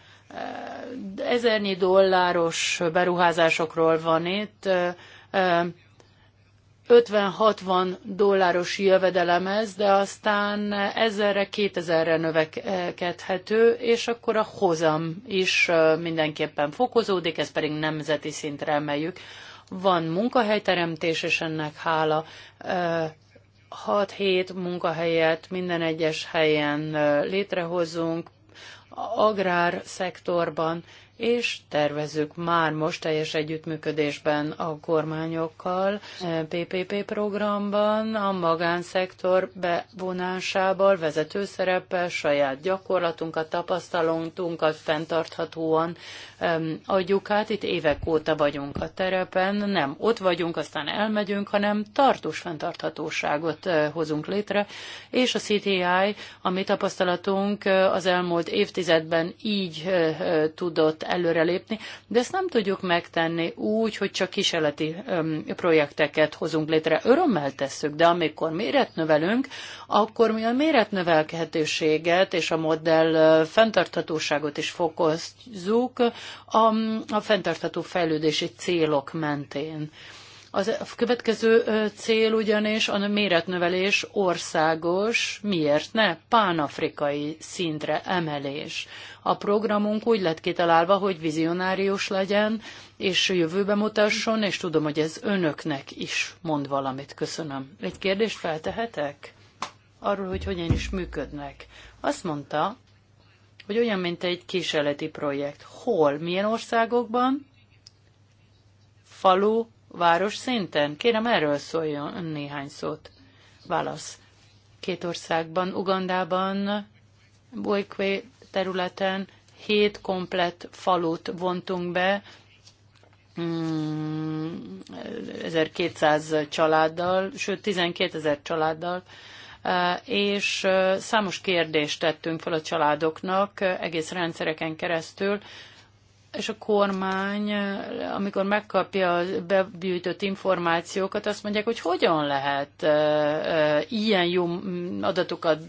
ezernyi dolláros beruházásokról van itt, e, 50-60 dolláros jövedelem ez, de aztán 1000-re 2000-re növekedhető, és akkor a hozam is mindenképpen fokozódik, ezt pedig nemzeti szintre emeljük. Van munkahelyteremtés, és ennek hála 6-7 munkahelyet minden egyes helyen létrehozunk, agrárszektorban, és tervezzük már most teljes együttműködésben a kormányokkal, PPP eh, programban, a magánszektor bevonásával, vezető szereppel, saját gyakorlatunkat, tapasztalatunkat fenntarthatóan adjuk át. Itt évek óta vagyunk a terepen, nem ott vagyunk, aztán elmegyünk, hanem tartós fenntarthatóságot eh, hozunk létre, és a CTI, a mi tapasztalatunk eh, az elmúlt évtizedben így tudott előrelépni, de ezt nem tudjuk megtenni úgy, hogy csak kísérleti projekteket hozunk létre. Örömmel tesszük, de amikor méret növelünk, akkor mi a méretnövelkedőséget és a modell fenntarthatóságot is fokozzuk a, a fenntartható fejlődési célok mentén. Az, a következő cél ugyanis a méretnövelés országos, miért ne, pánafrikai szintre emelés. A programunk úgy lett kitalálva, hogy vizionárius legyen, és jövőbe mutasson, és tudom, hogy ez önöknek is mond valamit. Köszönöm. Egy kérdést feltehetek? Arról, hogy hogyan is működnek. Azt mondta, hogy olyan, mint egy kísérleti projekt. Hol, milyen országokban, falu, város szinten? Kérem, erről szóljon néhány szót. Válasz. Két országban, Ugandában, Bolykvé területen hét komplet falut vontunk be, 1200 mm, családdal, sőt 12 ezer családdal, eh, és eh, számos kérdést tettünk fel a családoknak eh, egész rendszereken keresztül, és a kormány, amikor megkapja a begyűjtött információkat, azt mondják, hogy hogyan lehet ilyen jó adatokat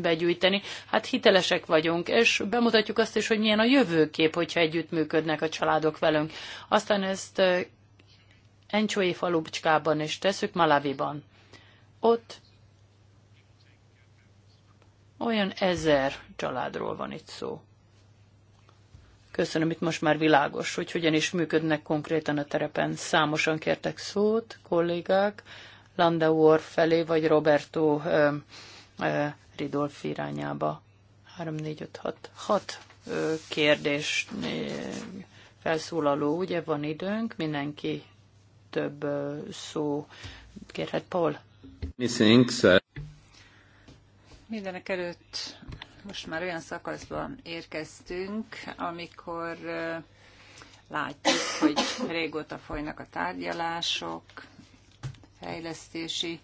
begyűjteni. Hát hitelesek vagyunk, és bemutatjuk azt is, hogy milyen a jövőkép, hogyha együttműködnek a családok velünk. Aztán ezt Encsói falubcskában is tesszük, Malaviban. Ott olyan ezer családról van itt szó Köszönöm, itt most már világos, hogy hogyan is működnek konkrétan a terepen. Számosan kértek szót kollégák, Landauer felé, vagy Roberto ö, ö, Ridolf irányába. 3, 4, 5, 6, 6 ö, kérdés ö, felszólaló, ugye van időnk, mindenki több ö, szó kérhet. Paul? Mindenek előtt most már olyan szakaszban érkeztünk, amikor látjuk, hogy régóta folynak a tárgyalások, fejlesztési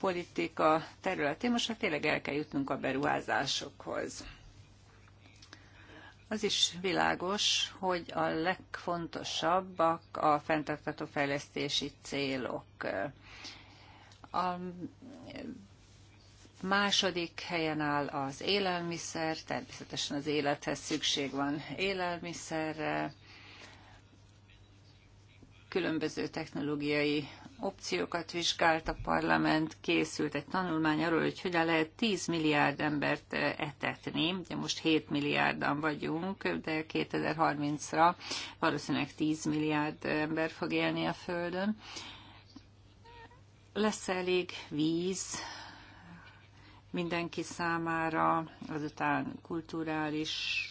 politika területén, most már tényleg el kell jutnunk a beruházásokhoz. Az is világos, hogy a legfontosabbak a fenntartható fejlesztési célok. A Második helyen áll az élelmiszer, természetesen az élethez szükség van élelmiszerre, különböző technológiai opciókat vizsgált a parlament, készült egy tanulmány arról, hogy hogyan lehet 10 milliárd embert etetni. Ugye most 7 milliárdan vagyunk, de 2030-ra valószínűleg 10 milliárd ember fog élni a Földön. Lesz elég víz mindenki számára, azután kulturális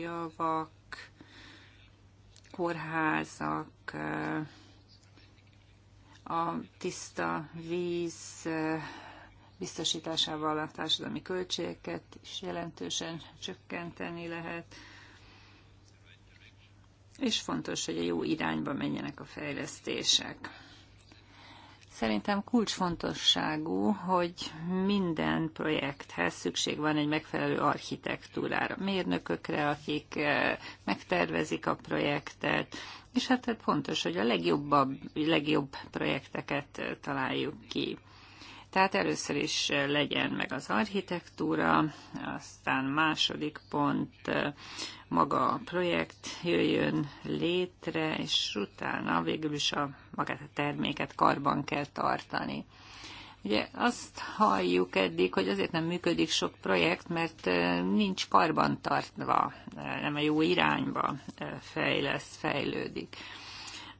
javak, kórházak, a tiszta víz biztosításával a társadalmi költségeket is jelentősen csökkenteni lehet. És fontos, hogy a jó irányba menjenek a fejlesztések. Szerintem kulcsfontosságú, hogy minden projekthez szükség van egy megfelelő architektúrára, mérnökökre, akik eh, megtervezik a projektet, és hát, hát fontos, hogy a legjobb, legjobb projekteket eh, találjuk ki. Tehát először is legyen meg az architektúra, aztán második pont maga a projekt jöjjön létre, és utána végül is a, magát a terméket karban kell tartani. Ugye azt halljuk eddig, hogy azért nem működik sok projekt, mert nincs karban tartva, nem a jó irányba fejlesz, fejlődik.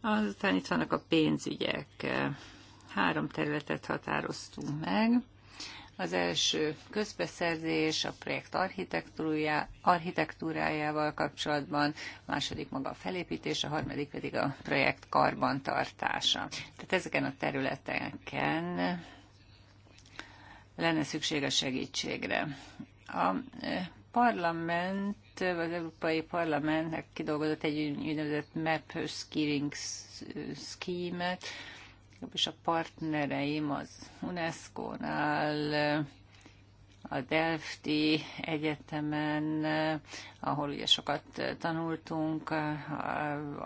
Aztán itt vannak a pénzügyek, Három területet határoztunk meg. Az első közbeszerzés a projekt architektúrájával kapcsolatban, a második maga a felépítés, a harmadik pedig a projekt karbantartása. Tehát ezeken a területeken lenne szükség a segítségre. A eh, parlament, az Európai Parlamentnek kidolgozott egy úgynevezett MAP Steering eh, Scheme-et, Nekem is a partnereim az UNESCO-nál, a Delfti Egyetemen, ahol ugye sokat tanultunk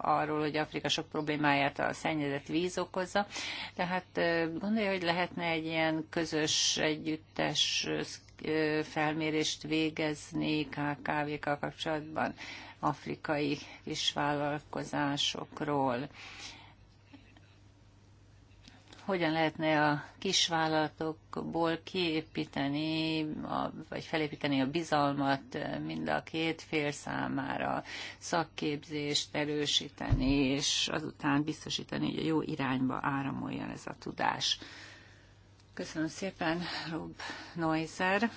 arról, hogy Afrika sok problémáját a szennyezett víz okozza. Tehát gondolja, hogy lehetne egy ilyen közös, együttes felmérést végezni KKV-kkal kapcsolatban afrikai kisvállalkozásokról hogyan lehetne a kisvállalatokból kiépíteni, a, vagy felépíteni a bizalmat eh, mind a két fél számára, szakképzést erősíteni, és azután biztosítani, hogy a jó irányba áramoljon ez a tudás. Köszönöm szépen, Rob Neuser.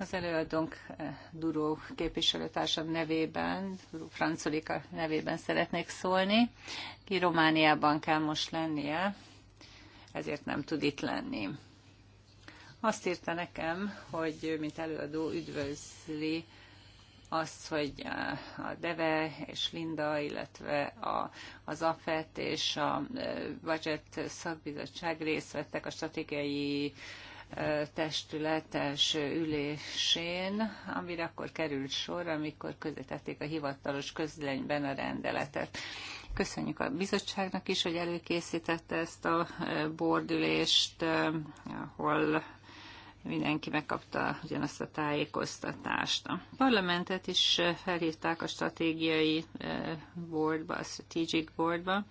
Az előadónk eh, Duró képviselőtársam nevében, Duró Francolika nevében szeretnék szólni, ki Romániában kell most lennie, ezért nem tud itt lenni. Azt írta nekem, hogy mint előadó üdvözli azt, hogy eh, a Deve és Linda, illetve a, az AFET és a eh, Budget szakbizottság részt vettek a stratégiai testületes ülésén, amire akkor került sor, amikor közvetették a hivatalos közlönyben a rendeletet. Köszönjük a bizottságnak is, hogy előkészítette ezt a bordülést, ahol mindenki megkapta ugyanazt a tájékoztatást. A parlamentet is felhívták a stratégiai boardba, a strategic boardba,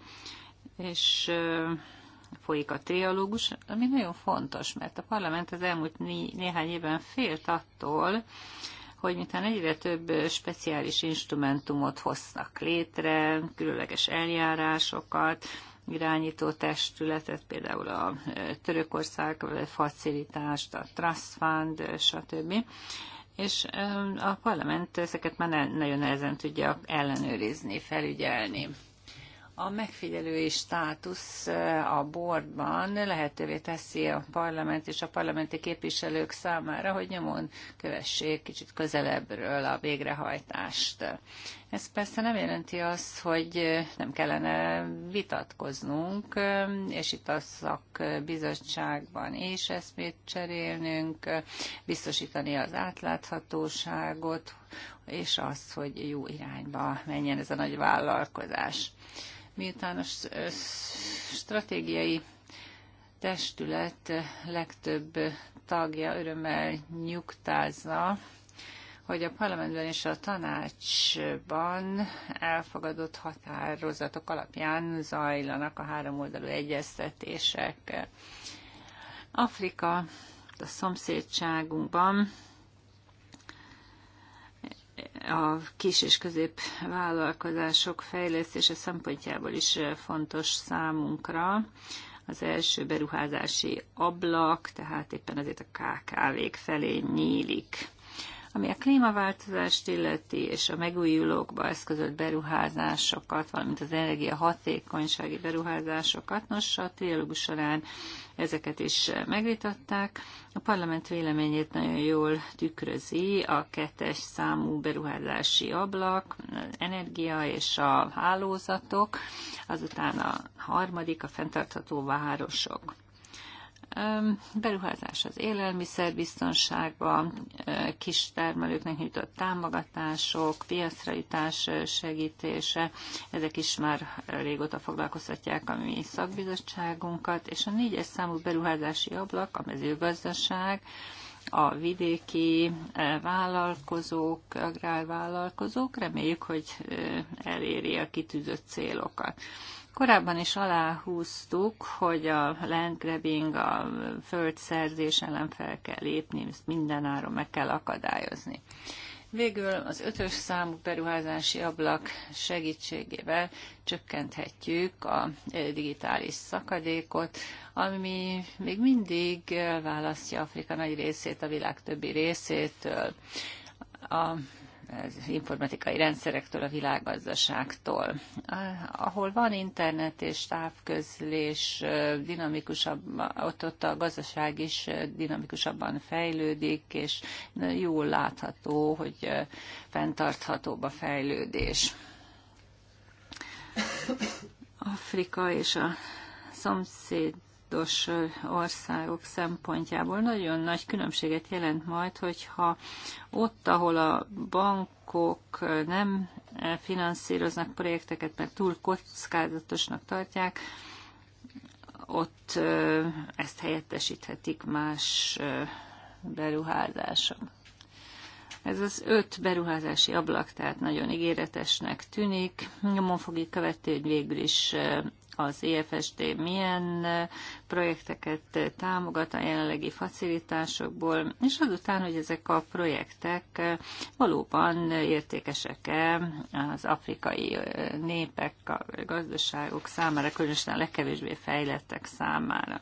és folyik a trialógus, ami nagyon fontos, mert a parlament az elmúlt néhány évben félt attól, hogy mintán egyre több speciális instrumentumot hoznak létre, különleges eljárásokat, irányító testületet, például a e, Törökország facilitást, a Trust Fund, stb. És e, a parlament ezeket már nagyon nehezen tudja ellenőrizni, felügyelni. A megfigyelői státusz eh, a bordban lehetővé teszi a parlament és a parlamenti képviselők számára, hogy nyomon kövessék kicsit közelebbről a végrehajtást. Ez persze nem jelenti azt, hogy nem kellene vitatkoznunk, és itt a szakbizottságban is eszmét cserélnünk, biztosítani az átláthatóságot, és azt, hogy jó irányba menjen ez a nagy vállalkozás. Miután a stratégiai testület legtöbb tagja örömmel nyugtázza, hogy a parlamentben és a tanácsban elfogadott határozatok alapján zajlanak a háromoldalú egyeztetések. Afrika, a szomszédságunkban a kis és közép vállalkozások fejlesztése szempontjából is fontos számunkra. Az első beruházási ablak, tehát éppen azért a KKV-k felé nyílik. Ami a klímaváltozást illeti, és a megújulókba eszközött beruházásokat, valamint az energia hatékonysági beruházásokat, nos, a trialógus során ezeket is megvitatták. A parlament véleményét nagyon jól tükrözi a kettes számú beruházási ablak, az energia és a hálózatok, azután a harmadik a fenntartható városok beruházás az élelmiszerbiztonságba, kis termelőknek nyújtott támogatások, piacra jutás segítése, ezek is már régóta foglalkoztatják a mi szakbizottságunkat, és a négyes számú beruházási ablak, a mezőgazdaság, a vidéki vállalkozók, agrárvállalkozók, reméljük, hogy eléri a kitűzött célokat. Korábban is aláhúztuk, hogy a landgrabbing, a földszerzés ellen fel kell lépni, ezt mindenáron meg kell akadályozni. Végül az ötös számú beruházási ablak segítségével csökkenthetjük a eh, digitális szakadékot, ami még mindig választja Afrika nagy részét a világ többi részétől. A az informatikai rendszerektől, a világgazdaságtól. Ahol van internet és távközlés, dinamikusabb, ott, ott a gazdaság is dinamikusabban fejlődik, és jól látható, hogy fenntarthatóbb a fejlődés. Afrika és a szomszéd szomszédos országok szempontjából nagyon nagy különbséget jelent majd, hogyha ott, ahol a bankok nem finanszíroznak projekteket, mert túl kockázatosnak tartják, ott ezt helyettesíthetik más beruházások. Ez az öt beruházási ablak, tehát nagyon ígéretesnek tűnik. Nyomon fogjuk követni, hogy végül is az EFSD milyen eh, projekteket eh, támogat a jelenlegi facilitásokból, és azután, hogy ezek a projektek eh, valóban értékesek-e az afrikai népek, a gazdaságok számára, különösen a legkevésbé fejlettek számára.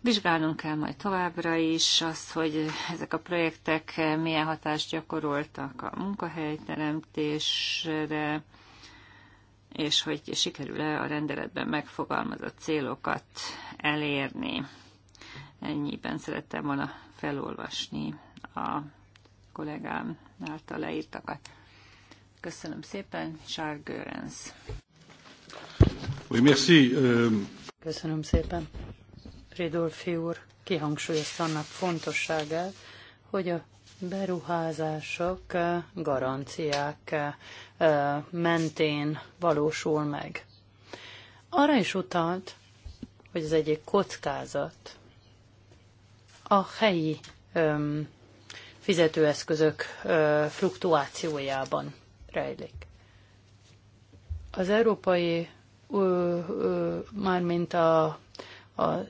Vizsgálnunk kell majd továbbra is azt, hogy ezek a projektek milyen hatást gyakoroltak a munkahelyteremtésre, és hogy sikerül-e a rendeletben megfogalmazott célokat elérni. Ennyiben szerettem volna felolvasni a kollégám által leírtakat. Köszönöm szépen, Charles Görens. Euh, Köszönöm szépen. Ridolfi úr kihangsúlyozta annak fontosságát, hogy a beruházások, garanciák mentén valósul meg. Arra is utalt, hogy az egyik kockázat a helyi öm, fizetőeszközök ö, fluktuációjában rejlik. Az európai, mármint a, a, az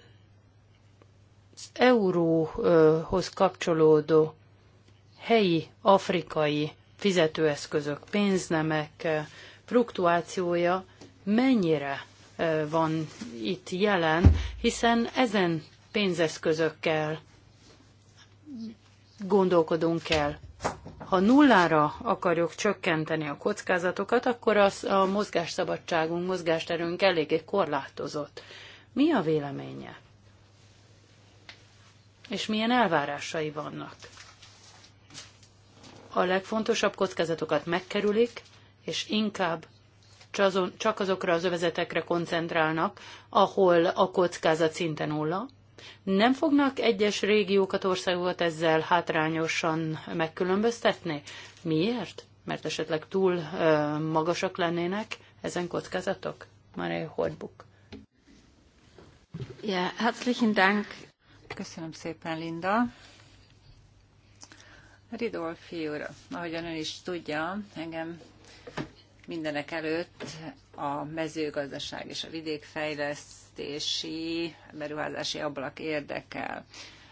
euróhoz kapcsolódó helyi afrikai fizetőeszközök, pénznemek eh, fluktuációja mennyire eh, van itt jelen, hiszen ezen pénzeszközökkel gondolkodunk el. Ha nullára akarjuk csökkenteni a kockázatokat, akkor az a mozgásszabadságunk, mozgásterünk eléggé korlátozott. Mi a véleménye? És milyen elvárásai vannak? a legfontosabb kockázatokat megkerülik, és inkább csak azokra az övezetekre koncentrálnak, ahol a kockázat szinte nulla. Nem fognak egyes régiókat, országokat ezzel hátrányosan megkülönböztetni? Miért? Mert esetleg túl ö, magasak lennének ezen kockázatok? Maria Holbuk. Ja, herzlichen Dank. Köszönöm szépen, Linda. Ridolfi úr, ahogyan ön is tudja, engem mindenek előtt a mezőgazdaság és a vidékfejlesztési beruházási ablak érdekel.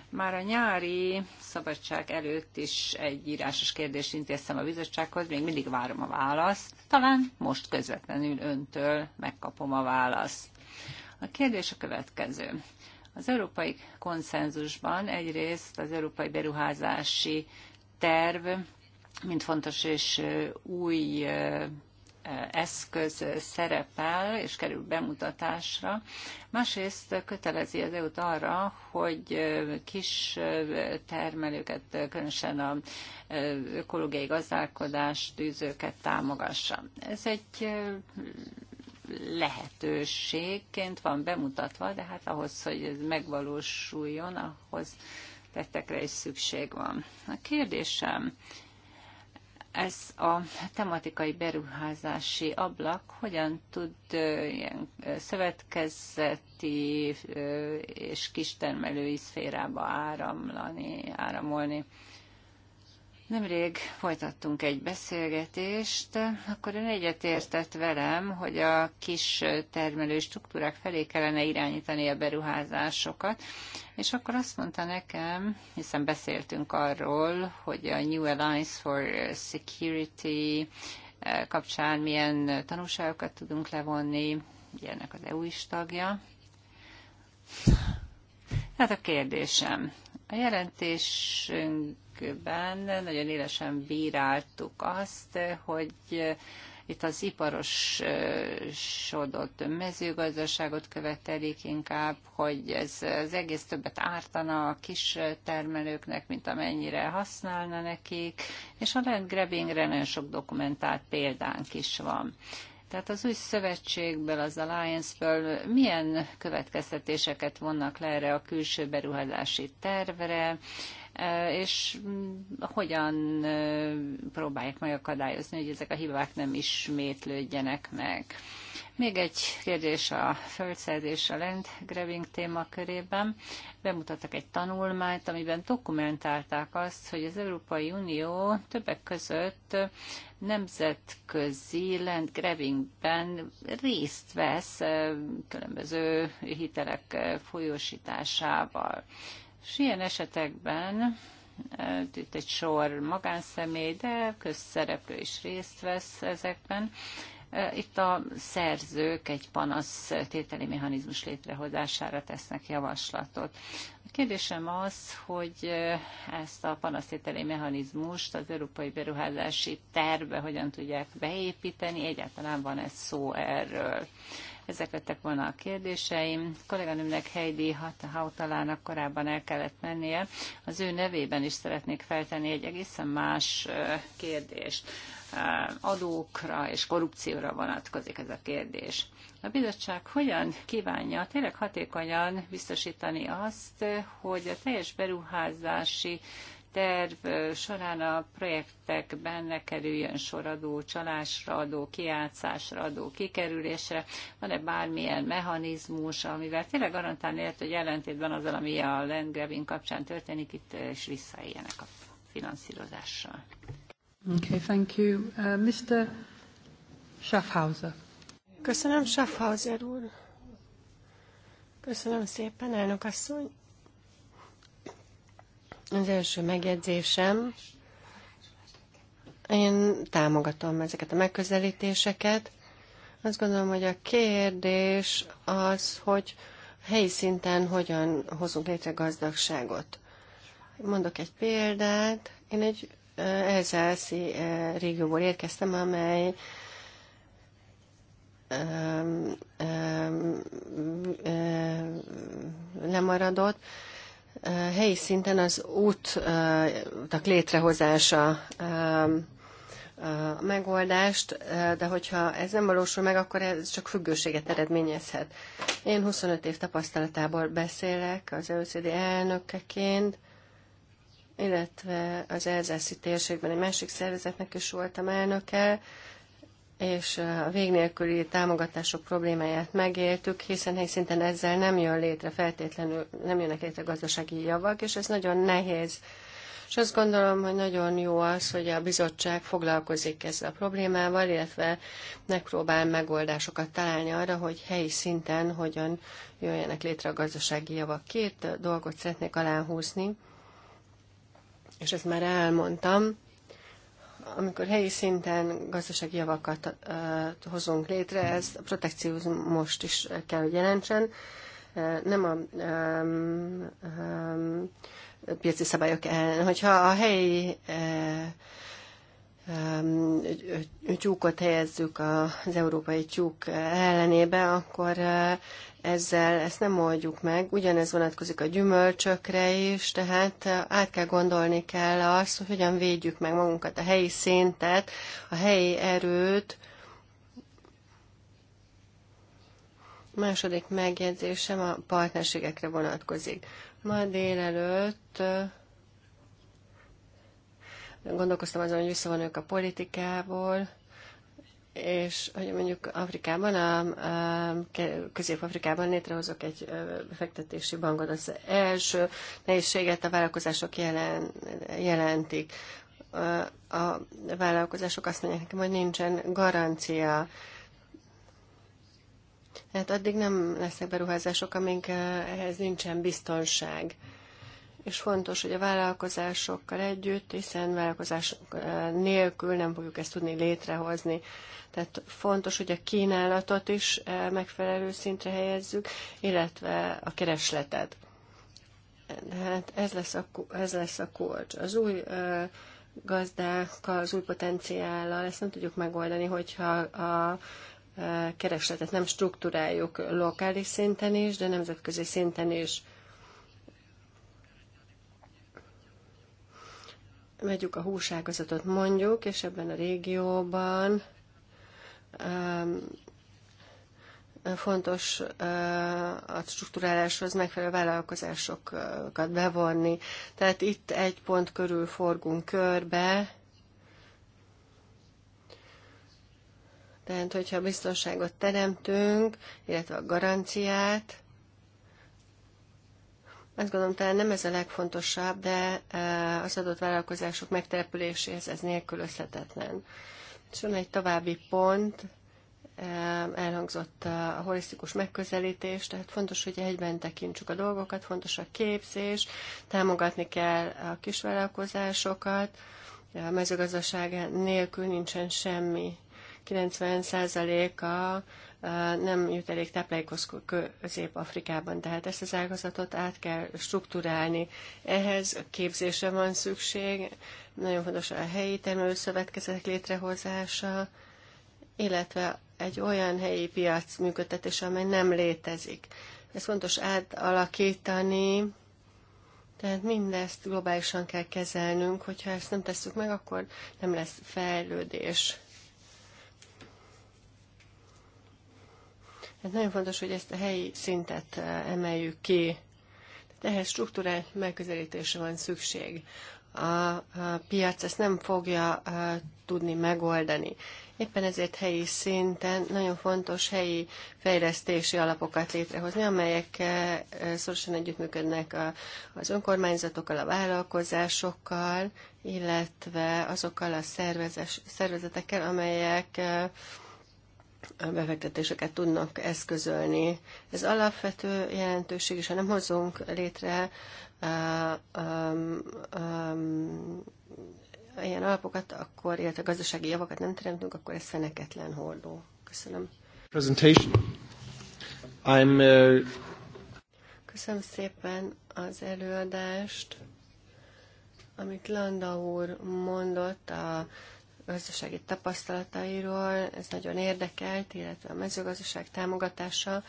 Már a nyári szabadság előtt is egy írásos kérdést intéztem a bizottsághoz, még mindig várom a választ. Talán most közvetlenül öntől megkapom a választ. A kérdés a következő. Az európai konszenzusban egyrészt az európai beruházási terv, mint fontos és új eszköz szerepel és kerül bemutatásra. Másrészt kötelezi az EU-t arra, hogy kis termelőket, különösen a ökológiai gazdálkodás tűzőket támogassa. Ez egy lehetőségként van bemutatva, de hát ahhoz, hogy ez megvalósuljon, ahhoz tettekre is szükség van. A kérdésem, ez a tematikai beruházási ablak hogyan tud ilyen szövetkezeti és kistermelői szférába áramlani, áramolni? Nemrég folytattunk egy beszélgetést, akkor ön egyetértett velem, hogy a kis termelő struktúrák felé kellene irányítani a beruházásokat, és akkor azt mondta nekem, hiszen beszéltünk arról, hogy a New Alliance for Security eh, kapcsán milyen tanulságokat tudunk levonni, ugye ennek az EU is tagja. Hát a kérdésem, a jelentésünk cikkben nagyon élesen bíráltuk azt, hogy itt az iparosodott mezőgazdaságot követelik inkább, hogy ez az egész többet ártana a kis termelőknek, mint amennyire használna nekik, és a landgrabbingre nagyon sok dokumentált példánk is van. Tehát az új szövetségből, az Alliance-ből milyen következtetéseket vonnak le erre a külső beruházási tervre, és mm, hogyan próbálják megakadályozni, hogy ezek a hibák nem ismétlődjenek meg. Még egy kérdés a földszerzés a land grabbing témakörében. Bemutattak egy tanulmányt, amiben dokumentálták azt, hogy az Európai Unió többek között nemzetközi land grabbingben részt vesz különböző hitelek folyósításával. És ilyen esetekben e, itt egy sor magánszemély, de közszereplő is részt vesz ezekben. E, itt a szerzők egy panasz tételi mechanizmus létrehozására tesznek javaslatot. A kérdésem az, hogy e, ezt a panasz tételi mechanizmust az európai beruházási tervbe hogyan tudják beépíteni, egyáltalán van ez szó erről. Ezek lettek volna a kérdéseim. A kolléganőmnek Heidi Hautalának korábban el kellett mennie. Az ő nevében is szeretnék feltenni egy egészen más kérdést. Adókra és korrupcióra vonatkozik ez a kérdés. A bizottság hogyan kívánja tényleg hatékonyan biztosítani azt, hogy a teljes beruházási terv során a projektekben ne kerüljön soradó, csalásra, adó kiátszásra, adó kikerülésre? Van-e bármilyen mechanizmus, amivel tényleg garantálni lehet, hogy ellentétben azzal, ami a land grabbing kapcsán történik, itt és visszaéljenek a finanszírozással? Okay, thank you. Uh, Mr. Schaffhauser. Köszönöm, Schaffhauser úr. Köszönöm szépen, elnök asszony. Az első megjegyzésem, én támogatom ezeket a megközelítéseket. Azt gondolom, hogy a kérdés az, hogy helyi szinten hogyan hozunk létre gazdagságot. Mondok egy példát. Én egy elzászi régióból érkeztem, amely lemaradott, Helyi szinten az a létrehozása a megoldást, de hogyha ez nem valósul meg, akkor ez csak függőséget eredményezhet. Én 25 év tapasztalatából beszélek az OECD elnökeként, illetve az elzászi térségben egy másik szervezetnek is voltam elnöke, és a vég nélküli támogatások problémáját megéltük, hiszen helyszinten ezzel nem jön létre feltétlenül, nem jönnek létre gazdasági javak, és ez nagyon nehéz. És azt gondolom, hogy nagyon jó az, hogy a bizottság foglalkozik ezzel a problémával, illetve megpróbál megoldásokat találni arra, hogy helyi szinten hogyan jöjjenek létre a gazdasági javak. Két dolgot szeretnék aláhúzni, és ezt már elmondtam amikor helyi szinten gazdasági javakat hozunk létre, ez a protekciózum most is kell, hogy jelentsen. Nem a um, um, piaci szabályok ellen. Hogyha a helyi tyúkot helyezzük az európai tyúk ellenébe, akkor ezzel ezt nem oldjuk meg. Ugyanez vonatkozik a gyümölcsökre is, tehát át kell gondolni kell azt, hogy hogyan védjük meg magunkat, a helyi szintet, a helyi erőt. A második megjegyzésem a partnerségekre vonatkozik. Ma délelőtt gondolkoztam azon, hogy ők a politikából, és hogy mondjuk Afrikában, a, a Közép-Afrikában létrehozok egy befektetési bankot, az első nehézséget a vállalkozások jelen, jelentik. A vállalkozások azt mondják nekem, hogy nincsen garancia. hát addig nem lesznek beruházások, amíg ehhez nincsen biztonság és fontos, hogy a vállalkozásokkal együtt, hiszen vállalkozások nélkül nem fogjuk ezt tudni létrehozni. Tehát fontos, hogy a kínálatot is megfelelő szintre helyezzük, illetve a keresletet. Hát ez lesz a, ez lesz a kulcs. Az új gazdákkal, az új potenciállal ezt nem tudjuk megoldani, hogyha a keresletet nem struktúráljuk lokális szinten is, de nemzetközi szinten is vegyük a húságazatot mondjuk, és ebben a régióban um, fontos uh, a struktúráláshoz megfelelő vállalkozásokat bevonni. Tehát itt egy pont körül forgunk körbe, tehát hogyha biztonságot teremtünk, illetve a garanciát, azt gondolom, talán nem ez a legfontosabb, de eh, az adott vállalkozások megtelepüléséhez ez nélkülözhetetlen. És van egy további pont, eh, elhangzott a holisztikus megközelítés, tehát fontos, hogy egyben tekintsük a dolgokat, fontos a képzés, támogatni kell a kisvállalkozásokat, eh, a mezőgazdaság nélkül nincsen semmi. 90%-a nem jut elég táplálékhoz Közép-Afrikában. Tehát ezt az ágazatot át kell struktúrálni. Ehhez képzésre van szükség, nagyon fontos a helyi termelőszövetkezetek létrehozása, illetve egy olyan helyi piac működtetése, amely nem létezik. Ez fontos átalakítani, tehát mindezt globálisan kell kezelnünk, hogyha ezt nem tesszük meg, akkor nem lesz fejlődés. Ez nagyon fontos, hogy ezt a helyi szintet eh, emeljük ki. Tehát ehhez struktúrált megközelítésre van szükség. A, a piac ezt nem fogja a, eh, tudni megoldani. Éppen ezért helyi szinten nagyon fontos helyi fejlesztési alapokat létrehozni, amelyek eh, szorosan együttműködnek az önkormányzatokkal, a vállalkozásokkal, illetve azokkal a szervezetekkel, amelyek befektetéseket tudnak eszközölni. Ez alapvető jelentőség, és ha nem hozunk létre uh, um, um, ilyen alapokat, akkor, illetve gazdasági javakat nem teremtünk, akkor ez feneketlen hordó. Köszönöm. Presentation. I'm, uh... Köszönöm szépen az előadást, amit Landa úr mondott a gazdasági tapasztalatairól, ez nagyon érdekelt, illetve a mezőgazdaság támogatása.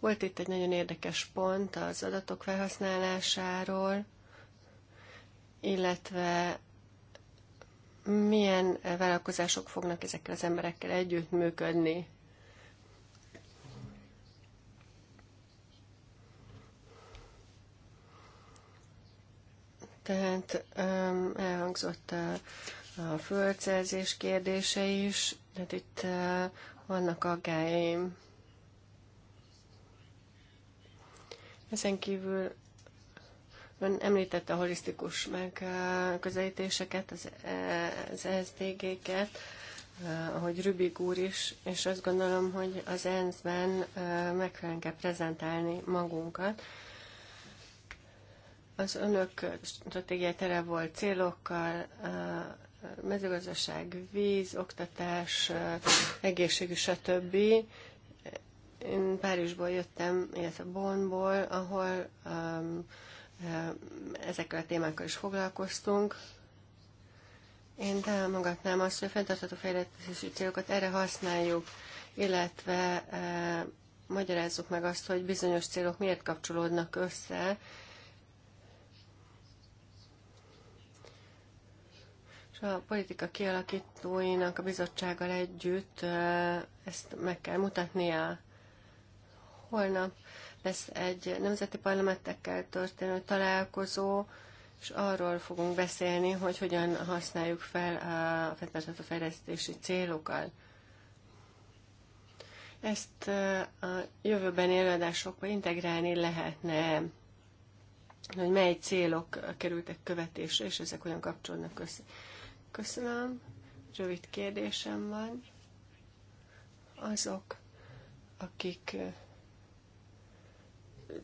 Volt itt egy nagyon érdekes pont az adatok felhasználásáról, illetve milyen vállalkozások fognak ezekkel az emberekkel együtt működni. Tehát elhangzott a földszerzés kérdése is, tehát itt vannak aggájaim. Ezen kívül ön említette a holisztikus megközelítéseket, az, SDG-ket, ahogy Rübig úr is, és azt gondolom, hogy az ENSZ-ben meg kell prezentálni magunkat. Az önök stratégiai tere volt célokkal, mezőgazdaság, víz, oktatás, egészségügy, stb. Én Párizsból jöttem, illetve Bonnból, ahol um, uh, ezekkel a témákkal is foglalkoztunk. Én támogatnám azt, hogy a fenntartható fejlesztési célokat erre használjuk, illetve uh, magyarázzuk meg azt, hogy bizonyos célok miért kapcsolódnak össze, a politika kialakítóinak a bizottsággal együtt ezt meg kell mutatnia holnap. Lesz egy nemzeti parlamentekkel történő találkozó, és arról fogunk beszélni, hogy hogyan használjuk fel a fenntartható fejlesztési célokat. Ezt a jövőben előadásokba integrálni lehetne, hogy mely célok kerültek követésre, és ezek hogyan kapcsolódnak össze. Köszönöm. Rövid kérdésem van. Azok, akik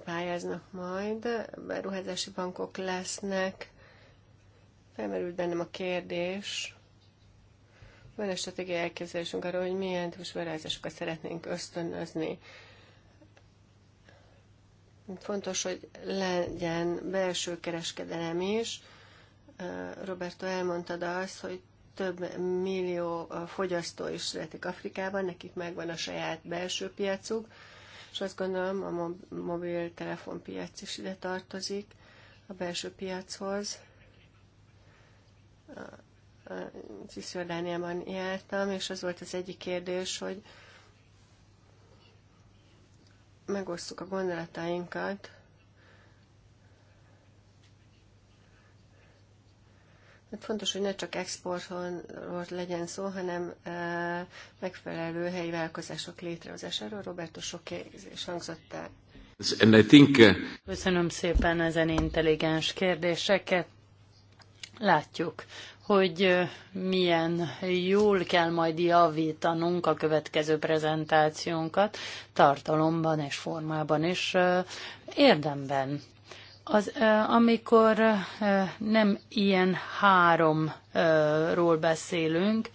pályáznak majd, beruházási bankok lesznek, felmerült bennem a kérdés, van egy stratégiai elképzelésünk arról, hogy milyen típusú beruházásokat szeretnénk ösztönözni. Fontos, hogy legyen belső kereskedelem is, Roberto, elmondtad azt, hogy több millió fogyasztó is születik Afrikában, nekik megvan a saját belső piacuk, és azt gondolom a mobiltelefonpiac is ide tartozik a belső piachoz. Cisziordániában jártam, és az volt az egyik kérdés, hogy megosztuk a gondolatainkat Fontos, hogy ne csak exportról legyen szó, hanem megfelelő helyi vállalkozások létrehozásáról. Roberto, sok és hangzott el. think, uh, Köszönöm szépen ezen intelligens kérdéseket. Látjuk, hogy milyen jól kell majd javítanunk a következő prezentációnkat tartalomban és formában és érdemben az, amikor nem ilyen háromról beszélünk,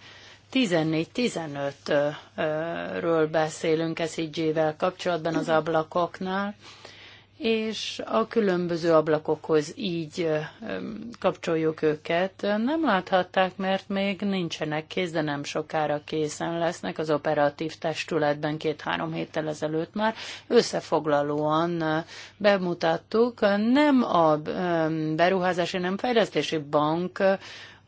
14-15-ről beszélünk SZG-vel kapcsolatban az ablakoknál, és a különböző ablakokhoz így kapcsoljuk őket. Nem láthatták, mert még nincsenek kész, de nem sokára készen lesznek. Az operatív testületben két-három héttel ezelőtt már összefoglalóan bemutattuk. Nem a beruházási, nem fejlesztési bank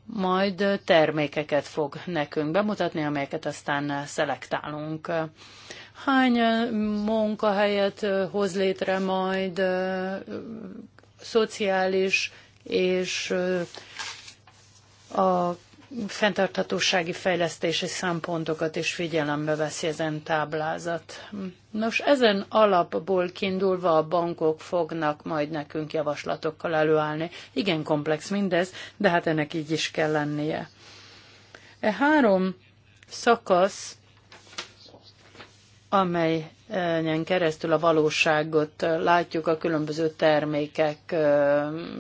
majd termékeket fog nekünk bemutatni, amelyeket aztán szelektálunk hány munkahelyet hoz létre majd szociális és a fenntarthatósági fejlesztési szempontokat is figyelembe veszi ezen táblázat. Nos, ezen alapból kiindulva a bankok fognak majd nekünk javaslatokkal előállni. Igen komplex mindez, de hát ennek így is kell lennie. E három szakasz amelyen keresztül a valóságot látjuk a különböző termékek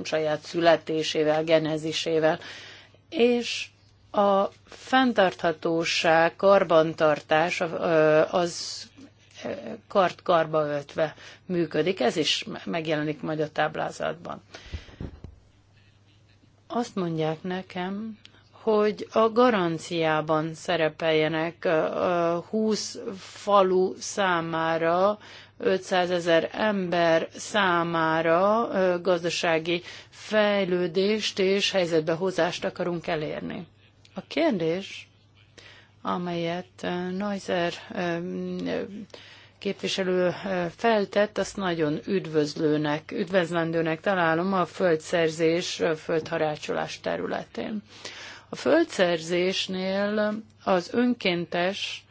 saját születésével, genezisével, és a fenntarthatóság, karbantartás az kart karba öltve működik, ez is megjelenik majd a táblázatban. Azt mondják nekem, hogy a garanciában szerepeljenek 20 falu számára 500 ezer ember számára gazdasági fejlődést és helyzetbe hozást akarunk elérni. A kérdés, amelyet Neuser képviselő feltett, azt nagyon üdvözlőnek, üdvözlendőnek találom a földszerzés, földharácsolás területén. A földszerzésnél az önkéntes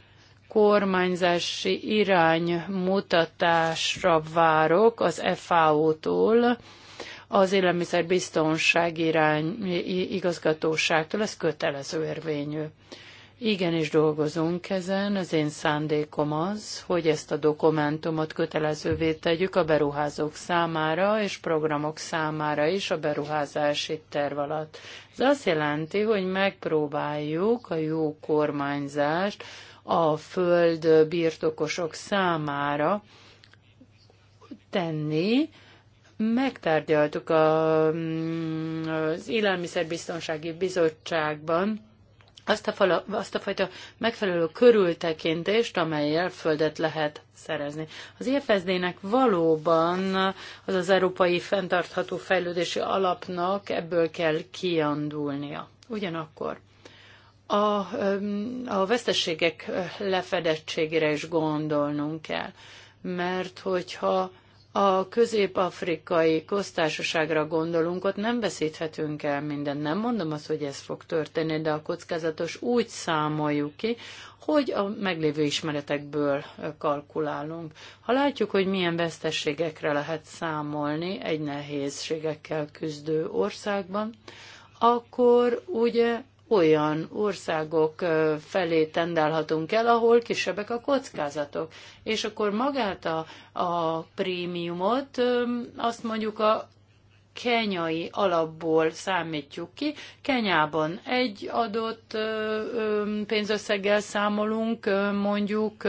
kormányzási iránymutatásra várok az FAO-tól, az élelmiszerbiztonság irány igazgatóságtól, ez kötelező érvényű. Igen, és dolgozunk ezen, az én szándékom az, hogy ezt a dokumentumot kötelezővé tegyük a beruházók számára és programok számára is a beruházási terv alatt. Ez azt jelenti, hogy megpróbáljuk a jó kormányzást a föld birtokosok számára tenni, Megtárgyaltuk a, mm, az Élelmiszerbiztonsági Bizottságban azt a, fala, azt a fajta megfelelő körültekintést, amelyel földet lehet szerezni. Az IFSD-nek valóban az az Európai Fentartható Fejlődési Alapnak ebből kell kiandulnia. Ugyanakkor a, a veszteségek lefedettségére is gondolnunk kell, mert hogyha a közép-afrikai köztársaságra gondolunk, ott nem veszíthetünk el mindent. Nem mondom azt, hogy ez fog történni, de a kockázatos úgy számoljuk ki, hogy a meglévő ismeretekből kalkulálunk. Ha látjuk, hogy milyen veszteségekre lehet számolni egy nehézségekkel küzdő országban, akkor ugye olyan országok felé tendálhatunk el, ahol kisebbek a kockázatok. És akkor magát a, a prémiumot, azt mondjuk a kenyai alapból számítjuk ki. Kenyában egy adott pénzösszeggel számolunk, mondjuk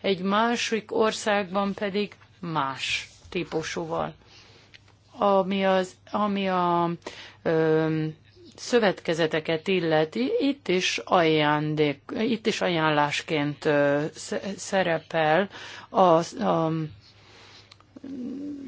egy másik országban pedig más típusúval. Ami, az, ami a szövetkezeteket illeti, itt is, ajándék, itt is ajánlásként szerepel a, a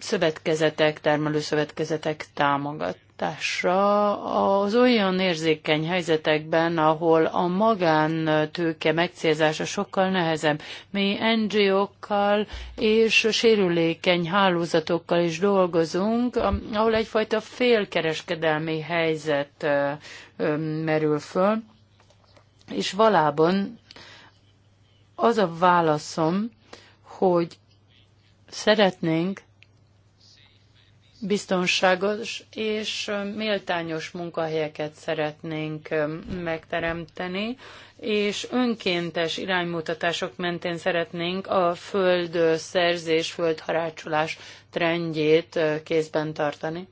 szövetkezetek, termelőszövetkezetek támogat, támogatásra az olyan érzékeny helyzetekben, ahol a magántőke megcélzása sokkal nehezebb. Mi NGO-kkal és sérülékeny hálózatokkal is dolgozunk, ahol egyfajta félkereskedelmi helyzet merül föl, és valában az a válaszom, hogy szeretnénk biztonságos és méltányos munkahelyeket szeretnénk megteremteni, és önkéntes iránymutatások mentén szeretnénk a földszerzés, földharácsolás trendjét kézben tartani.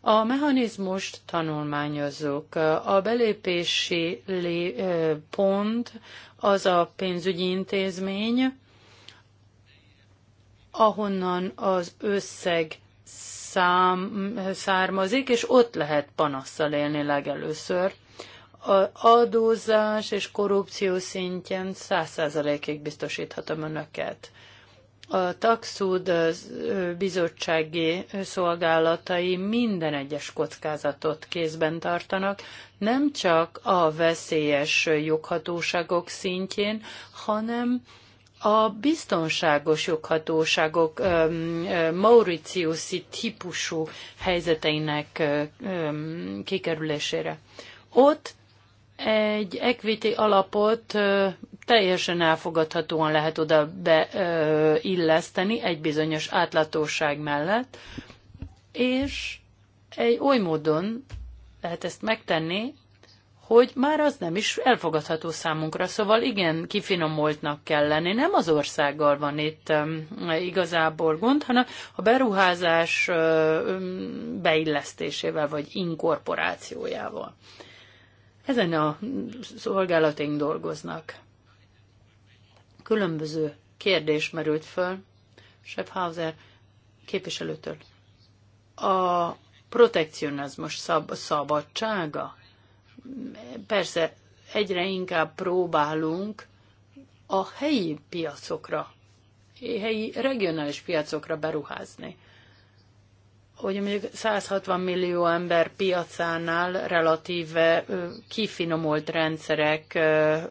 A mechanizmust tanulmányozzuk. A belépési pont az a pénzügyi intézmény, ahonnan az összeg szám, származik, és ott lehet panasszal élni legelőször. A adózás és korrupció szintjén száz százalékig biztosíthatom önöket. A taxud bizottsági szolgálatai minden egyes kockázatot kézben tartanak, nem csak a veszélyes joghatóságok szintjén, hanem a biztonságos joghatóságok Mauritiuszi típusú helyzeteinek kikerülésére. Ott egy equity alapot teljesen elfogadhatóan lehet oda beilleszteni egy bizonyos átlátóság mellett, és egy oly módon lehet ezt megtenni, hogy már az nem is elfogadható számunkra. Szóval igen, kifinomoltnak kell lenni. Nem az országgal van itt igazából gond, hanem a beruházás beillesztésével vagy inkorporációjával. Ezen a szolgálatunk dolgoznak. Különböző kérdés merült föl Schaffhauser képviselőtől. A protekcionizmus szab- szabadsága Persze egyre inkább próbálunk a helyi piacokra, helyi regionális piacokra beruházni. Hogy mondjuk 160 millió ember piacánál relatíve kifinomult rendszerek